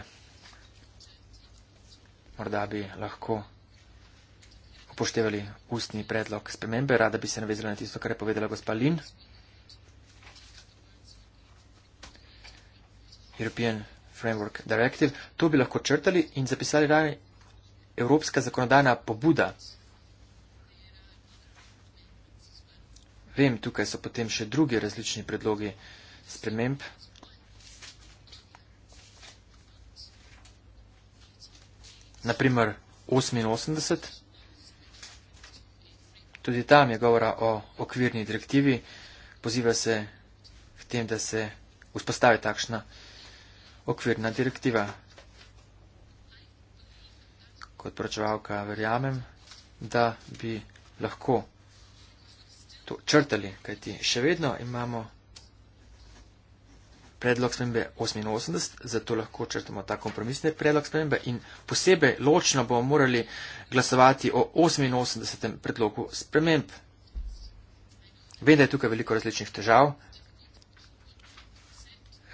Morda bi lahko upoštevali ustni predlog spremembe, rada bi se navezala na tisto, kar je povedala gospa Lin. European Framework Directive. To bi lahko črtali in zapisali raje Evropska zakonodajna pobuda. Vem, tukaj so potem še drugi različni predlogi sprememb. Naprimer 88. Tudi tam je govora o okvirni direktivi. Poziva se k tem, da se vzpostavi takšna okvirna direktiva. Kot pročevalka verjamem, da bi lahko to črtali, kajti še vedno imamo predlog spremembe 88, zato lahko črtamo ta kompromisni predlog spremembe in posebej ločno bomo morali glasovati o 88. predlogu sprememb. Vem, da je tukaj veliko različnih težav.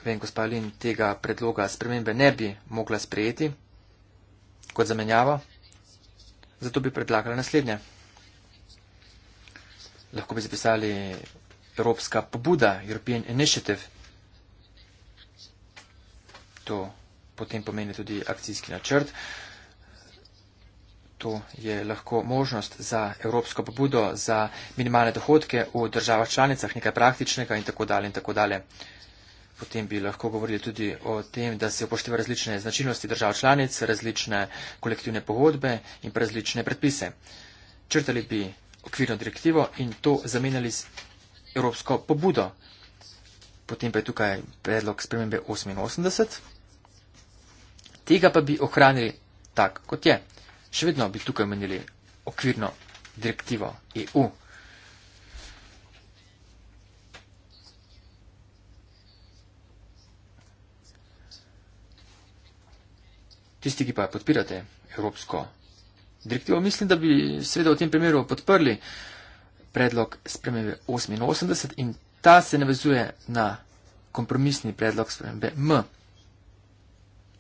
Vem, gospa Lin tega predloga spremembe ne bi mogla sprejeti kot zamenjava. Zato bi predlagala naslednje lahko bi zapisali Evropska pobuda, European Initiative. To potem pomeni tudi akcijski načrt. To je lahko možnost za Evropsko pobudo, za minimalne dohodke v državah članicah, nekaj praktičnega in tako dalje in tako dalje. Potem bi lahko govorili tudi o tem, da se upošteva različne značilnosti držav članic, različne kolektivne pogodbe in različne predpise. Črtali bi okvirno direktivo in to zamenjali z evropsko pobudo. Potem pa je tukaj predlog spremembe 88. Tega pa bi ohranili tak, kot je. Še vedno bi tukaj menili okvirno direktivo EU. Tisti, ki pa podpirate evropsko pobudo, direktivo, mislim, da bi seveda v tem primeru podprli predlog spremembe 88 in ta se navezuje na kompromisni predlog spremembe M.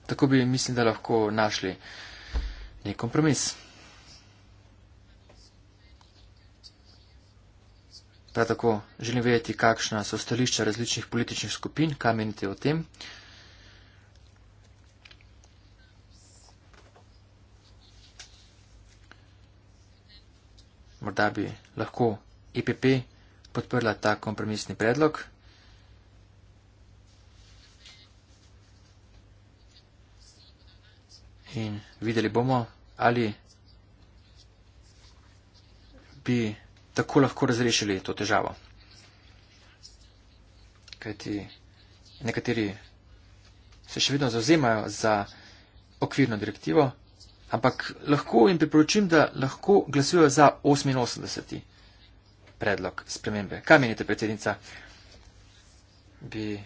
Tako bi, mislim, da lahko našli nek kompromis. Prav tako želim vedeti, kakšna so stališča različnih političnih skupin, kaj menite o tem. morda bi lahko EPP podprla ta kompromisni predlog. In videli bomo, ali bi tako lahko razrešili to težavo. Kajti nekateri se še vedno zauzemajo za okvirno direktivo, Ampak lahko jim priporočim, da lahko glasujejo za 88. predlog spremembe. Kaj menite, predsednica? Bi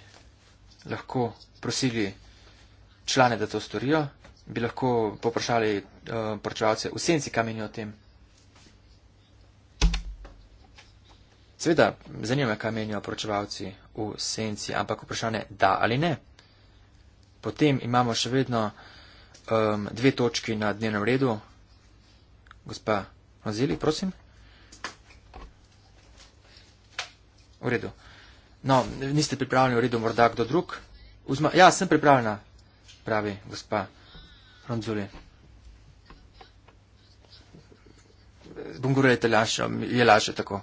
lahko prosili člane, da to storijo? Bi lahko poprašali uh, poročevalce v senci, kaj menijo o tem? Sveda, zanima me, kaj menijo poročevalci v senci, ampak vprašanje je da ali ne. Potem imamo še vedno um, dve točki na dnevnem redu. Gospa Mazili, prosim. V redu. No, niste pripravljeni, v redu, morda kdo drug. Uzma, ja, sem pripravljena, pravi gospa Ronzuli. Bungurete lascia, je lascia tako.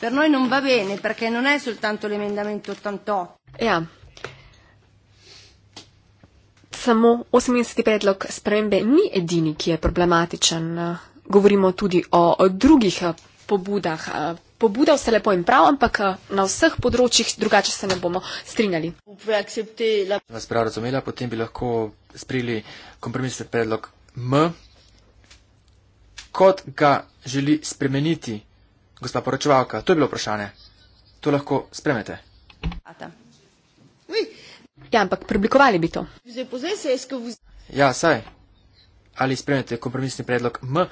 Per noi non va bene, perché non è soltanto l'emendamento 88. Ja, samo 18. predlog spremembe ni edini, ki je problematičen. Govorimo tudi o, o drugih eh, pobudah. Eh, pobuda vse lepo in prav, ampak eh, na vseh področjih drugače se ne bomo strinjali. Vas prav razumela, potem bi lahko sprili kompromisni predlog M. Kot ga želi spremeniti, gospa poročevalka, to je bilo vprašanje. To lahko spremete. Ata. Oui. Ja, ampak preoblikovali bi to. Ja, saj. Ali spremljate kompromisni predlog M,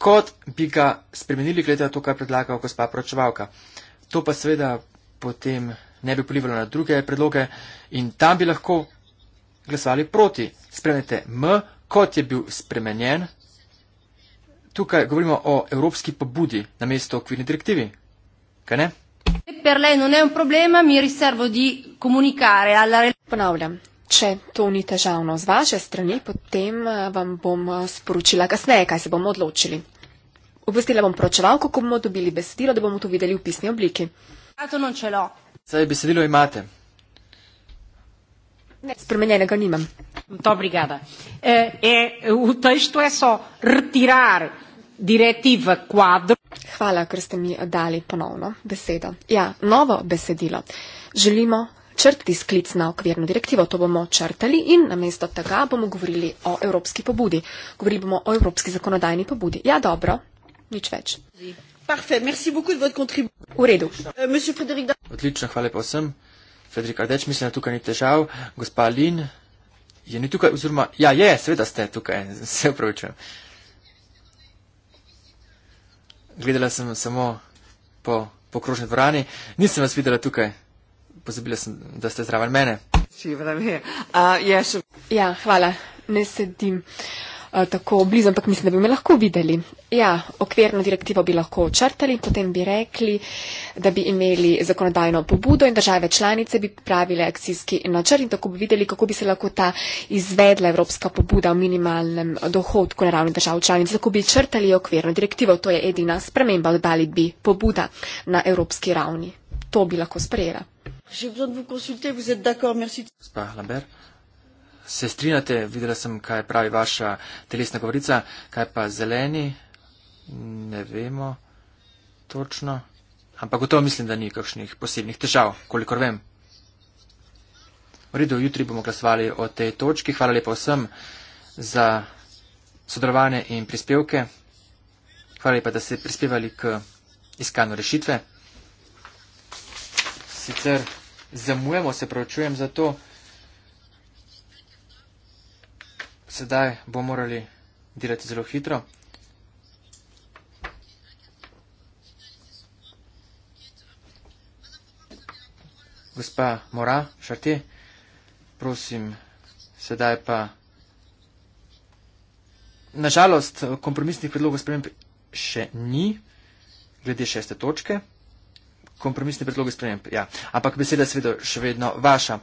kot bi ga spremenili, glede na to, kar predlaga gospa pročevalka. To pa seveda potem ne bi plivalo na druge predloge in tam bi lahko glasovali proti. Spremljate M, kot je bil spremenjen. Tukaj govorimo o evropski pobudi namesto okvirni direktivi. Kaj ne? E per lei non è un problema, mi riservo di comunicare alla Ponavljam. Če to ni težavno z vaše strani, potem eh, vam bom eh, sporočila kasneje, kaj se bomo odločili. Obvestila bom pročevalko, ko bomo dobili besedilo, da bomo to videli v pisni obliki. Saj besedilo imate. Ne. Spremenjenega nimam. To brigada. E, e, v tej štve so rtirar direktive quadro. Hvala, ker ste mi dali ponovno besedo. Ja, novo besedilo. Želimo črtati sklic na okvirno direktivo, to bomo črtali in namesto tega bomo govorili o evropski pobudi. Govorili bomo o evropski zakonodajni pobudi. Ja, dobro, nič več. Parfait, merci beaucoup de votre contribution. V redu. Euh, Odlično, hvala pa vsem. Frederik Ardeč, mislim, da tukaj ni težav. Gospa Lin, je ni tukaj, oziroma, ja, je, seveda ste tukaj, se upravičujem gledala sem samo po pokrožni dvorani, nisem vas videla tukaj. Pozabila sem, da ste zraven mene. Uh, yeah, sure. Ja, hvala, ne sedim. Uh, Eh, tako blizu, ampak mislim, da bi me lahko videli. Ja, okvirno direktivo bi lahko črtali, potem bi rekli, da bi imeli zakonodajno pobudo in države članice bi pravile akcijski načrt in tako bi videli, kako bi se lahko ta izvedla evropska pobuda o minimalnem dohodku na ravni držav članic. Tako bi črtali okvirno direktivo, to je edina sprememba, dodali bi pobuda na evropski ravni. To bi lahko sprejela. Gospa Lambert se strinjate, videla sem, kaj pravi vaša telesna govorica, kaj pa zeleni, ne vemo točno, ampak gotovo mislim, da ni kakšnih posebnih težav, kolikor vem. V redu, jutri bomo glasovali o tej točki. Hvala lepa vsem za sodelovanje in prispevke. Hvala lepa, da ste prispevali k iskanju rešitve. Sicer zamujemo, se pravčujem za to. sedaj bomo morali delati zelo hitro. Gospa Mora, šarti, prosim, sedaj pa. Nažalost, kompromisnih predlogov sprememb še ni, glede šeste točke kompromisne predloge sprejem. Ja. Ampak beseda je seveda še vedno vaša.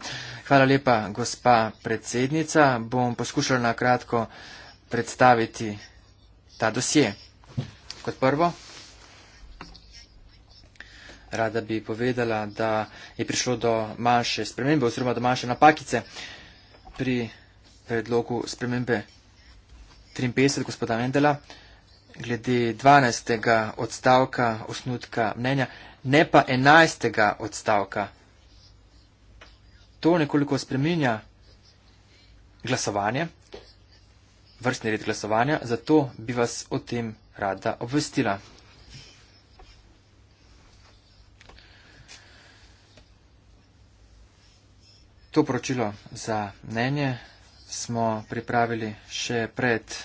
Hvala lepa, gospa predsednica. Bom poskušala na kratko predstaviti ta dosje. Kot prvo, rada bi povedala, da je prišlo do manjše spremembe oziroma do manjše napakice pri predlogu spremembe 53 gospoda Mendela glede 12. odstavka osnutka mnenja ne pa enajstega odstavka. To nekoliko spreminja glasovanje, vrstni red glasovanja, zato bi vas o tem rada obvestila. To poročilo za mnenje smo pripravili še pred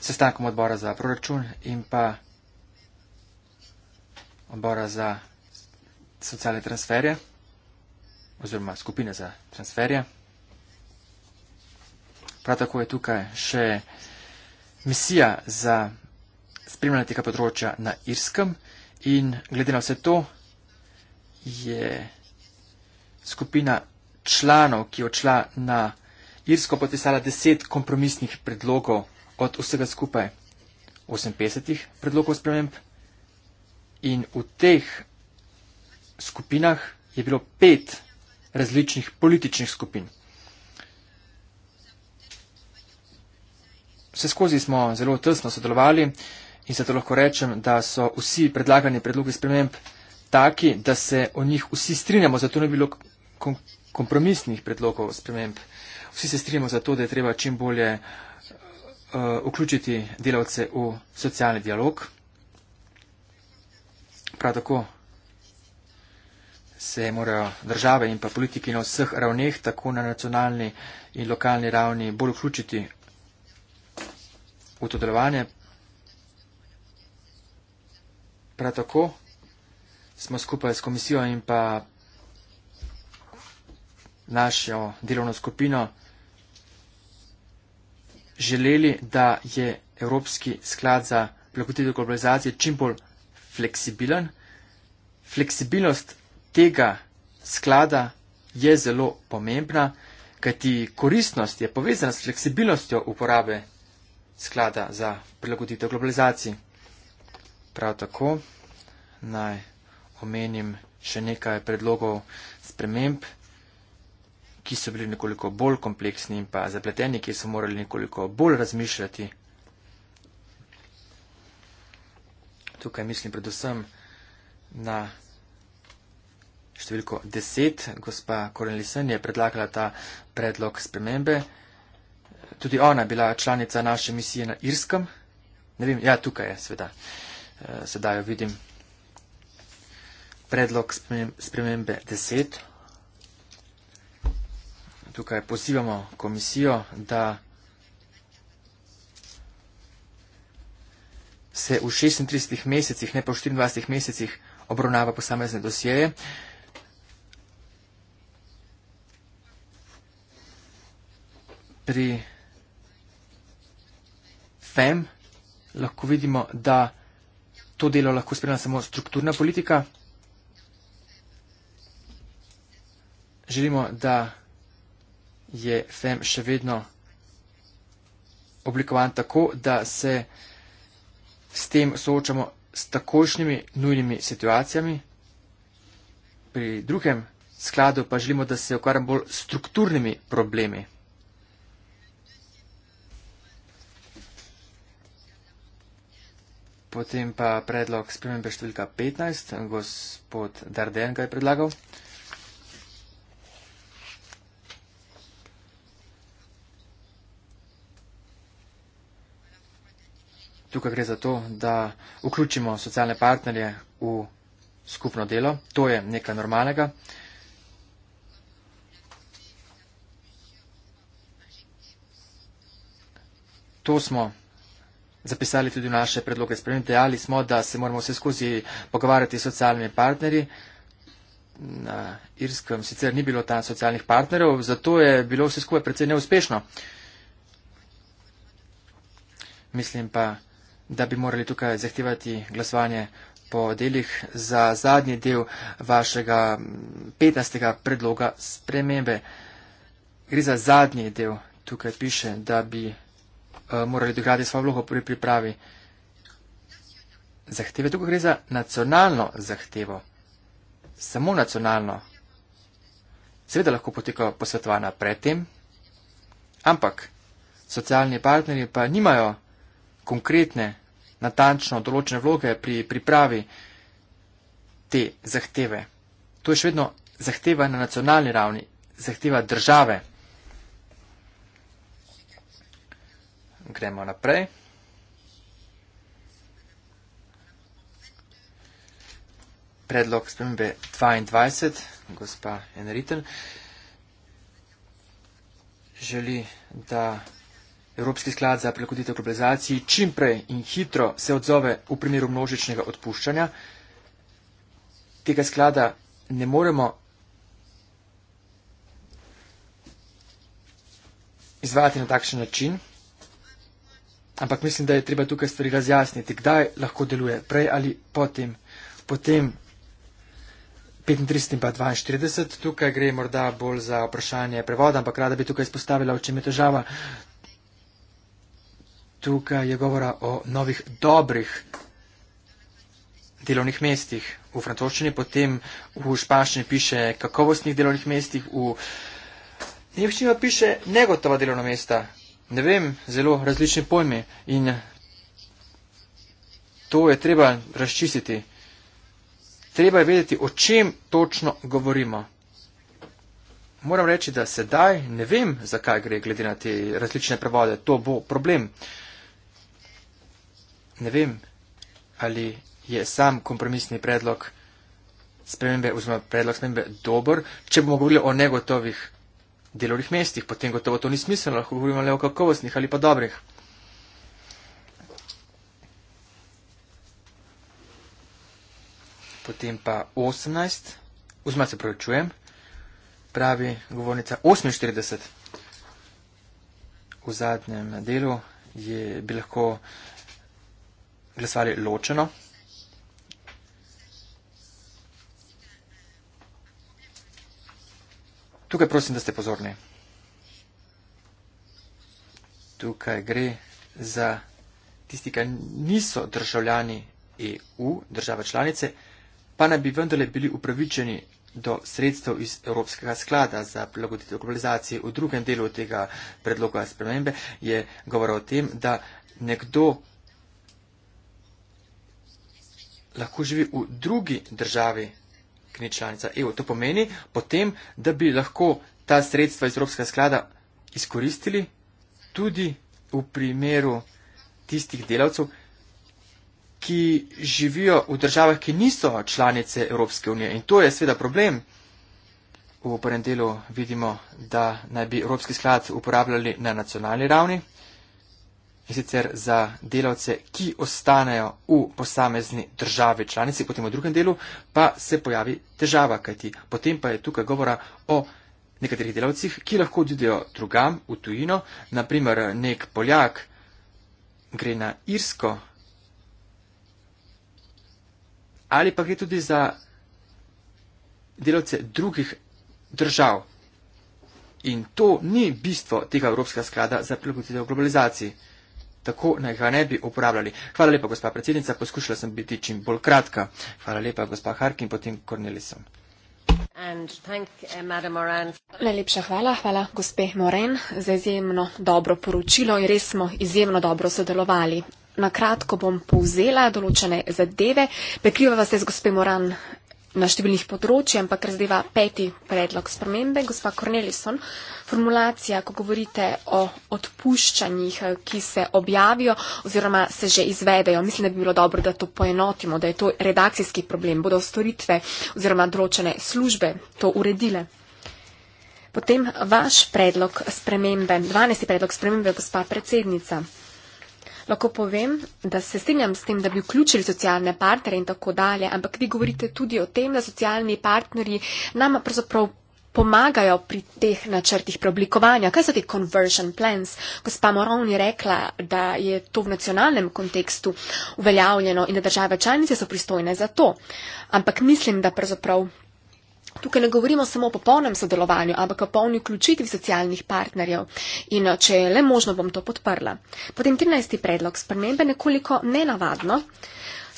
sestankom odbora za proračun in pa odbora za socialne transferje oziroma skupine za transferje. Prav tako je tukaj še misija za spremljanje tega področja na Irskem in glede na vse to je skupina članov, ki je odšla na Irsko, podpisala deset kompromisnih predlogov od vsega skupaj 58 predlogov spremenb In v teh skupinah je bilo pet različnih političnih skupin. Vse skozi smo zelo tesno sodelovali in zato lahko rečem, da so vsi predlagani predlogi sprememb taki, da se o njih vsi strinjamo, zato ne bi bilo kompromisnih predlogov sprememb. Vsi se strinjamo za to, da je treba čim bolje uh, vključiti delavce v socialni dialog. Prav tako se morajo države in pa politiki na vseh ravneh, tako na nacionalni in lokalni ravni, bolj vključiti v to delovanje. Prav tako smo skupaj s komisijo in pa našo delovno skupino želeli, da je Evropski sklad za prilagoditev globalizacije čim bolj fleksibilen. Fleksibilnost tega sklada je zelo pomembna, kajti koristnost je povezana s fleksibilnostjo uporabe sklada za prilagoditev globalizaciji. Prav tako naj omenim še nekaj predlogov sprememb, ki so bili nekoliko bolj kompleksni in pa zapleteni, ki so morali nekoliko bolj razmišljati. Tukaj mislim predvsem na številko 10. Gospa Korenlisen je predlagala ta predlog spremembe. Tudi ona je bila članica naše misije na Irskem. Ne vem, ja, tukaj je, seveda. Eh, sedaj jo vidim. Predlog spremembe 10. Tukaj pozivamo komisijo, da. se v 36 mesecih, ne pa v 24 mesecih, obravnava posamezne dosjeje. Pri FEM lahko vidimo, da to delo lahko spremlja samo strukturna politika. Želimo, da je FEM še vedno oblikovan tako, da se s tem soočamo s takošnjimi nujnimi situacijami, pri drugem skladu pa želimo, da se ukvarjamo bolj strukturnimi problemi. Potem pa predlog spremembe številka 15, gospod Darden ga je predlagal. tukaj gre za to, da vključimo socialne partnerje v skupno delo. To je nekaj normalnega. To smo zapisali tudi v naše predloge sprememb. Dejali smo, da se moramo vse skozi pogovarjati s socialnimi partnerji. Na Irskem sicer ni bilo tam socialnih partnerjev, zato je bilo vse skupaj precej neuspešno. Mislim pa, da bi morali tukaj zahtevati glasovanje po delih za zadnji del vašega 15. predloga spremembe. Gre za zadnji del, tukaj piše, da bi e, morali dograditi svojo vlogo pri pripravi zahteve. Tukaj gre za nacionalno zahtevo, samo nacionalno. Seveda lahko poteka posvetovana predtem, ampak socialni partnerji pa nimajo konkretne, natančno določene vloge pri pripravi te zahteve. To je še vedno zahteva na nacionalni ravni, zahteva države. Gremo naprej. Predlog spremembe 22, gospa Enriten, želi, da Evropski sklad za prilagoditev globalizaciji čim prej in hitro se odzove v primeru množičnega odpuščanja. Tega sklada ne moremo izvajati na takšen način, ampak mislim, da je treba tukaj stvari razjasniti, kdaj lahko deluje, prej ali potem. potem 35 in pa 42, tukaj gre morda bolj za vprašanje prevoda, ampak rada bi tukaj izpostavila, v čem je težava. Tukaj je govora o novih dobrih delovnih mestih. V francoščini potem v španščini piše kakovostnih delovnih mestih, v nemščini pa piše negotova delovna mesta. Ne vem, zelo različni pojmi in to je treba razčistiti. Treba je vedeti, o čem točno govorimo. Moram reči, da sedaj ne vem, zakaj gre glede na te različne prevode. To bo problem ne vem, ali je sam kompromisni predlog spremembe oziroma predlog spremembe dober, če bomo govorili o negotovih delovnih mestih, potem gotovo to ni smiselno, lahko govorimo le o kakovostnih ali pa dobrih. Potem pa 18, oziroma se pravičujem, pravi govornica 48. V zadnjem delu je bi lahko glasovali ločeno. Tukaj prosim, da ste pozorni. Tukaj gre za tisti, ki niso državljani EU, države članice, pa naj bi vendarle bili upravičeni do sredstev iz Evropskega sklada za prilagoditev globalizacije. V drugem delu tega predloga spremembe je govora o tem, da nekdo lahko živi v drugi državi, ki ni članica EU. To pomeni potem, da bi lahko ta sredstva iz Evropskega sklada izkoristili tudi v primeru tistih delavcev, ki živijo v državah, ki niso članice Evropske unije. In to je sveda problem. V prvem delu vidimo, da naj bi Evropski sklad uporabljali na nacionalni ravni in sicer za delavce, ki ostanejo v posamezni državi članici, potem v drugem delu pa se pojavi težava, kajti potem pa je tukaj govora o nekaterih delavcih, ki lahko odidejo drugam v tujino, naprimer nek Poljak gre na Irsko ali pa gre tudi za delavce drugih držav. In to ni bistvo tega Evropskega sklada za prilagoditev globalizaciji tako naj ga ne bi uporabljali. Hvala lepa, gospa predsednica, poskušala sem biti čim bolj kratka. Hvala lepa, gospa Harkin, potem Kornelisom. Eh, Najlepša hvala, hvala gospe Moren za izjemno dobro poročilo in res smo izjemno dobro sodelovali. Na kratko bom povzela določene zadeve. Pekljiva vas je z gospe Moran na številnih področji, ampak razdeva peti predlog spremembe. Gospa Cornelison, formulacija, ko govorite o odpuščanjih, eh, ki se objavijo oziroma se že izvedejo, mislim, da bi bilo dobro, da to poenotimo, da je to redakcijski problem, bodo storitve oziroma določene službe to uredile. Potem vaš predlog spremembe, 12. predlog spremembe, gospa predsednica. Lahko povem, da se strinjam s tem, da bi vključili socialne partnere in tako dalje, ampak vi govorite tudi o tem, da socialni partnerji nam pravzaprav pomagajo pri teh načrtih preoblikovanja. Kaj so ti conversion plans? Gospa Moron je rekla, da je to v nacionalnem kontekstu uveljavljeno in da države članice so pristojne za to. Ampak mislim, da pravzaprav Tukaj ne govorimo samo o popolnem sodelovanju, ampak o polni vključitvi socialnih partnerjev in eh, če je le možno, bom to podprla. Potem 13. predlog spremembe nekoliko nenavadno.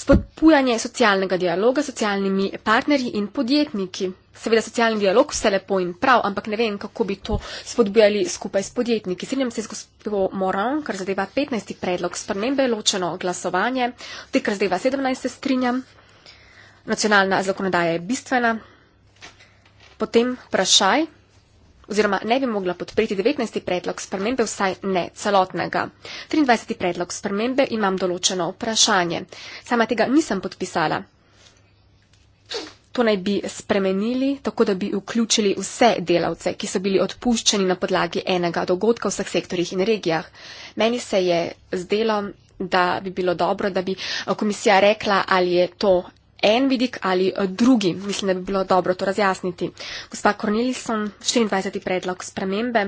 Spodbujanje socialnega dialoga s socialnimi partnerji in podjetniki. Seveda, socialni dialog vse lepo in prav, ampak ne vem, kako bi to spodbujali skupaj s podjetniki. Srednjem se z gospodo Moran, kar zadeva 15. predlog spremembe, ločeno glasovanje, te, kar zadeva 17. strinjam. Nacionalna zakonodaja je bistvena, Potem vprašaj, oziroma ne bi mogla podpreti 19. predlog spremembe, vsaj ne celotnega. 23. predlog spremembe imam določeno vprašanje. Sama tega nisem podpisala. To naj bi spremenili, tako da bi vključili vse delavce, ki so bili odpuščeni na podlagi enega dogodka v vseh sektorjih in regijah. Meni se je zdelo, da bi bilo dobro, da bi komisija rekla, ali je to en vidik ali eh, drugi. Mislim, da bi bilo dobro to razjasniti. Gospa Cornelison, 24. predlog spremembe,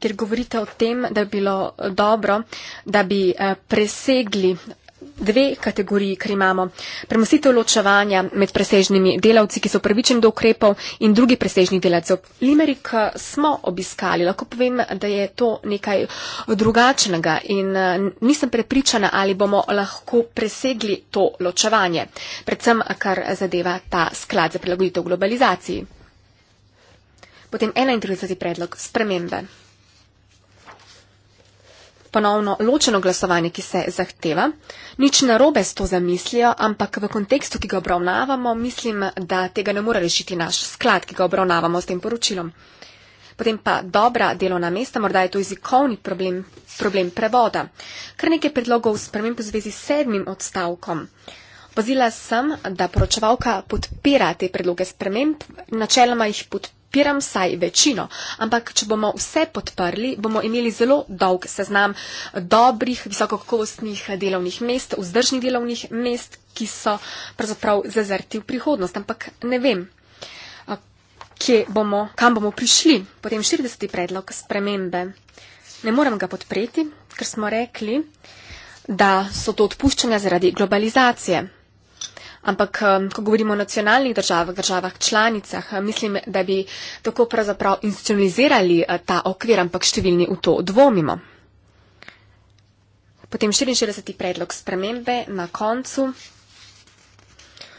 kjer govorite o tem, da bi bilo eh, dobro, da bi eh, presegli dve kategoriji, ker imamo premustitev ločevanja med presežnimi delavci, ki so prvičen do ukrepov in drugi presežni delavcev. Limerik eh, smo obiskali, lahko povem, da je to nekaj drugačnega in eh, nisem prepričana, ali bomo lahko presegli to ločevanje, predvsem kar zadeva ta sklad za prilagoditev globalizaciji. Potem 31. predlog spremembe ponovno ločeno glasovanje, ki se zahteva. Nič narobe s to zamislijo, ampak v kontekstu, ki ga obravnavamo, mislim, da tega ne more rešiti naš sklad, ki ga obravnavamo s tem poročilom. Potem pa dobra delovna mesta, morda je to jezikovni problem, problem prevoda. Kar nekaj predlogov sprememb v zvezi s sedmim odstavkom. Pozila sem, da poročevalka podpira te predloge sprememb, načeloma jih podpira podpiram vsaj večino, ampak če bomo vse podprli, bomo imeli zelo dolg seznam dobrih, visokokostnih delovnih mest, vzdržnih delovnih mest, ki so pravzaprav zazrti v prihodnost. Ampak ne vem, bomo, kam bomo prišli. Potem 40. predlog spremembe. Ne morem ga podpreti, ker smo rekli, da so to odpuščanja zaradi globalizacije. Ampak, um, ko govorimo o nacionalnih državah, državah članicah, um, mislim, da bi tako pravzaprav institucionalizirali uh, ta okvir, ampak številni v to dvomimo. Potem 64. predlog spremembe na koncu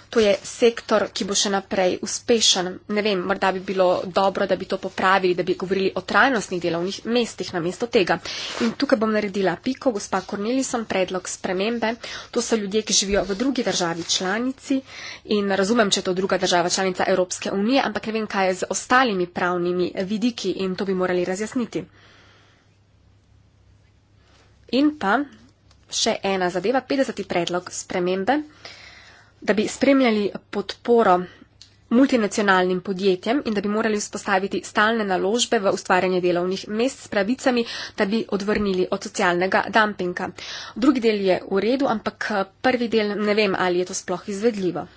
to je sektor, ki bo še naprej uspešen. Ne vem, morda bi bilo dobro, da bi to popravili, da bi govorili o trajnostnih delovnih mestih namesto tega. In tukaj bom naredila piko, gospa Cornelison, predlog spremembe. To so ljudje, ki živijo v drugi državi članici in razumem, če je to druga država članica Evropske unije, ampak ne vem, kaj je z ostalimi pravnimi vidiki in to bi morali razjasniti. In pa še ena zadeva, 50. predlog spremembe da bi spremljali podporo multinacionalnim podjetjem in da bi morali vzpostaviti stalne naložbe v ustvarjanje delovnih mest s pravicami, da bi odvrnili od socialnega dumpinga. Drugi del je v redu, ampak eh, prvi del ne vem, ali je to sploh izvedljivo.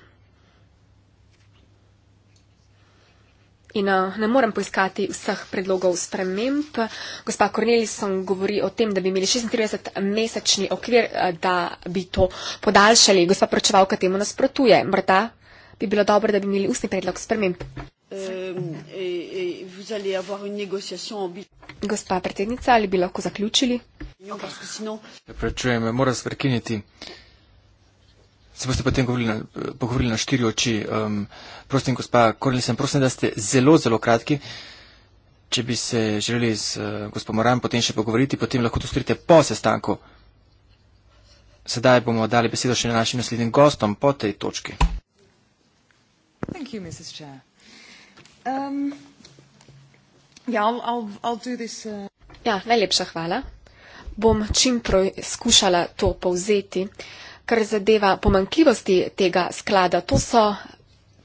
in uh, ne morem poiskati vseh predlogov sprememb. Gospa Cornelison govori o tem, da bi imeli 36-mesečni okvir, eh, da bi to podaljšali. Gospa pročevalka temu nasprotuje. Morda bi bilo dobro, da bi imeli ustni predlog sprememb. Gospa predsednica, ali bi lahko zaključili? Ja, Prečujem, mora se prekiniti se boste potem na, pogovorili na štiri oči. Um, prosim, gospa Korlisen, prosim, da ste zelo, zelo kratki. Če bi se želeli z uh, gospodom Moran potem še pogovoriti, potem lahko to storite po sestanku. Sedaj bomo dali besedo še našim naslednjim gostom po tej točki. Um, uh, ja, najlepša hvala. Bom čim prej skušala to povzeti. Uh, kar zadeva pomankljivosti tega sklada. To so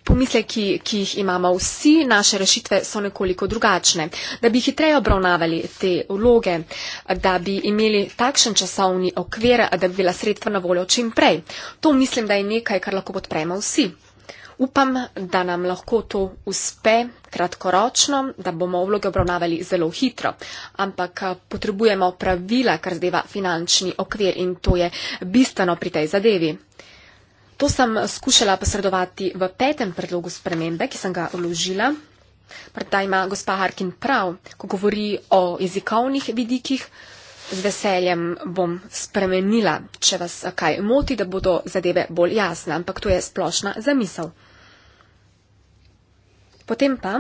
pomisleki, ki jih imamo vsi, naše rešitve so nekoliko drugačne. Da bi hitreje obravnavali te vloge, da bi imeli takšen časovni okvir, da bi bila sredstva na voljo čim prej. To mislim, da je nekaj, kar lahko podpremo vsi. Upam, da nam lahko to uspe kratkoročno, da bomo vloge obravnavali zelo hitro, ampak eh, potrebujemo pravila, kar zdeva finančni okvir in to je bistveno pri tej zadevi. To sem skušala posredovati v petem predlogu spremembe, ki sem ga vložila. Pred tajma gospa Harkin prav, ko govori o jezikovnih vidikih z veseljem bom spremenila, če vas kaj moti, da bodo zadeve bolj jasne, ampak to je splošna zamisel. Potem pa.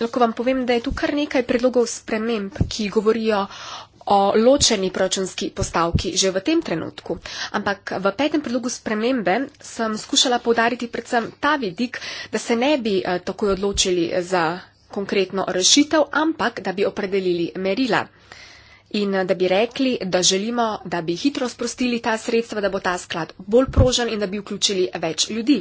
Lahko vam povem, da je tu kar nekaj predlogov sprememb, ki govorijo o ločeni proračunski postavki že v tem trenutku. Ampak v petem predlogu spremembe sem skušala povdariti predvsem ta vidik, da se ne bi eh, takoj odločili za konkretno rešitev, ampak da bi opredelili merila. In eh, da bi rekli, da želimo, da bi hitro sprostili ta sredstva, da bo ta sklad bolj prožen in da bi vključili več ljudi.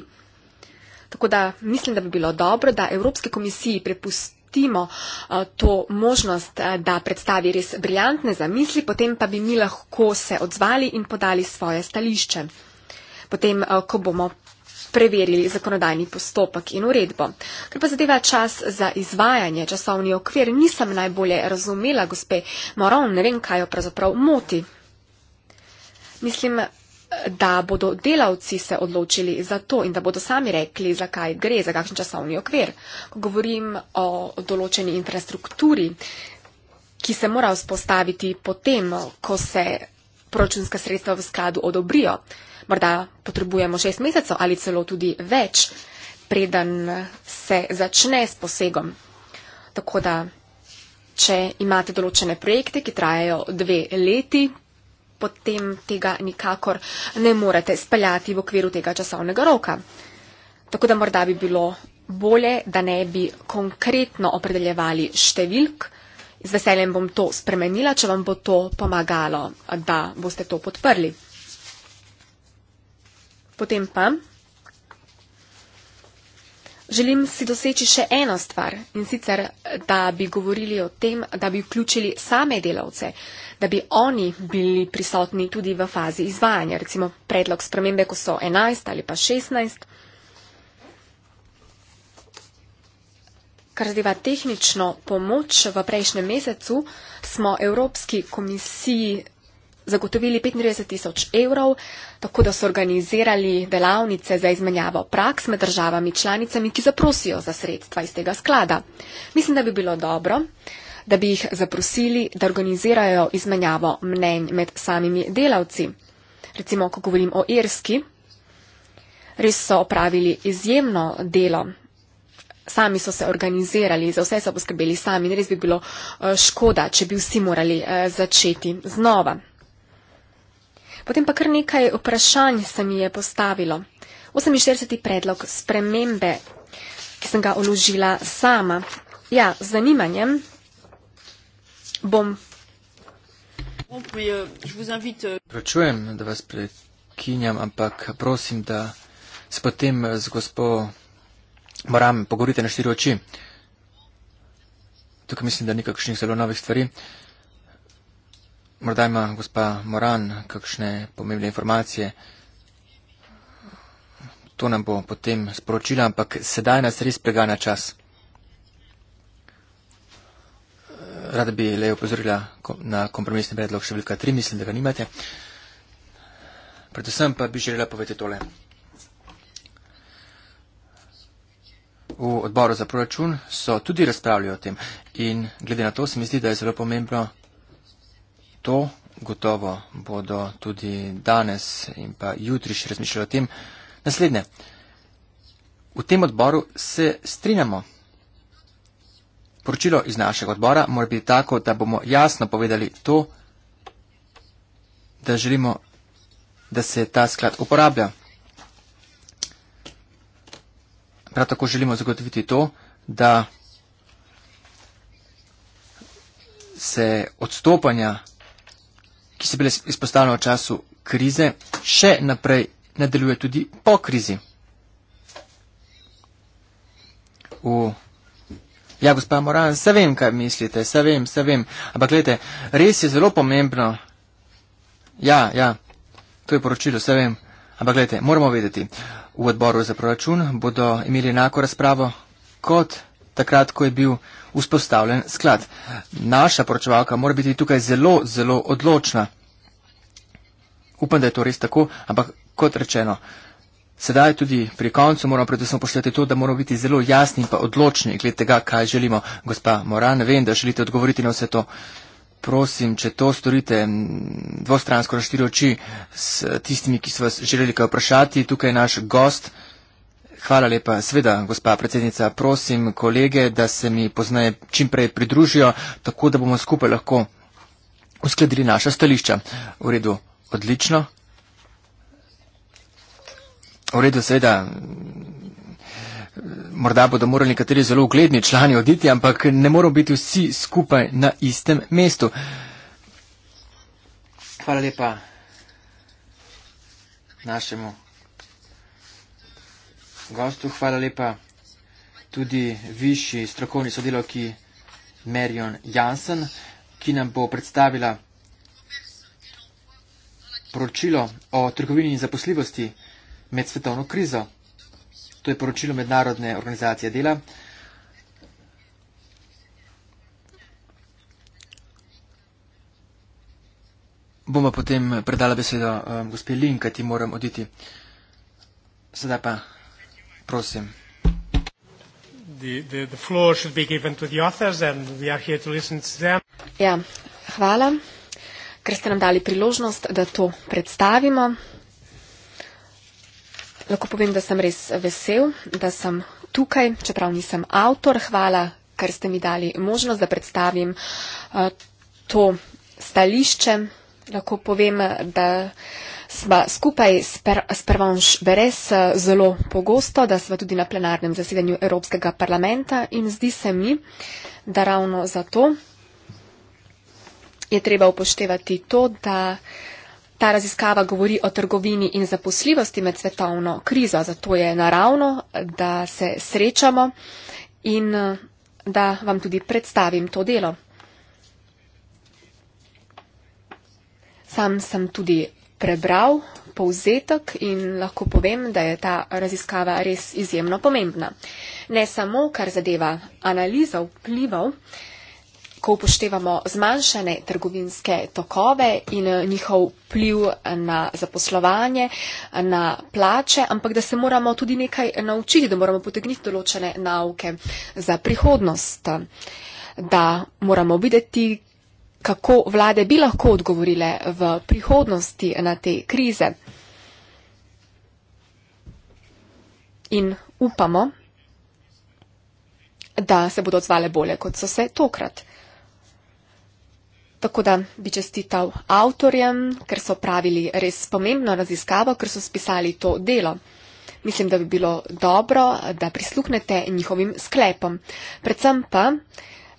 Tako da mislim, da bi bilo dobro, da Evropske komisiji prepustimo eh, to možnost, eh, da predstavi res briljantne zamisli, potem pa bi mi lahko se odzvali in podali svoje stališče. Potem, ko bomo preverili zakonodajni postopek in uredbo. Ker pa zadeva čas za izvajanje, časovni okvir, nisem najbolje razumela, gospe Moron, ne vem, kaj jo pravzaprav moti. Mislim, da bodo delavci se odločili za to in da bodo sami rekli, zakaj gre, za kakšen časovni okvir. Ko govorim o določeni infrastrukturi, ki se mora vzpostaviti potem, ko se proračunska sredstva v skladu odobrijo morda potrebujemo šest mesecev ali celo tudi več, preden se začne s posegom. Tako da, če imate določene projekte, ki trajajo dve leti, potem tega nikakor ne morete speljati v okviru tega časovnega roka. Tako da morda bi bilo bolje, da ne bi konkretno opredeljevali številk. Z veseljem bom to spremenila, če vam bo to pomagalo, da boste to podprli. Potem pa želim si doseči še eno stvar in sicer, da bi govorili o tem, da bi vključili same delavce, da bi oni bili prisotni tudi v fazi izvajanja, recimo predlog spremembe, ko so 11 ali pa 16. Kar zadeva tehnično pomoč, v prejšnjem mesecu smo Evropski komisiji zagotovili 35 tisoč evrov, tako da so organizirali delavnice za izmenjavo praks med državami članicami, ki zaprosijo za sredstva iz tega sklada. Mislim, da bi bilo dobro, da bi jih zaprosili, da organizirajo izmenjavo mnenj med samimi delavci. Recimo, ko govorim o Irski, res so opravili izjemno delo. Sami so se organizirali, za vse so poskrbeli sami in res bi bilo eh, škoda, če bi vsi morali eh, začeti znova. Potem pa kar nekaj vprašanj se mi je postavilo. 48. predlog spremembe, ki sem ga uložila sama. Ja, z zanimanjem bom. Prečujem, da vas prekinjam, ampak prosim, da se potem z gospo Moram pogovorite na štiri oči. Tukaj mislim, da nikakšnih zelo novih stvari. Uh, Morda ima gospa Moran kakšne pomembne informacije. To nam bo potem sporočila, ampak sedaj nas res pregana čas. Rada bi le upozorila na kompromisni predlog številka 3, mislim, da ga nimate. Predvsem pa bi želela povedati tole. V odboru za proračun so tudi razpravljali o tem in glede na to se mi zdi, da je zelo pomembno to, gotovo bodo tudi danes in pa jutri še razmišljali o tem. Naslednje. V tem odboru se strinjamo. Poročilo iz našega odbora mora biti tako, da bomo jasno povedali to, da želimo, da se ta sklad uporablja. Prav tako želimo zagotoviti to, da se odstopanja ki so bile izpostavljene v času krize, še naprej nadaljuje tudi po krizi. U. Ja, gospa Moran, se vem, kaj mislite, se vem, se vem. Ampak gledajte, res je zelo pomembno. Ja, ja, to je poročilo, se vem. Ampak gledajte, moramo vedeti, v odboru za proračun bodo imeli enako razpravo kot takrat, ko je bil vzpostavljen sklad. Naša poročevalka mora biti tukaj zelo, zelo odločna. Upam, da je to res tako, ampak kot rečeno, sedaj tudi pri koncu moramo predvsem pošljati to, da moramo biti zelo jasni in pa odločni glede tega, kaj želimo. Gospa Moran, vem, da želite odgovoriti na vse to. Prosim, če to storite dvostransko na štiri oči s tistimi, ki so vas želeli kaj vprašati, tukaj je naš gost. Hvala lepa. Sveda, gospa predsednica, prosim kolege, da se mi poznaje čimprej pridružijo, tako da bomo skupaj lahko uskladili naša stališča. V redu, odlično. V redu, seveda, morda bodo morali nekateri zelo ugledni člani oditi, ampak ne moramo biti vsi skupaj na istem mestu. Hvala lepa našemu gostu, hvala lepa tudi višji strokovni sodelovki Marion Jansen, ki nam bo predstavila poročilo o trgovini in zaposljivosti med svetovno krizo. To je poročilo Mednarodne organizacije dela. Bomo potem predala besedo um, gospe Lin, kaj ti moram oditi. Sedaj pa prosim. Ja, hvala, ker ste nam dali priložnost, da to predstavimo. Lahko povem, da sem res vesel, da sem tukaj, čeprav nisem avtor. Hvala, ker ste mi dali možnost, da predstavim uh, to stališče. Lahko povem, da. Uh, sva skupaj s Pervanš Veres eh, zelo pogosto, da sva tudi na plenarnem zasedanju Evropskega parlamenta in zdi se mi, da ravno zato je treba upoštevati to, da ta raziskava govori o trgovini in zaposljivosti med svetovno krizo, zato je naravno, da se srečamo in eh, da vam tudi predstavim to delo. Sam sem tudi prebral povzetek in lahko povem, da je ta raziskava res izjemno pomembna. Ne samo, kar zadeva analizo vplivov, ko upoštevamo zmanjšane trgovinske tokove in eh, njihov pliv na zaposlovanje, na plače, ampak da se moramo tudi nekaj naučiti, da moramo potegniti določene nauke za prihodnost, da moramo videti, kako vlade bi lahko odgovorile v prihodnosti na te krize. In upamo, da se bodo odzvale bolje, kot so se tokrat. Tako da bi čestital avtorjem, ker so pravili res pomembno raziskavo, ker so spisali to delo. Mislim, da bi bilo dobro, da prisluhnete njihovim sklepom. Predvsem pa,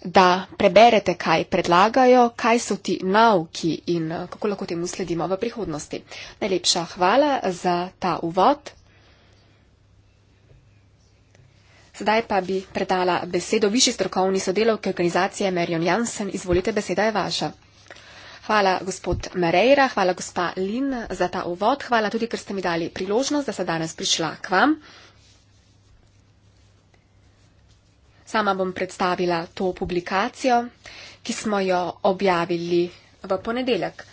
da preberete, kaj predlagajo, kaj so ti nauki in eh, kako lahko temu sledimo v prihodnosti. Najlepša hvala za ta uvod. Zdaj pa bi predala besedo višji strokovni sodelovki organizacije Marion Jansen. Izvolite, beseda je vaša. Hvala gospod Mareira, hvala gospa Lin za ta uvod, hvala tudi, ker ste mi dali priložnost, da sem danes prišla k vam. Sama bom predstavila to publikacijo, ki smo jo objavili v ponedeljek.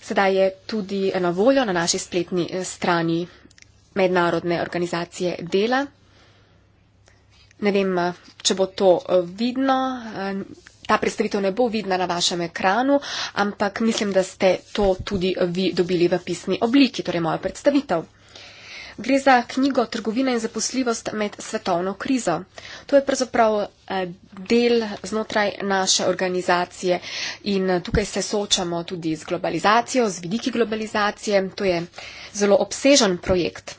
Sedaj je tudi na voljo na naši spletni eh, strani mednarodne organizacije dela. Ne vem, eh, če bo to eh, vidno. Ta predstavitev ne bo vidna na vašem ekranu, ampak mislim, da ste to tudi vi dobili v pisni obliki, torej mojo predstavitev. Gre za knjigo Trgovina in zaposljivost med svetovno krizo. To je pravzaprav eh, del znotraj naše organizacije in eh, tukaj se soočamo tudi z globalizacijo, z vidiki globalizacije. To je zelo obsežen projekt.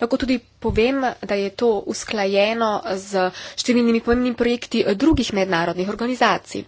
Lahko tudi povem, da je to usklajeno z številnimi pomembnimi projekti drugih mednarodnih organizacij. Uh,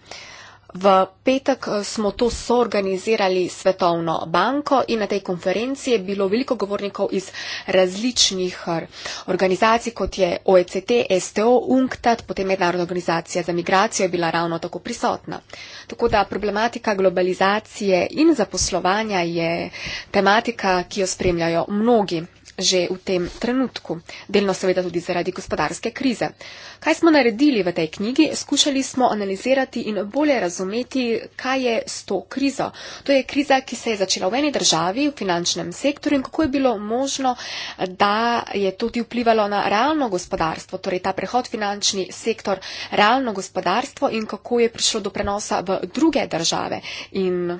V petek eh, smo to soorganizirali s Svetovno banko in na tej konferenci je bilo veliko govornikov iz različnih eh, organizacij, kot je OECD, STO, UNCTAD, potem Mednarodna organizacija za migracijo je bila ravno tako prisotna. Tako da problematika globalizacije in zaposlovanja je tematika, ki jo spremljajo mnogi že v tem trenutku, delno seveda tudi zaradi gospodarske krize. Kaj smo naredili v tej knjigi? Skušali smo analizirati in bolje razumeti, kaj je s to krizo. To je kriza, ki se je začela v eni državi, v finančnem sektorju in kako je bilo možno, da je tudi vplivalo na realno gospodarstvo, torej ta prehod finančni sektor, realno gospodarstvo in kako je prišlo do prenosa v druge države. In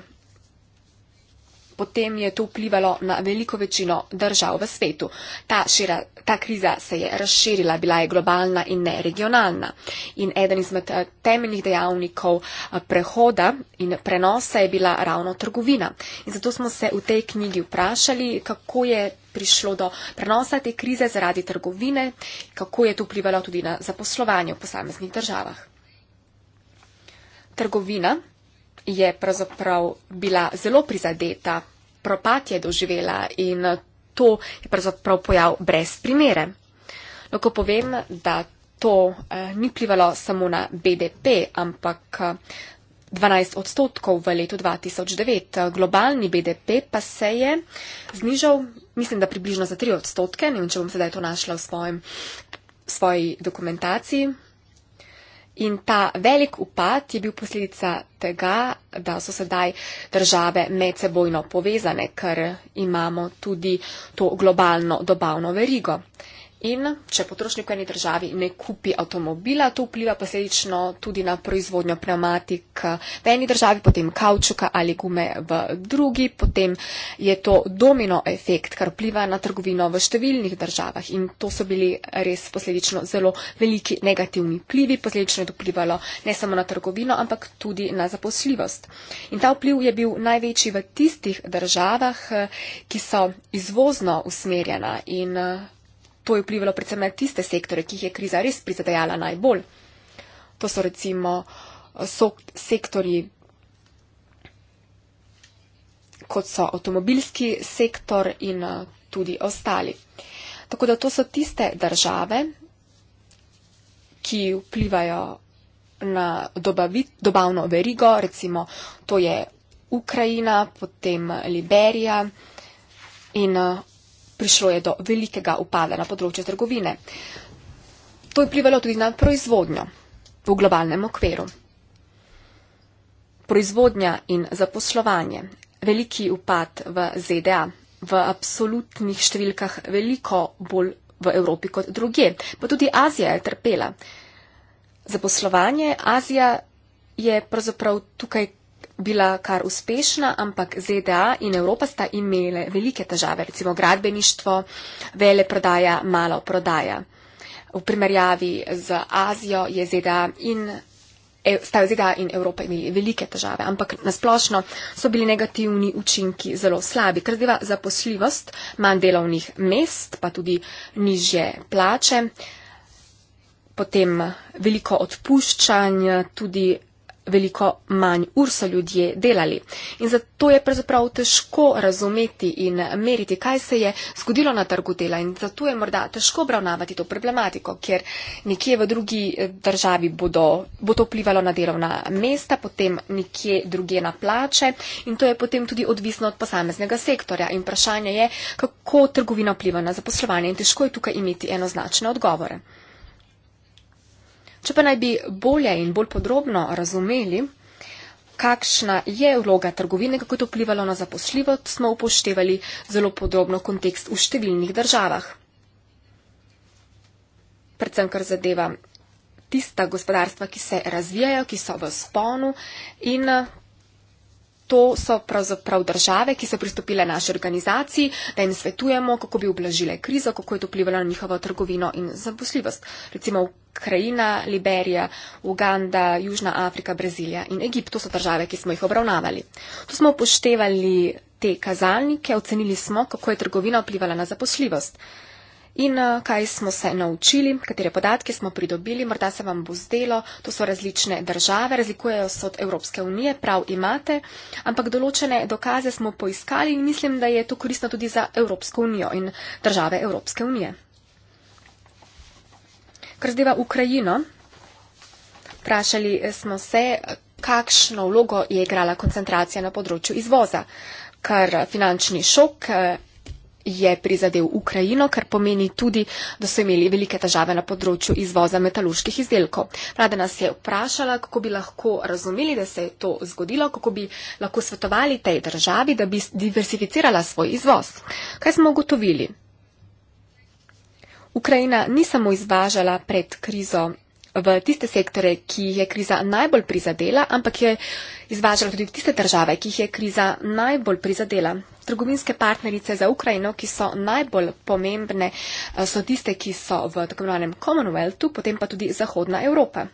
potem je to vplivalo na veliko večino držav v svetu. Ta, šira, ta kriza se je razširila, bila je globalna in ne regionalna. In eden izmed eh, temeljnih dejavnikov eh, prehoda in prenosa je bila ravno trgovina. In zato smo se v tej knjigi vprašali, kako je prišlo do prenosa te krize zaradi trgovine, kako je to vplivalo tudi na zaposlovanje v posameznih državah. Trgovina je pravzaprav bila zelo prizadeta, propad je doživela in to je pravzaprav pojav brez primere. Lahko povem, da to eh, ni plivalo samo na BDP, ampak 12 eh, odstotkov v letu 2009. Globalni BDP pa se je znižal, mislim, da približno za 3 odstotke, ne vem, če bom sedaj to našla v svojem, svoji dokumentaciji, In ta velik upad je bil posledica tega, da so sedaj države medsebojno povezane, ker imamo tudi to globalno dobavno verigo. In če potrošnik v eni državi ne kupi avtomobila, to vpliva posledično tudi na proizvodnjo pneumatik v eni državi, potem kaučuka ali gume v drugi, potem je to domino efekt, kar vpliva na trgovino v številnih državah. In to so bili res posledično zelo veliki negativni vplivi, posledično je to vplivalo ne samo na trgovino, ampak tudi na zaposljivost. In ta vpliv je bil največji v tistih državah, ki so izvozno usmerjena in To je vplivalo predvsem na tiste sektore, ki jih je kriza res prizadajala najbolj. To so recimo eh, so sektori, kot so avtomobilski sektor in eh, tudi ostali. Tako da to so tiste države, ki vplivajo na dobavit, dobavno verigo, recimo to je Ukrajina, potem Liberija in eh, prišlo je do velikega upada na področju trgovine. To je vplivalo tudi na proizvodnjo v globalnem okviru. Proizvodnja in zaposlovanje. Veliki upad v ZDA, v absolutnih številkah veliko bolj v Evropi kot druge, pa tudi Azija je trpela. Zaposlovanje Azija je pravzaprav tukaj bila kar uspešna, ampak ZDA in Evropa sta imele velike težave, recimo gradbeništvo, vele prodaja, malo prodaja. V primerjavi z Azijo je ZDA in, e, sta ZDA in Evropa imeli velike težave, ampak nasplošno so bili negativni učinki zelo slabi, ker zdaj zaposljivost, manj delovnih mest, pa tudi nižje plače, potem veliko odpuščanj, tudi veliko manj ur so ljudje delali. In zato je pravzaprav težko razumeti in meriti, kaj se je zgodilo na trgu dela. In zato je morda težko obravnavati to problematiko, ker nekje v drugi eh, državi bodo, bo to vplivalo na delovna mesta, potem nekje druge na plače in to je potem tudi odvisno od posameznega sektorja. In vprašanje je, kako trgovina vpliva na zaposlovanje in težko je tukaj imeti enoznačne odgovore. Če pa naj bi bolje in bolj podrobno razumeli, kakšna je vloga trgovine, kako je to vplivalo na zaposljivost, smo upoštevali zelo podrobno kontekst v številnih državah. Predvsem, kar zadeva tista gospodarstva, ki se razvijajo, ki so v sponu in to so pravzaprav države, ki so pristopile naši organizaciji, da jim svetujemo, kako bi oblažile krizo, kako je to vplivalo na njihovo trgovino in zaposljivost. Recimo Krajina, Liberija, Uganda, Južna Afrika, Brazilija in Egipt. To so države, ki smo jih obravnavali. Tu smo upoštevali te kazalnike, ocenili smo, kako je trgovina vplivala na zaposljivost. In eh, kaj smo se naučili, katere podatke smo pridobili, morda se vam bo zdelo, to so različne države, razlikujejo se od Evropske unije, prav imate, ampak določene dokaze smo poiskali in mislim, da je to koristno tudi za Evropsko unijo in države Evropske unije kar zdeva Ukrajino. Vprašali smo se, kakšno vlogo je igrala koncentracija na področju izvoza, ker finančni šok je prizadel Ukrajino, kar pomeni tudi, da so imeli velike težave na področju izvoza metaluških izdelkov. Rada nas je vprašala, kako bi lahko razumeli, da se je to zgodilo, kako bi lahko svetovali tej državi, da bi diversificirala svoj izvoz. Kaj smo ugotovili? Ukrajina ni samo izvažala pred krizo v tiste sektore, ki jih je kriza najbolj prizadela, ampak je izvažala tudi v tiste države, ki jih je kriza najbolj prizadela. Trgovinske partnerice za Ukrajino, ki so najbolj pomembne, eh, so tiste, ki so v tako imenovanem Commonwealthu, potem pa tudi Zahodna Evropa.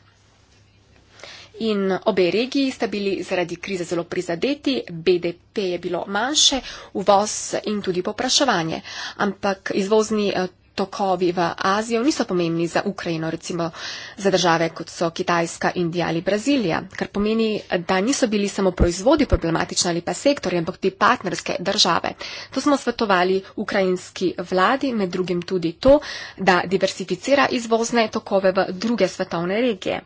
In obe regiji sta bili zaradi krize zelo prizadeti, BDP je bilo manjše, uvoz in tudi popraševanje. Ampak izvozni eh, tokovi v Azijo niso pomembni za Ukrajino, recimo za države kot so Kitajska, Indija ali Brazilija, kar pomeni, da niso bili samo proizvodi problematični ali pa sektori, ampak tudi partnerske države. To smo svetovali ukrajinski vladi, med drugim tudi to, da diversificira izvozne tokove v druge svetovne regije.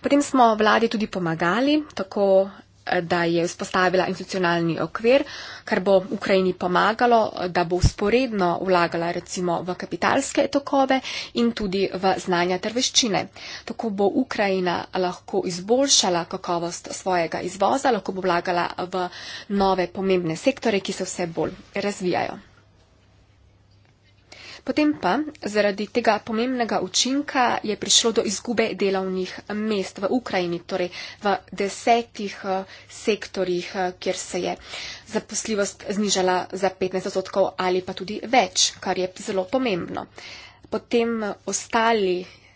Potem smo vladi tudi pomagali, tako da je vzpostavila institucionalni okvir, kar bo Ukrajini pomagalo, da bo usporedno vlagala recimo v kapitalske tokove in tudi v znanja ter veščine. Tako bo Ukrajina lahko izboljšala kakovost svojega izvoza, lahko bo vlagala v nove pomembne sektore, ki se vse bolj razvijajo. Potem pa zaradi tega pomembnega učinka je prišlo do izgube delovnih mest v Ukrajini, torej v desetih eh, sektorjih, eh, kjer se je zaposljivost znižala za 15 odstotkov ali pa tudi več, kar je zelo pomembno. Potem eh, ostali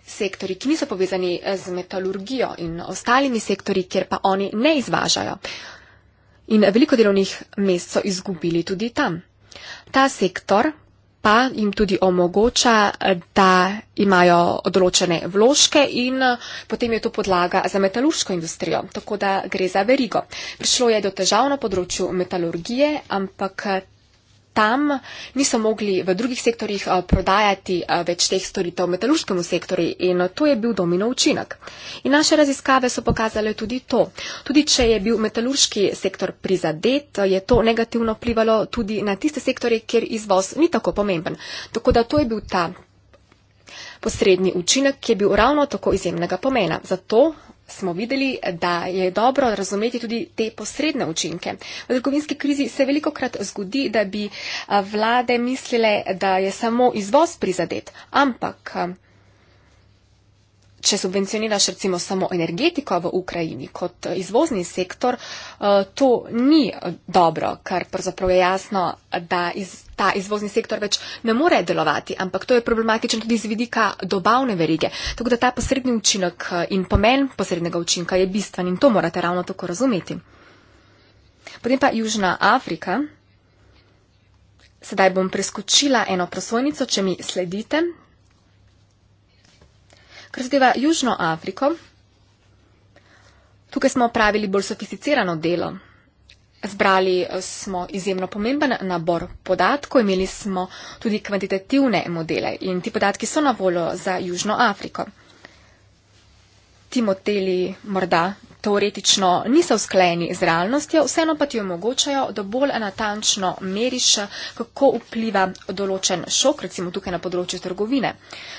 sektori, ki niso povezani z metalurgijo in ostalimi sektori, kjer pa oni ne izvažajo. In veliko delovnih mest so izgubili tudi tam. Ta sektor pa jim tudi omogoča, da imajo določene vložke in eh, potem je to podlaga za metalurško industrijo, tako da gre za verigo. Prišlo je do težav na področju metalurgije, ampak tam niso mogli v drugih sektorjih eh, prodajati eh, več teh storitev v metalurškem sektorju in eh, to je bil domino učinek. In naše raziskave so pokazale tudi to. Tudi če je bil metalurški sektor prizadet, je to negativno vplivalo tudi na tiste sektore, kjer izvoz ni tako pomemben. Tako da to je bil ta posrednji učinek, ki je bil ravno tako izjemnega pomena. Zato smo videli, da je dobro razumeti tudi te posredne učinke. V trgovinski krizi se veliko krat zgodi, da bi vlade mislile, da je samo izvoz prizadet, ampak če subvencioniraš recimo samo energetiko v Ukrajini kot izvozni sektor, to ni dobro, ker pravzaprav je jasno, da iz ta izvozni sektor več ne more delovati, ampak to je problematično tudi z vidika dobavne verige. Tako da ta posredni učinek eh, in pomen posrednega učinka je bistven in to morate ravno tako razumeti. Potem pa Južna Afrika. Sedaj bom preskočila eno prosojnico, če mi sledite. Kar zadeva Južno Afriko, tukaj smo opravili bolj sofisticirano delo. Zbrali eh, smo izjemno pomemben nabor podatkov, imeli smo tudi kvantitativne modele in ti podatki so na voljo za Južno Afriko. Ti modeli morda teoretično niso skleni z realnostjo, vseeno pa ti omogočajo, da bolj natančno meriš, kako vpliva določen šok, recimo tukaj na področju trgovine.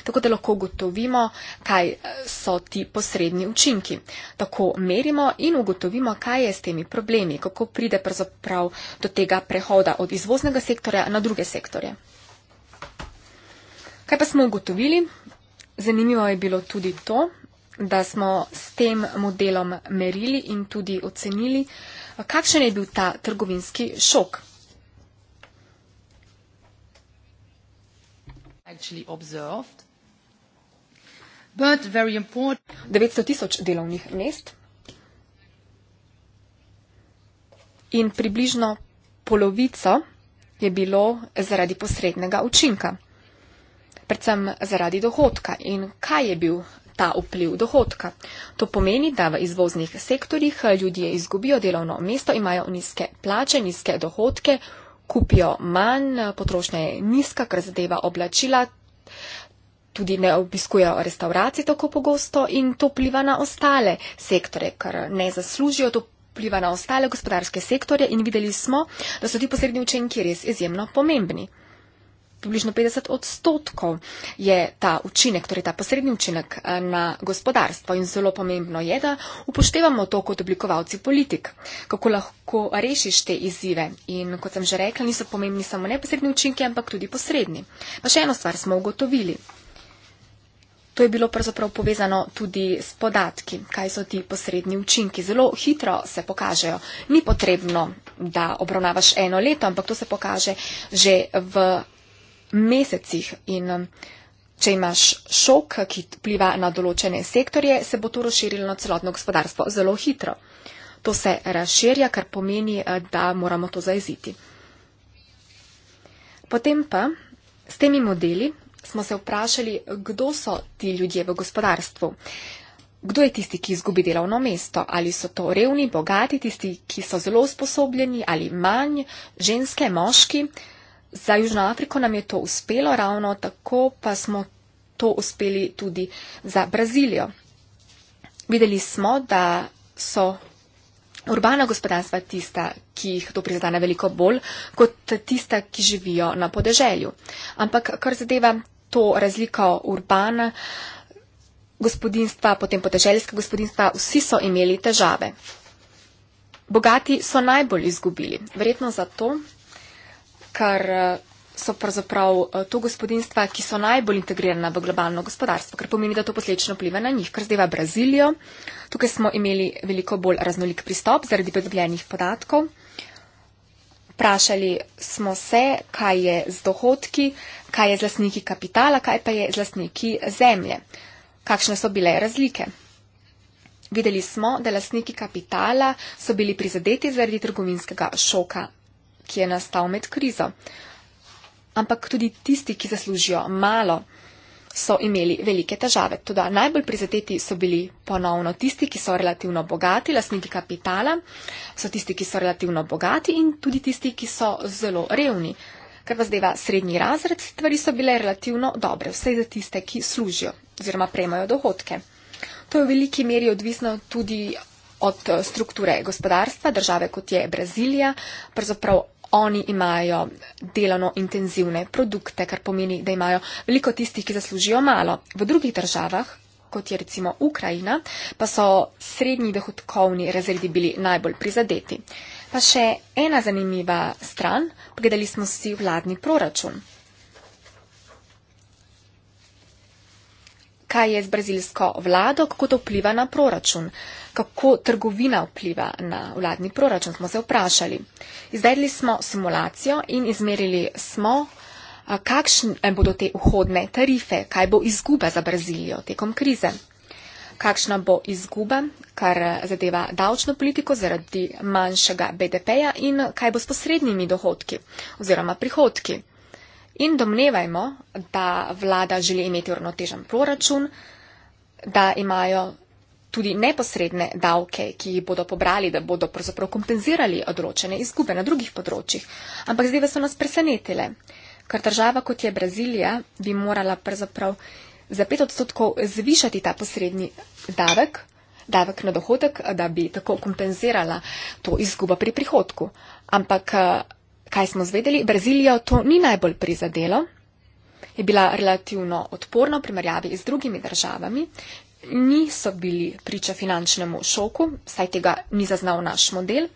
Tako da lahko ugotovimo, kaj so ti posredni učinki. Tako merimo in ugotovimo, kaj je s temi problemi, kako pride pravzaprav do tega prehoda od izvoznega sektorja na druge sektorje. Kaj pa smo ugotovili? Zanimivo je bilo tudi to, da smo s tem modelom merili in tudi ocenili, kakšen je bil ta trgovinski šok. actually observed but very important 900.000 delovnih mest in približno polovico je bilo zaradi posrednega učinka predsem zaradi dohodka in kaj je bil ta vpliv dohodka. To pomeni, da v izvoznih sektorjih eh, ljudje izgubijo delovno mesto, imajo nizke plače, nizke dohodke, kupijo manj, eh, potrošnja je nizka, kar zadeva oblačila, tudi ne obiskujejo restauracij tako pogosto in to pliva na ostale sektore, kar ne zaslužijo. Vpliva na ostale gospodarske sektorje in videli smo, da so ti posrednji učenki res izjemno pomembni približno 50 odstotkov je ta učinek, torej ta posrednji učinek eh, na gospodarstvo. In zelo pomembno je, da upoštevamo to kot oblikovalci politik, kako lahko rešiš te izzive. In kot sem že rekla, niso pomembni samo neposredni učinki, ampak tudi posredni. Pa še eno stvar smo ugotovili. To je bilo pravzaprav povezano tudi s podatki, kaj so ti posredni učinki. Zelo hitro se pokažejo. Ni potrebno, da obravnavaš eno leto, ampak to se pokaže že v mesecih. In um, če imaš šok, ki vpliva na določene sektorje, se bo to razširilo na celotno gospodarstvo zelo hitro. To se razširja, kar pomeni, eh, da moramo to zajeziti. Potem pa s temi modeli smo se vprašali, kdo so ti ljudje v gospodarstvu. Kdo je tisti, ki izgubi delovno mesto? Ali so to revni, bogati, tisti, ki so zelo usposobljeni ali manj, ženske, moški, Za Južno Afriko nam je to uspelo, ravno tako pa smo to uspeli tudi za Brazilijo. Videli smo, da so urbana gospodarstva tista, ki jih to prizadene veliko bolj, kot tista, ki živijo na podeželju. Ampak kar zadeva to razliko urbana gospodinstva, potem podeželjska gospodinstva, vsi so imeli težave. Bogati so najbolj izgubili. Verjetno zato, kar eh, so pravzaprav eh, to gospodinstva, ki so najbolj integrirana v globalno gospodarstvo, kar pomeni, da to posledično pliva na njih, kar zdaj v Brazilijo. Tukaj smo imeli veliko bolj raznolik pristop zaradi pridobljenih podatkov. Vprašali smo se, kaj je z dohodki, kaj je z lasniki kapitala, kaj pa je z lasniki zemlje. Kakšne so bile razlike? Videli smo, da lasniki kapitala so bili prizadeti zaradi trgovinskega šoka ki je nastal med krizo. Ampak tudi tisti, ki zaslužijo malo, so imeli velike težave. Tudi najbolj prizadeti so bili ponovno tisti, ki so relativno bogati, lasniki kapitala, so tisti, ki so relativno bogati in tudi tisti, ki so zelo revni. Kar pa zdaj srednji razred, stvari so bile relativno dobre, vse za tiste, ki služijo oziroma prejmajo dohodke. To je v veliki meri odvisno tudi od eh, strukture gospodarstva, države kot je Brazilija, pravzaprav oni imajo delovno intenzivne produkte, kar pomeni, da imajo veliko tistih, ki zaslužijo malo. V drugih državah, kot je recimo Ukrajina, pa so srednji dohodkovni razredi bili najbolj prizadeti. Pa še ena zanimiva stran, pogledali smo si vladni proračun. kaj je z brazilsko vlado, kako to vpliva na proračun, kako trgovina vpliva na vladni proračun, smo se vprašali. Izvedli smo simulacijo in izmerili smo, kakšne bodo te vhodne tarife, kaj bo izguba za Brazilijo tekom krize, kakšna bo izguba, kar zadeva davčno politiko zaradi manjšega BDP-ja in kaj bo s posrednjimi dohodki oziroma prihodki. In domnevajmo, da vlada želi imeti uravnotežen proračun, da imajo tudi neposredne davke, ki jih bodo pobrali, da bodo pravzaprav kompenzirali odročene izgube na drugih področjih. Ampak zdaj so nas presenetile, ker država kot je Brazilija bi morala pravzaprav za pet odstotkov zvišati ta posredni davek, davek na dohodek, da bi tako kompenzirala to izgubo pri prihodku. Ampak kaj smo zvedeli, Brazilijo to ni najbolj prizadelo, je bila relativno odporna v primerjavi z drugimi državami, niso bili priča finančnemu šoku, saj tega ni zaznal naš model.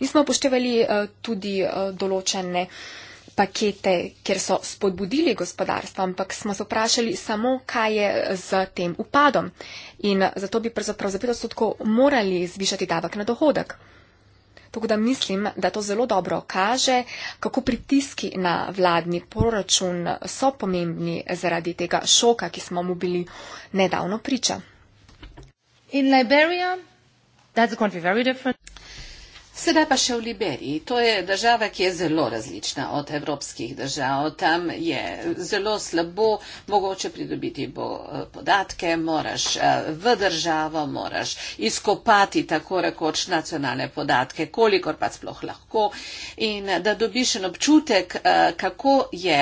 Nismo upoštevali eh, tudi eh, določene pakete, kjer so spodbudili gospodarstvo, ampak smo se vprašali samo, kaj je z tem upadom. In zato bi pravzaprav za 5 odstotkov morali zvišati davek na dohodek. Tako da mislim, da to zelo dobro kaže, kako pritiski na vladni proračun so pomembni zaradi tega šoka, ki smo mu bili nedavno priča. In Liberija, to je zelo različno. Sedaj pa še v Liberiji. To je država, ki je zelo različna od evropskih držav. Tam je zelo slabo, mogoče pridobiti bo eh, podatke, moraš eh, v državo, moraš izkopati tako rekoč nacionalne podatke, kolikor pa sploh lahko. In eh, da dobiš en občutek, kako je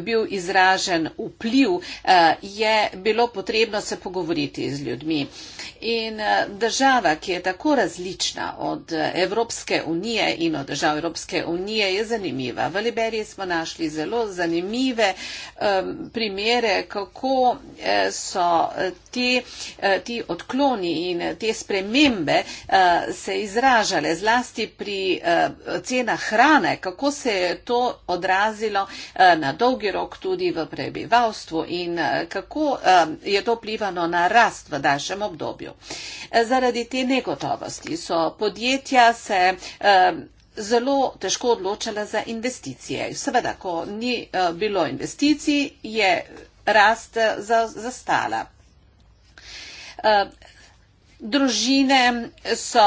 bil izražen vpliv, eh, je bilo potrebno se pogovoriti z ljudmi. In eh, država, ki je tako različna od eh, Evropske unije in od držav Evropske unije, je zanimiva. V Liberiji smo našli zelo zanimive primere, kako so ti, ti odkloni in te spremembe se izražale, zlasti pri cenah hrane, kako se je to odrazilo na dolgi rok tudi v prebivalstvu in eh, kako eh, je to vplivalo na rast v daljšem obdobju. Eh, zaradi te negotovosti so podjetja se zelo težko odločala za investicije. Seveda, ko ni bilo investicij, je rast zastala. Družine so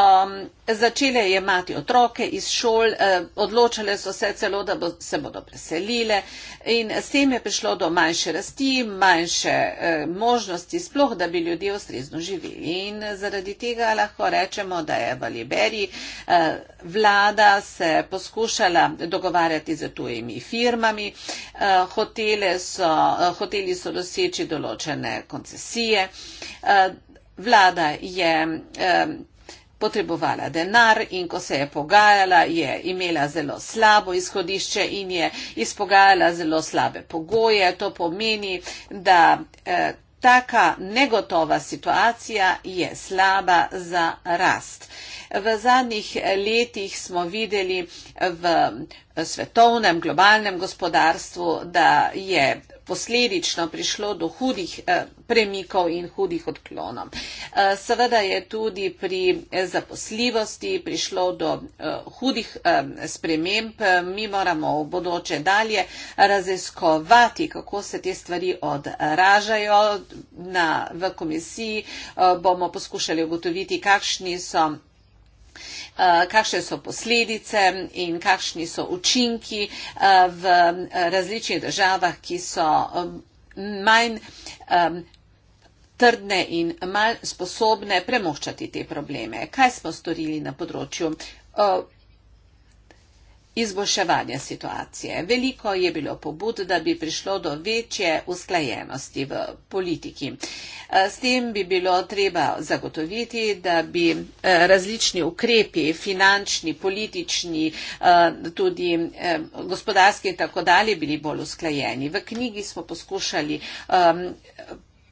začele jemati otroke iz šol, e, odločile so se celo, da bo, se bodo preselile in s tem je prišlo do manjše rasti, manjše e, možnosti sploh, da bi ljudje ustrezno živeli. In zaradi tega lahko rečemo, da je v Liberiji e, vlada se poskušala dogovarjati z tujimi firmami, so, hoteli so doseči določene koncesije vlada je um, potrebovala denar in ko se je pogajala, je imela zelo slabo izhodišče in je izpogajala zelo slabe pogoje. To pomeni, da eh, taka negotova situacija je slaba za rast. V zadnjih letih smo videli v svetovnem globalnem gospodarstvu, da je posledično prišlo do hudih eh, premikov in hudih odklonov. Eh, seveda je tudi pri eh, zaposljivosti prišlo do hudih sprememb. Mi moramo v bodoče dalje raziskovati, kako se te stvari odražajo. Na, v komisiji bomo poskušali ugotoviti, kakšni so Eh, kakšne so posledice in kakšni so učinki eh, v eh, različnih državah, ki so manj trdne in manj sposobne premoščati te probleme. Kaj smo storili na področju izboljševanja situacije. Veliko je bilo pobud, da bi prišlo do večje usklajenosti v politiki. Eh, s tem bi bilo treba zagotoviti, da bi eh, različni ukrepi, finančni, politični, eh, tudi gospodarski in tako dalje, bili bolj usklajeni. V knjigi smo poskušali ehm,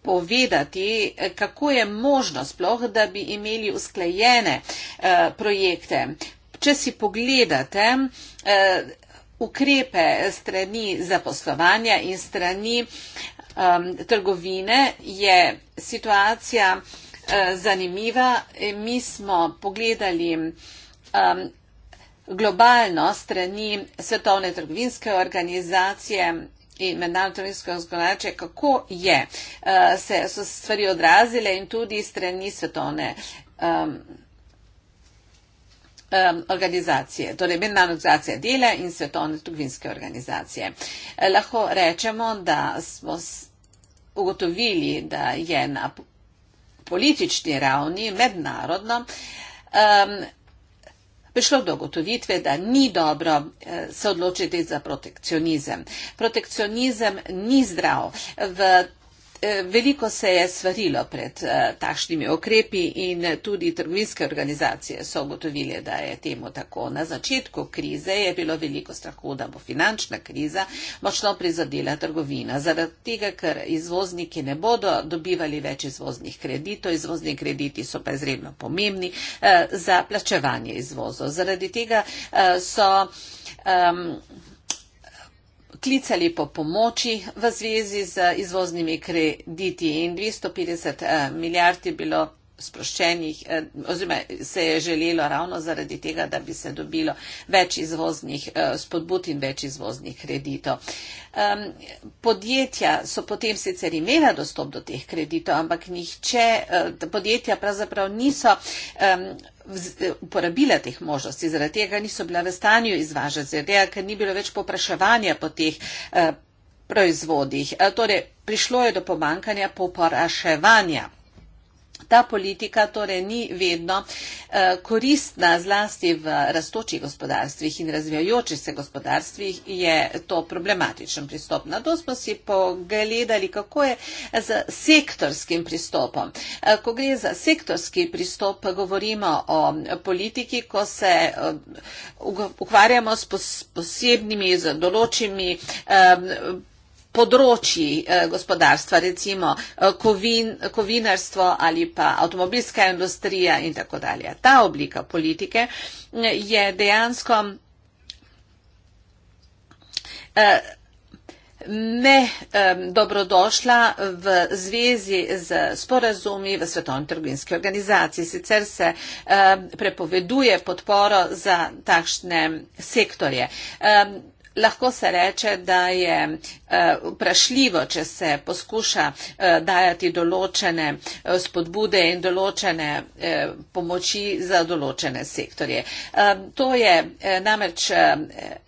povedati, kako je možno sploh, da bi imeli usklajene projekte če si pogledate eh, ukrepe strani zaposlovanja in strani trgovine, je situacija eh, zanimiva. E, mi smo pogledali globalno strani Svetovne trgovinske organizacije in mednarodne trgovinske organizacije, kako je, eh, se so stvari odrazile in tudi strani Svetovne um, Um, organizacije, torej Mednarodna organizacija dela in svetovne trgovinske organizacije. Eh, lahko rečemo, da smo ugotovili, da je na politični ravni mednarodno um, prišlo do ugotovitve, da ni dobro eh, se odločiti za protekcionizem. Protekcionizem ni zdrav. V Eh, veliko se je svarilo pred eh, takšnimi okrepi in tudi trgovinske organizacije so ugotovile, da je temu tako. Na začetku krize je bilo veliko strahu, da bo finančna kriza močno prizadela trgovina. Zaradi tega, ker izvozniki ne bodo dobivali več izvoznih kreditov, izvozni krediti so pa izredno pomembni eh, za plačevanje izvozov. Zaradi tega so. Um, klicali po pomoči v zvezi z izvoznimi krediti in 250 eh, milijard je bilo sproščenih, eh, oziroma se je želelo ravno zaradi tega, da bi se dobilo več izvoznih eh, spodbud in več izvoznih kreditov. Podjetja so potem sicer imela dostop do teh kreditov, ampak nihče, eh, podjetja pravzaprav niso uporabila teh možnosti, zaradi tega niso bila v stanju izvažati, zaradi tega, ker ni bilo več popraševanja po teh proizvodih. Torej, prišlo je do pomankanja popraševanja. Ta politika torej ni vedno eh, koristna, zlasti v raztočih gospodarstvih in razvijajočih se gospodarstvih je to problematičen pristop. Na to smo si pogledali, kako je z sektorskim pristopom. Eh, ko gre za sektorski pristop, govorimo o politiki, ko se eh, ukvarjamo s posebnimi, z določimi področji eh, gospodarstva, recimo eh, kovin, kovinarstvo ali pa avtomobilska industrija in tako dalje. Ta oblika politike eh, je dejansko ne dobrodošla v zvezi z sporazumi v Svetovni trgovinski organizaciji. Sicer se prepoveduje podporo za takšne sektorje lahko se reče, da je eh, vprašljivo, če se poskuša eh, dajati določene eh, spodbude in določene pomoči za določene sektorje. To je namreč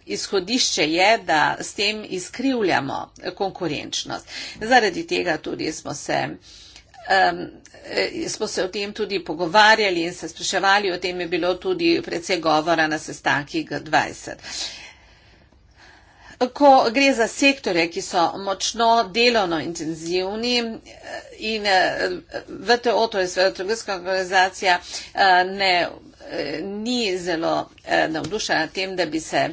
izhodišče je, da s tem izkrivljamo konkurenčnost. Zaradi tega tudi smo se smo se o tem tudi pogovarjali in se spraševali, o tem je bilo tudi predvsej govora na sestankih G20. Ko gre za sektore, ki so močno delovno intenzivni eh, in eh, VTO, to je sveto trgovska organizacija, eh, ne, ni zelo navdušena tem, da bi se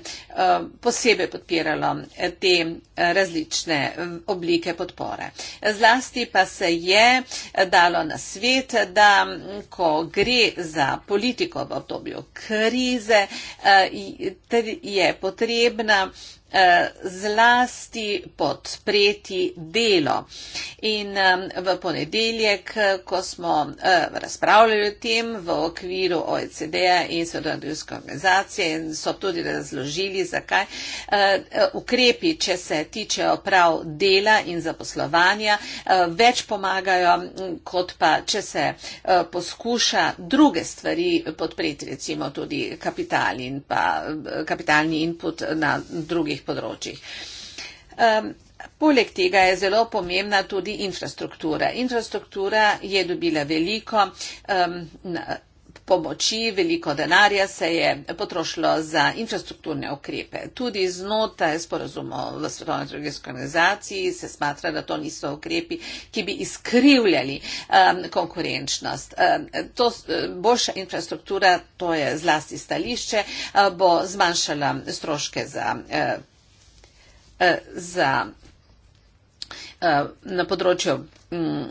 posebej podpiralo te različne oblike podpore. Zlasti pa se je dalo na svet, da mm, ko gre za politiko v obdobju krize, je potrebna Eh, zlasti podpreti delo. In v ponedeljek, ko smo eh, razpravljali o tem v okviru OECD-a in Svetovne organizacije in so tudi razložili, zakaj eh, ukrepi, če se tičejo prav dela in zaposlovanja, več pomagajo, kot pa, če se poskuša druge stvari podpreti, recimo tudi kapital in pa kapitalni input na drugih področjih. Um, poleg tega je zelo pomembna tudi infrastruktura. Infrastruktura je dobila veliko um, pomoči, veliko denarja se je potrošilo za infrastrukturne ukrepe. Tudi znotraj sporozumov v Svetovni trgovinski organizaciji se smatra, da to niso ukrepi, ki bi izkrivljali um, konkurenčnost. Um, to, e, boljša infrastruktura, to je zlasti stališče, uh, bo zmanjšala stroške za. Uh, Eh, za, eh, na področju mm,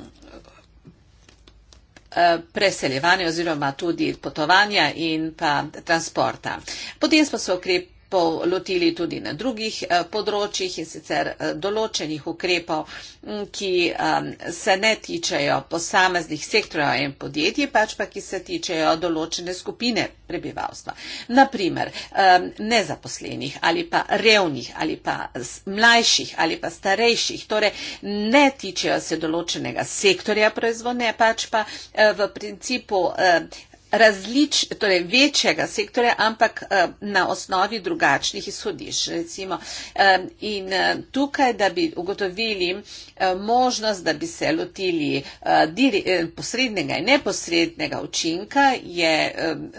eh, preseljevanja oziroma tudi potovanja in pa transporta. Potem smo se okrepili ukrepov lotili tudi na drugih eh, področjih in sicer eh, določenih ukrepov, mm, ki eh, se ne tičejo posameznih sektorjev in podjetij, pač pa ki se tičejo določene skupine prebivalstva. Naprimer, nezaposlenih ali pa revnih ali pa mlajših ali pa starejših, torej ne tičejo se določenega sektorja proizvodne, pač pa v principu različ, torej večjega sektorja, ampak eh, na osnovi drugačnih izhodišč. Recimo. Eh, in eh, tukaj, da bi ugotovili možnost, da bi se lotili posrednega in neposrednega učinka, je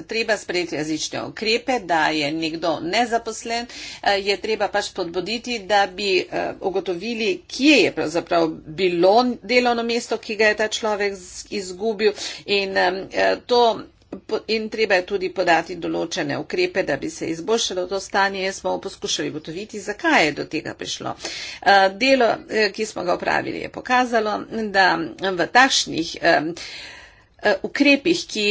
treba sprejeti različne okrepe, da je nekdo nezaposlen, je treba pač podbuditi, da bi ugotovili, kje je pravzaprav bilo delovno mesto, ki ga je ta človek izgubil. In to in treba je tudi podati določene ukrepe, da bi se izboljšalo to stanje. Smo poskušali gotoviti, zakaj je do tega prišlo. Eh, delo, eh, ki smo ga upravili, je pokazalo, da v takšnih eh, ukrepih, ki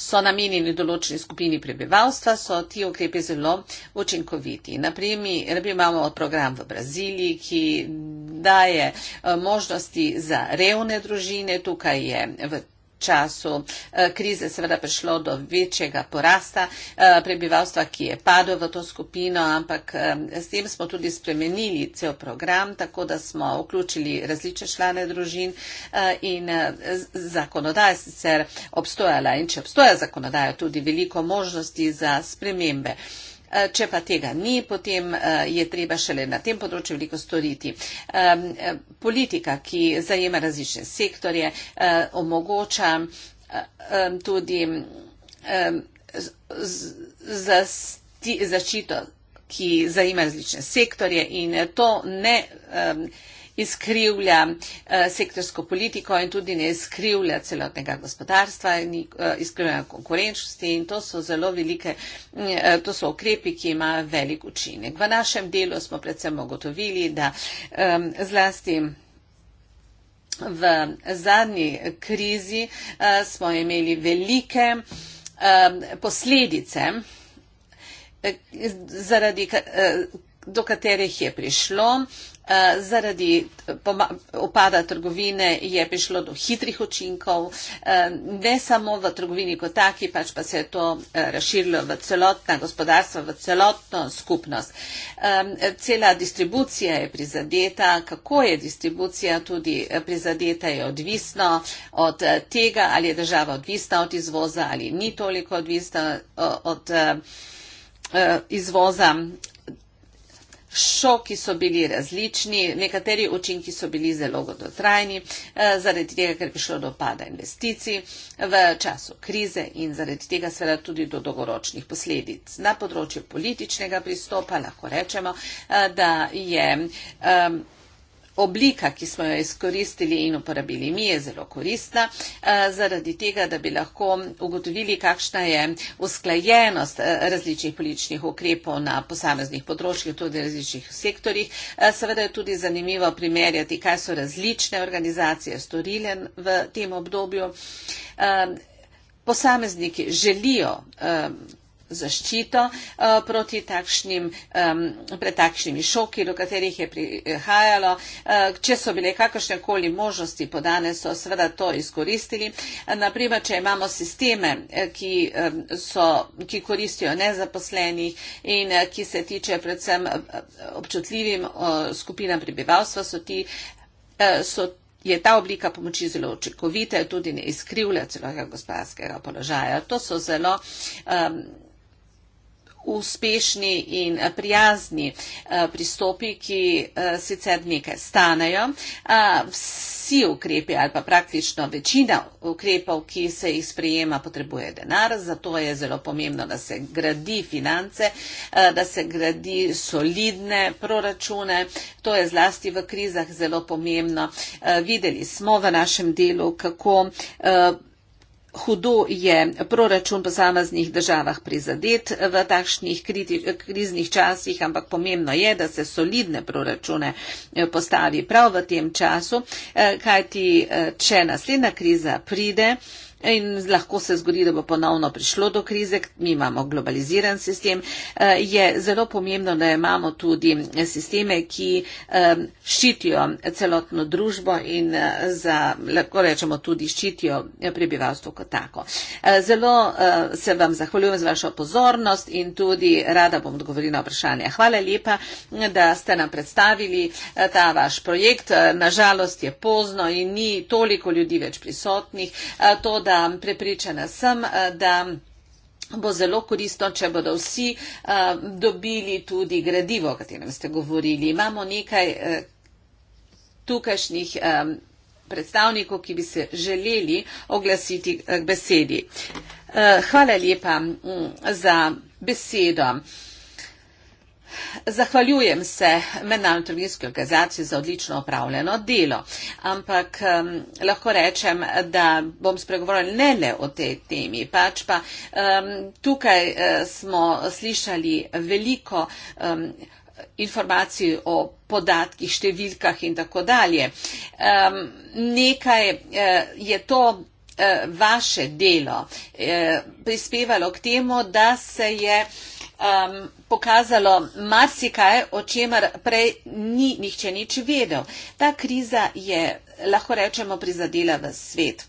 so namenjeni določeni skupini prebivalstva, so ti ukrepi zelo učinkoviti. Naprimer, imamo program v Braziliji, ki daje možnosti za revne družine. Tukaj je v času eh, krize seveda prišlo do večjega porasta eh, prebivalstva, ki je padlo v to skupino, ampak eh, s tem smo tudi spremenili cel program, tako da smo vključili različne člane družin in zakonodaja sicer obstojala in če obstoja zakonodaja, tudi veliko možnosti za spremembe. Eh, če pa tega ni, potem eh, je treba šele na tem področju veliko storiti. Eh, politika, ki zajema različne sektorje, omogoča tudi zaščito, ki zajema različne sektorje in to ne izkrivlja eh, sektorsko politiko in tudi ne izkrivlja celotnega gospodarstva in eh, izkrivlja konkurenčnosti in to so zelo velike, mm, eh, to so ukrepi, ki imajo velik učinek. V našem delu smo predvsem ugotovili, da zlasti v zadnji krizi smo imeli velike posledice, zaradi do katerih je prišlo. Eh, zaradi eh, upada trgovine je prišlo do hitrih učinkov, eh, ne samo v trgovini kot taki, pač pa se je to razširilo v celotna gospodarstva, v celotno skupnost. Cela distribucija je prizadeta, kako je distribucija tudi prizadeta, je odvisno od tega, ali je država odvisna od izvoza ali ni toliko odvisna od izvoza šoki so bili različni, nekateri učinki so bili zelo dotrajni, eh, zaradi tega, ker je prišlo do pada investicij v času krize in zaradi tega seveda tudi do dolgoročnih posledic. Na področju političnega pristopa lahko rečemo, eh, da je um, oblika, ki smo jo izkoristili in uporabili mi, je zelo koristna, eh, zaradi tega, da bi lahko ugotovili, kakšna je usklajenost eh, različnih političnih ukrepov na posameznih področjih, tudi različnih sektorjih. Eh, seveda je tudi zanimivo primerjati, kaj so različne organizacije storile v tem obdobju. Posamezniki želijo zaščito eh, proti takšnim, pred takšnimi šoki, do katerih je prihajalo. Eh, če so bile kakršne koli možnosti podane, so seveda to izkoristili. Eh, Naprimer, če imamo sisteme, ki, so, ki koristijo nezaposlenih in ki se tiče predvsem občutljivim skupinam prebivalstva, so ti so je ta oblika pomoči zelo učinkovita, tudi ne izkrivlja celega gospodarskega položaja. To so zelo um uspešni in eh, prijazni eh, pristopi, ki eh, sicer nekaj stanejo. Vsi ukrepi ali pa praktično večina ukrepov, ki se jih sprejema, potrebuje denar, zato je zelo pomembno, da se gradi finance, da se gradi solidne proračune. To je zlasti v krizah zelo pomembno. Videli smo v našem delu, kako Hudo je proračun posameznih državah prizadet v takšnih kriznih časih, ampak pomembno je, da se solidne proračune eh, postavi prav v tem času, eh, kajti eh, če naslednja kriza pride, In lahko se zgodi, da bo ponovno prišlo do krize, mi imamo globaliziran sistem. Eh, je zelo pomembno, da imamo tudi eh, sisteme, ki eh, ščitijo celotno družbo in za, lahko rečemo tudi ščitijo prebivalstvo kot tako. Zelo se vam zahvaljujem za vašo pozornost in tudi rada bom odgovorila na vprašanje. Hvala lepa, da ste nam predstavili ta vaš projekt. Nažalost je pozno in ni toliko ljudi več prisotnih. To, da prepričana sem, eh, da bo zelo koristno, če bodo vsi eh, dobili tudi gradivo, o katerem ste govorili. Imamo nekaj eh, tukajšnjih predstavnikov, ki bi se želeli oglasiti k besedi. Hvala lepa mm, za besedo. Zahvaljujem se mednarodni trgovinski organizaciji za odlično opravljeno delo, ampak um, lahko rečem, da bom spregovorila ne le o tej temi, pač pa um, tukaj uh, smo slišali veliko um, informacij o podatkih, številkah in tako dalje. Um, nekaj uh, je to uh, vaše delo uh, prispevalo k temu, da se je uh, um, pokazalo marsikaj, o čemer prej ni nihče nič vedel. Ta kriza je, lahko rečemo, prizadela v svet.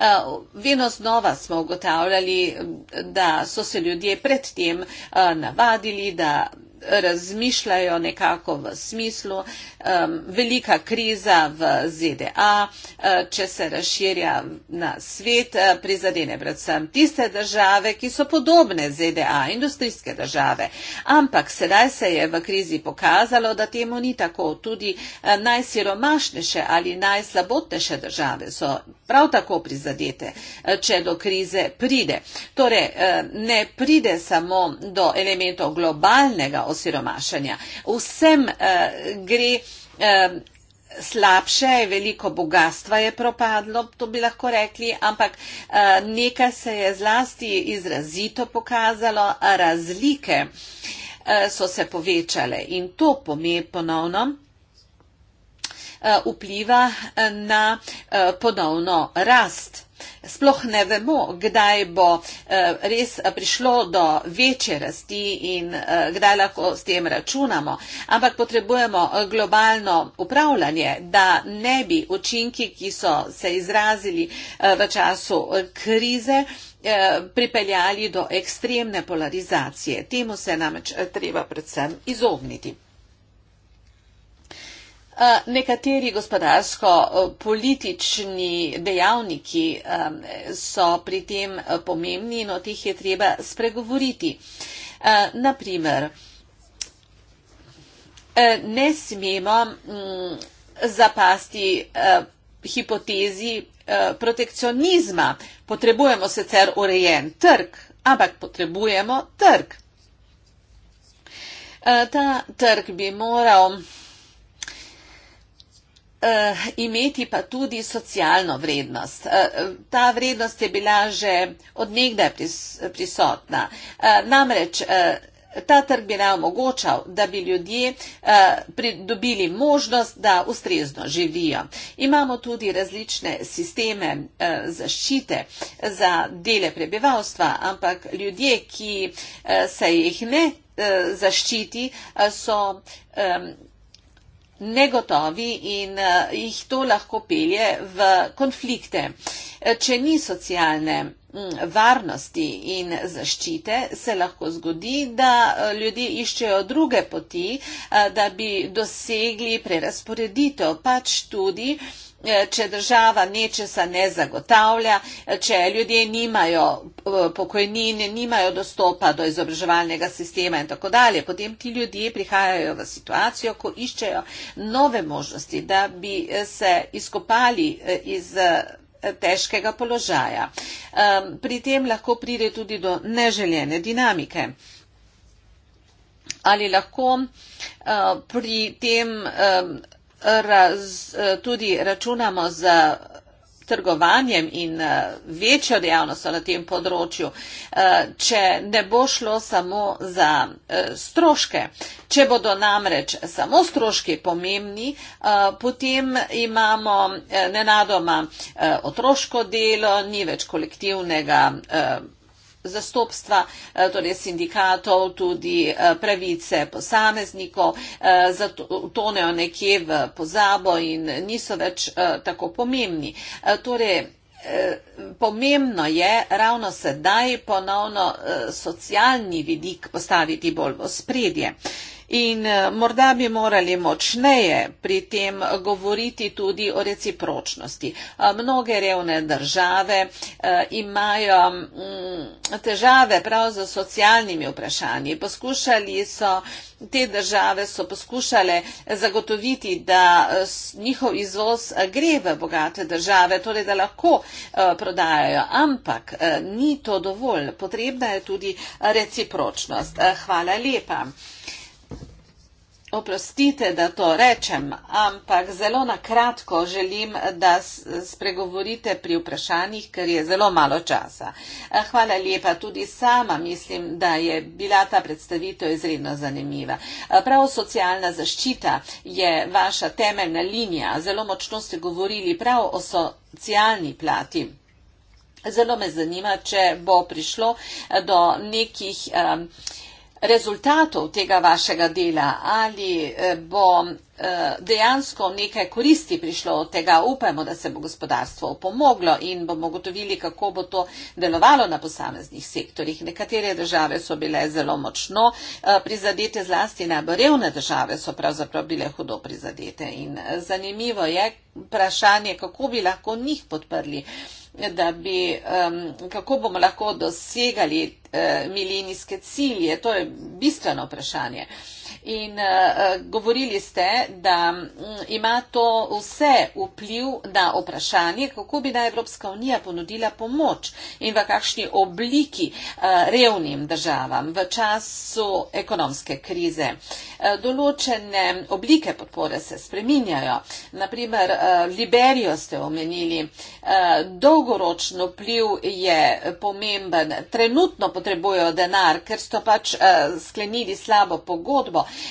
Uh, Veno znova smo ugotavljali, da so se ljudje predtem uh, navadili, da razmišljajo nekako v smislu um, velika kriza v ZDA, eh, če se razširja na svet, eh, prizadene predvsem tiste države, ki so podobne ZDA, industrijske države. Ampak sedaj se je v krizi pokazalo, da temu ni tako. Tudi eh, najsiromašnejše ali najslabotnejše države so prav tako prizadete, eh, če do krize pride. Torej, eh, ne pride samo do elementov globalnega osiromašanja. Vsem eh, gre slabše, veliko bogatstva je propadlo, to bi lahko rekli, ampak nekaj se je zlasti izrazito pokazalo, razlike so se povečale in to pomeni ponovno Eh, vpliva eh, na eh, ponovno rast. Sploh ne vemo, kdaj bo res prišlo do večje rasti in kdaj lahko s tem računamo, ampak potrebujemo globalno upravljanje, da ne bi učinki, ki so se izrazili v času krize, pripeljali do ekstremne polarizacije. Temu se namreč treba predvsem izogniti. Eh, nekateri gospodarsko-politični dejavniki eh, so pri tem eh, pomembni in o teh je treba spregovoriti. Naprimer, ne smemo mm, zapasti hipotezi protekcionizma. Potrebujemo sicer urejen trg, ampak potrebujemo trg. Ta trg bi moral Eh, imeti pa tudi socialno vrednost. Eh, ta vrednost je bila že odnegdaj prisotna. Eh, namreč ta trg bi nam omogočal, da bi ljudje dobili možnost, da ustrezno živijo. Imamo tudi različne sisteme zaščite za dele prebivalstva, ampak ljudje, ki se jih ne zaščiti, so negotovi in eh, jih to lahko pelje v konflikte. Eh, če ni socialne mm, varnosti in zaščite, se lahko zgodi, da eh, ljudje iščejo druge poti, da bi dosegli prerasporeditev, pač tudi uh, E, če država nečesa ne zagotavlja, e, če ljudje nimajo e, pokojnine, nimajo dostopa do izobraževalnega sistema in tako dalje, potem ti ljudje prihajajo v situacijo, ko iščejo nove možnosti, da bi se izkopali iz težkega položaja. Pri tem lahko pride tudi do neželjene dinamike. Ali lahko pri tem raz, eh, tudi računamo z trgovanjem in eh, večjo dejavnostjo na tem področju, eh, če ne bo šlo samo za stroške. Če bodo namreč samo stroški pomembni, potem imamo nenadoma otroško delo, ni več kolektivnega zastopstva, eh, torej sindikatov, tudi eh, pravice posameznikov, eh, zato tonejo nekje v pozabo in niso več tako pomembni. Torej, Pomembno je ravno sedaj ponovno socialni vidik postaviti bolj v spredje. In eh, morda bi morali močneje pri tem govoriti tudi o recipročnosti. Eh, mnoge revne države eh, imajo mm, težave prav z socialnimi vprašanji. Poskušali so, te države so poskušale zagotoviti, da njihov izvoz gre v bogate države, torej da lahko prodajajo, ampak ni to dovolj. Potrebna je tudi recipročnost. Hvala lepa. Oprostite, da to rečem, ampak zelo na kratko želim, da spregovorite pri vprašanjih, ker je zelo malo časa. Eh, hvala lepa, tudi sama mislim, da je bila ta predstavitev izredno zanimiva. Eh, prav socialna zaščita je vaša temeljna linija, zelo močno ste govorili prav o socialni plati. Zelo me zanima, če bo prišlo eh, do nekih. Um, rezultatov tega vašega dela, ali eh, bo eh, dejansko nekaj koristi prišlo od tega. Upajmo, da se bo gospodarstvo pomoglo in bomo gotovili, kako bo to delovalo na posameznih sektorjih. Nekatere države so bile zelo močno eh, prizadete, zlasti najbolj revne države so pravzaprav bile hudo prizadete. In zanimivo je vprašanje, kako bi lahko njih podprli, da bi, kako bomo lahko dosegali Eh, milenijske cilje? To je bistveno vprašanje. In eh, eh, govorili ste, da mm, ima to vse vpliv na vprašanje, kako bi naj Evropska unija ponudila pomoč in v kakšni obliki revnim državam v času ekonomske krize. Določene oblike podpore se spreminjajo. Naprimer, Liberijo ste omenili. Dolgoročno vpliv je pomemben. Trenutno potrebujejo denar, ker so pač uh, sklenili slabo pogodbo uh,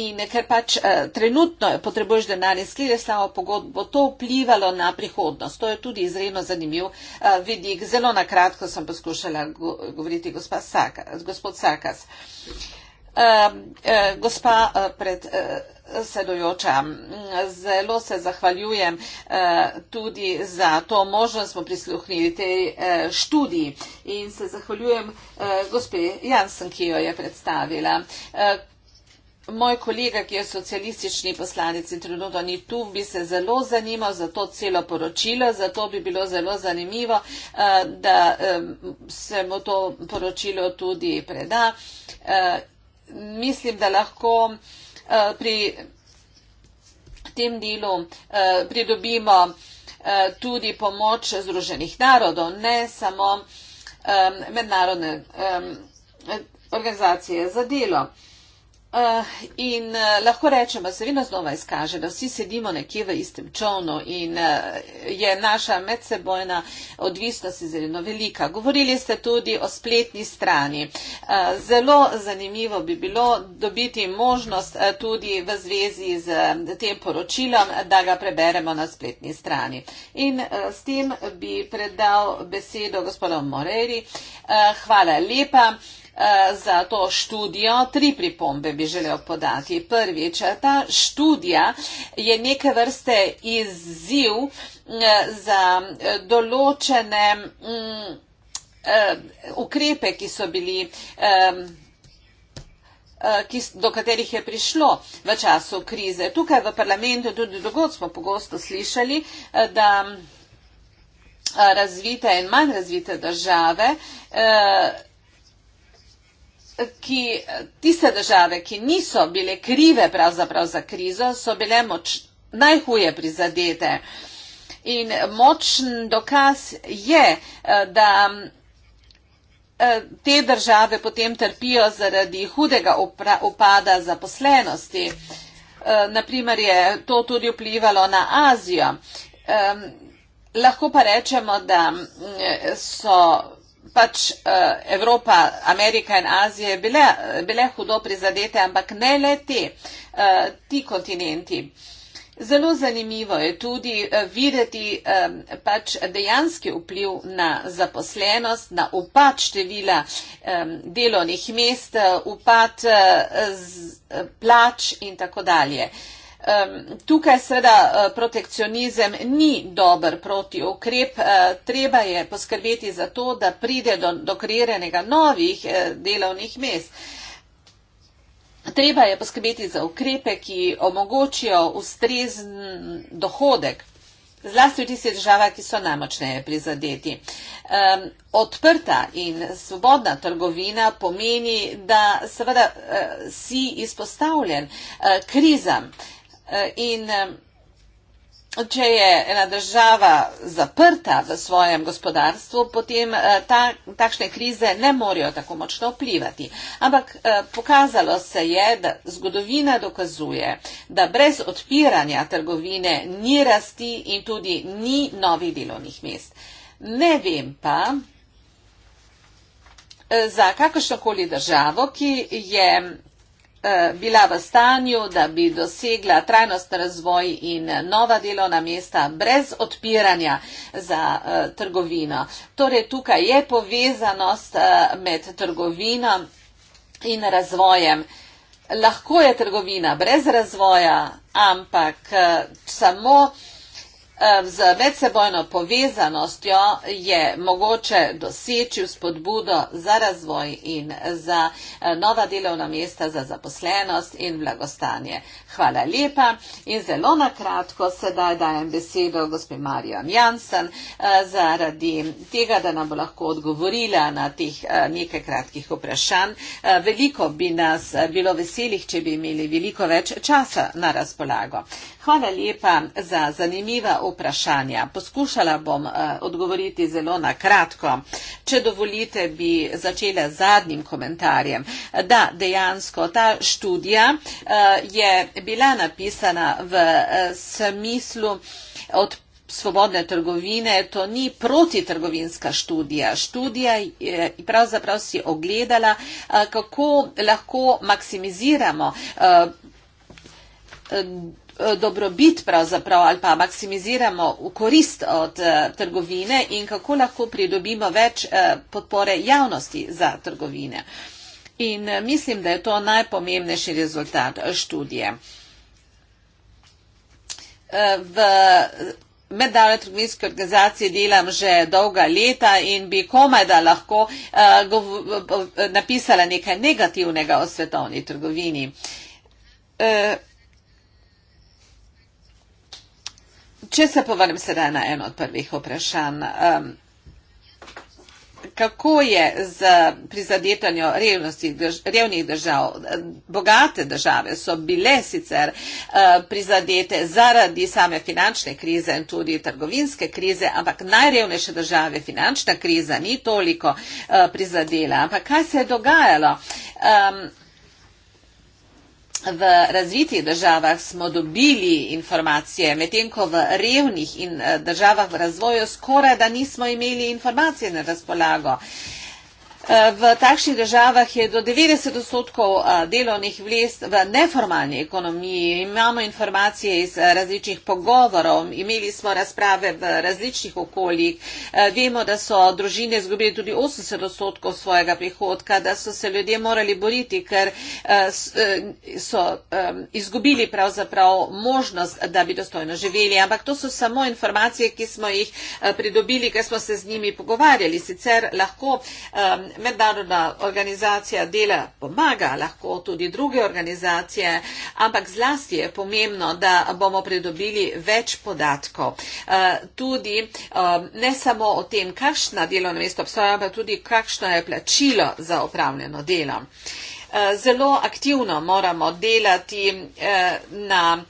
in ker pač uh, trenutno potrebuješ denar in sklenili slabo pogodbo, bo to vplivalo na prihodnost. To je tudi izredno zanimiv uh, vidik. Zelo na kratko sem poskušala go govoriti Saka, gospod Sakas. Uh, uh, gospa uh, pred. Uh, sedujoča. Zelo se zahvaljujem eh, tudi za to možnost, smo prisluhnili tej eh, študiji in se zahvaljujem eh, gospe Jansen, ki jo je predstavila. Moj kolega, ki je socialistični poslanec in trenutno ni tu, bi se zelo zanimal za to celo poročilo, zato bi bilo zelo zanimivo, da se mu to poročilo tudi preda. Mislim, da lahko. Eh, pri tem delu eh, pridobimo eh, tudi pomoč Združenih narodov, ne samo mednarodne organizacije za delo. Uh, in uh, lahko rečemo, se vedno znova izkaže, da vsi sedimo nekje v istem čovnu in uh, je naša medsebojna odvisnost izredno velika. Govorili ste tudi o spletni strani. Uh, zelo zanimivo bi bilo dobiti možnost uh, tudi v zvezi z uh, tem poročilom, da ga preberemo na spletni strani. In uh, s tem bi predal besedo gospodom Moreri. Uh, hvala lepa. Uh, za to študijo. Tri pripombe bi želel podati. Prvič, ta študija je neke vrste izziv eh, za eh, določene mm, eh, ukrepe, ki so bili do katerih je prišlo v času krize. Tukaj v parlamentu tudi dogod smo pogosto slišali, da razvite in manj razvite države ki, tiste države, ki niso bile krive pravzaprav za krizo, so bile moč, najhuje prizadete. In močen dokaz je, eh, da eh, te države potem trpijo zaradi hudega upada zaposlenosti. Eh, Naprimer je to tudi vplivalo na Azijo. Lahko pa rečemo, da mm, so pač uh, Evropa, Amerika in Azija bile, bile hudo prizadete, ampak ne le te, uh, ti kontinenti. Zelo zanimivo je tudi eh, videti pač dejanski vpliv na zaposlenost, na upad števila delovnih mest, upad plač in tako dalje. Tukaj seveda eh, protekcionizem ni dober proti ukrep. Eh, treba je poskrbeti za to, da pride do, do kreiranega novih eh, delovnih mest. Treba je poskrbeti za ukrepe, ki omogočijo ustrezen dohodek. Zlasti v tistih državah, ki so najmočneje prizadeti. Um, odprta in svobodna trgovina pomeni, da seveda uh, si izpostavljen uh, krizam. Uh, In eh, če je ena država zaprta v svojem gospodarstvu, potem eh, ta, takšne krize ne morejo tako močno vplivati. Ampak eh, pokazalo se je, da zgodovina dokazuje, da brez odpiranja trgovine ni rasti in tudi ni novih delovnih mest. Ne vem pa, za kakršnokoli državo, ki je Eh, bila v stanju, da bi dosegla trajnostni razvoj in nova delovna mesta brez odpiranja za eh, trgovino. Torej, tukaj je povezanost eh, med trgovino in razvojem. Lahko je trgovina brez razvoja, ampak samo z medsebojno povezanostjo je mogoče doseči spodbudo za razvoj in za eh, nova delovna mesta, za zaposlenost in blagostanje. Hvala lepa in zelo na kratko sedaj dajem besedo gospod Marijan Jansen eh, zaradi tega, da nam bo lahko odgovorila na teh eh, nekaj kratkih vprašanj. Veliko bi nas bilo veselih, če bi imeli veliko več časa na razpolago. Hvala lepa za zanimiva vprašanja. Poskušala bom eh, odgovoriti zelo na kratko. Če dovolite, bi začela z zadnjim komentarjem. Da, dejansko ta študija eh, je bila napisana v eh, smislu od svobodne trgovine, to ni protitrgovinska študija. Študija je pravzaprav si ogledala, kako lahko maksimiziramo Eh, dobrobit pravzaprav ali pa maksimiziramo v korist od eh, trgovine in kako lahko pridobimo več eh, podpore javnosti za trgovine. In mislim, da je to najpomembnejši rezultat študije. V mednarodne trgovinske organizacije delam že dolga leta in bi komaj da lahko napisala nekaj negativnega o svetovni trgovini. Če se povrnem sedaj na eno od prvih vprašanj. Um, kako je z prizadetanjo drž revnih držav? Bogate države so bile sicer uh, prizadete zaradi same finančne krize in tudi trgovinske krize, ampak najrevnejše države finančna kriza ni toliko uh, prizadela. Ampak kaj se je dogajalo? Um, V razvitih državah smo dobili informacije, medtem ko v revnih in eh, državah v razvoju skoraj da nismo imeli informacije na razpolago. Eh, v takšnih državah je do 90 odstotkov eh, delovnih vlest v neformalni ekonomiji. Imamo informacije iz eh, različnih pogovorov, imeli smo razprave v različnih okoljih. Vemo, da so družine izgubili tudi 80 odstotkov svojega prihodka, da so se ljudje morali boriti, ker so izgubili pravzaprav možnost, da bi dostojno živeli. Ampak to so samo informacije, ki smo jih pridobili, ker smo se z njimi pogovarjali. Sicer lahko mednarodna organizacija dela pomaga, lahko tudi druge organizacije, ampak zlasti je pomembno, da bomo pridobili več podatkov. Eh, tudi eh, ne samo o tem, kakšna delovna mesta obstajajo, ampak tudi kakšno je plačilo za opravljeno delo. Eh, zelo aktivno moramo delati na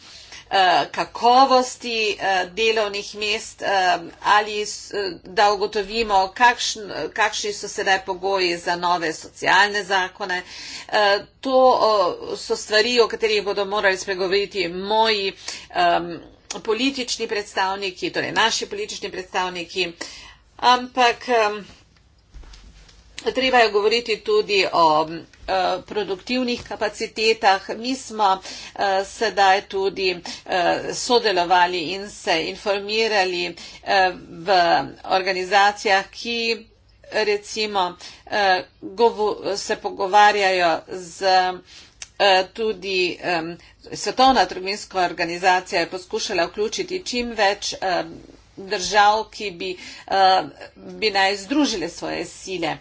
Eh, kakovosti eh, delovnih mest eh, ali da ugotovimo, kakšn, kakšni so sedaj pogoji za nove socialne zakone. To so stvari, o katerih bodo morali spregovoriti moji politični predstavniki, torej naši politični predstavniki, ampak Treba je govoriti tudi o eh, produktivnih kapacitetah. Mi smo eh, sedaj tudi eh, sodelovali in se informirali v organizacijah, ki recimo se pogovarjajo z tudi Svetovna trgovinska organizacija je poskušala vključiti čim več držav, ki bi, eh, bi naj združile svoje sile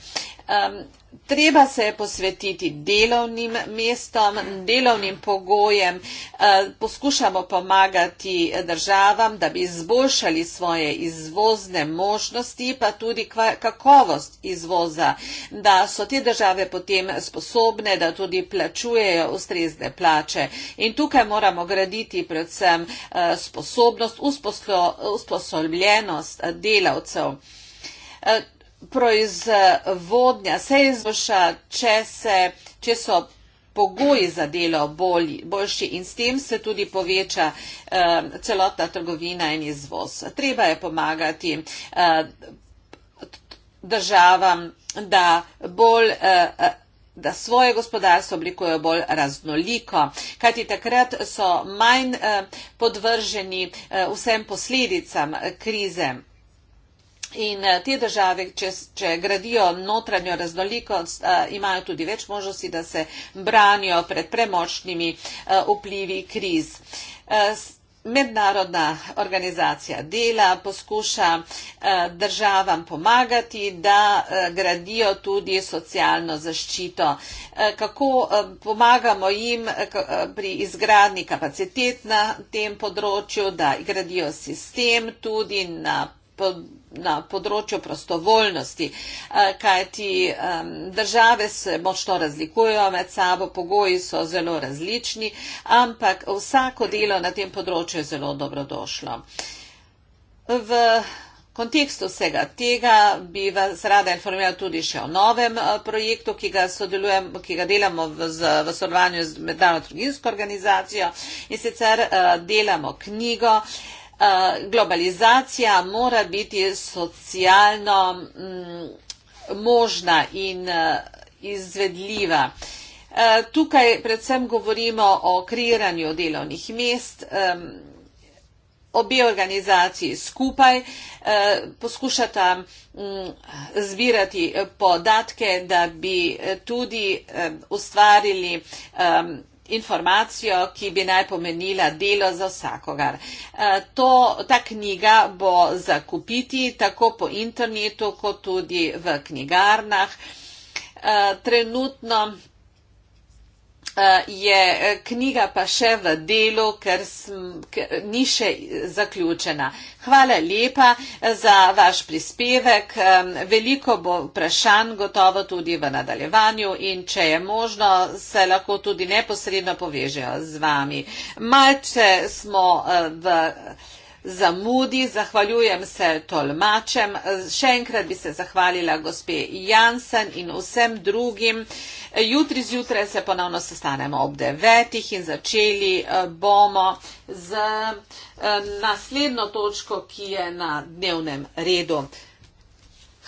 treba se je posvetiti delovnim mestom, delovnim pogojem, eh, poskušamo pomagati državam, da bi izboljšali svoje izvozne možnosti, pa tudi kakovost izvoza, da so te države potem sposobne, da tudi plačujejo ustrezne plače. In tukaj moramo graditi predvsem eh, sposobnost, usposobljenost delavcev. Eh, proizvodnja se izboljša, če, se, če so pogoji za delo bolj, boljši in s tem se tudi poveča eh, celotna trgovina in izvoz. Treba je pomagati eh, državam, da, bolj, eh, eh da svoje gospodarstvo oblikujejo bolj raznoliko, kajti takrat so manj eh, podvrženi eh, vsem posledicam krize. In eh, te države, če, če gradijo notranjo raznolikost, eh, imajo tudi več možnosti, da se branijo pred premočnimi eh, vplivi kriz. Mednarodna organizacija dela poskuša državam pomagati, da gradijo tudi socialno zaščito. Kako pomagamo jim pri izgradni kapacitet na tem področju, da gradijo sistem tudi na področju na področju prostovoljnosti, eh, kajti države se močno razlikujejo med sabo, pogoji so zelo različni, ampak vsako delo na tem področju je zelo dobrodošlo. V kontekstu vsega tega bi vas rada informirala tudi še o novem eh, projektu, ki ga, ki ga delamo v, z, v sodelovanju z mednarodno trgovinsko organizacijo in sicer eh, delamo knjigo Eh, globalizacija mora biti socialno mm, možna in eh, izvedljiva. Eh, tukaj predvsem govorimo o kreiranju delovnih mest. Obe organizaciji skupaj poskušata mm, zbirati podatke, da bi tudi ustvarili informacijo, ki bi naj pomenila delo za vsakogar. E, to, ta knjiga bo zakupiti tako po internetu, kot tudi v knjigarnah. E, trenutno Eh, je eh, knjiga pa še v delu, ker sm, ni še zaključena. Hvala lepa eh, za vaš prispevek. Veliko bo vprašanj gotovo tudi v nadaljevanju in če je možno, se lahko tudi neposredno povežejo z vami. Malce smo v zamudi. Zahvaljujem se tolmačem. Še enkrat bi se zahvalila gospe Jansen in vsem drugim. Jutri zjutraj se ponovno sestanemo ob devetih in začeli eh, bomo z eh, naslednjo točko, ki je na dnevnem redu.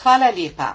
Hvala lepa.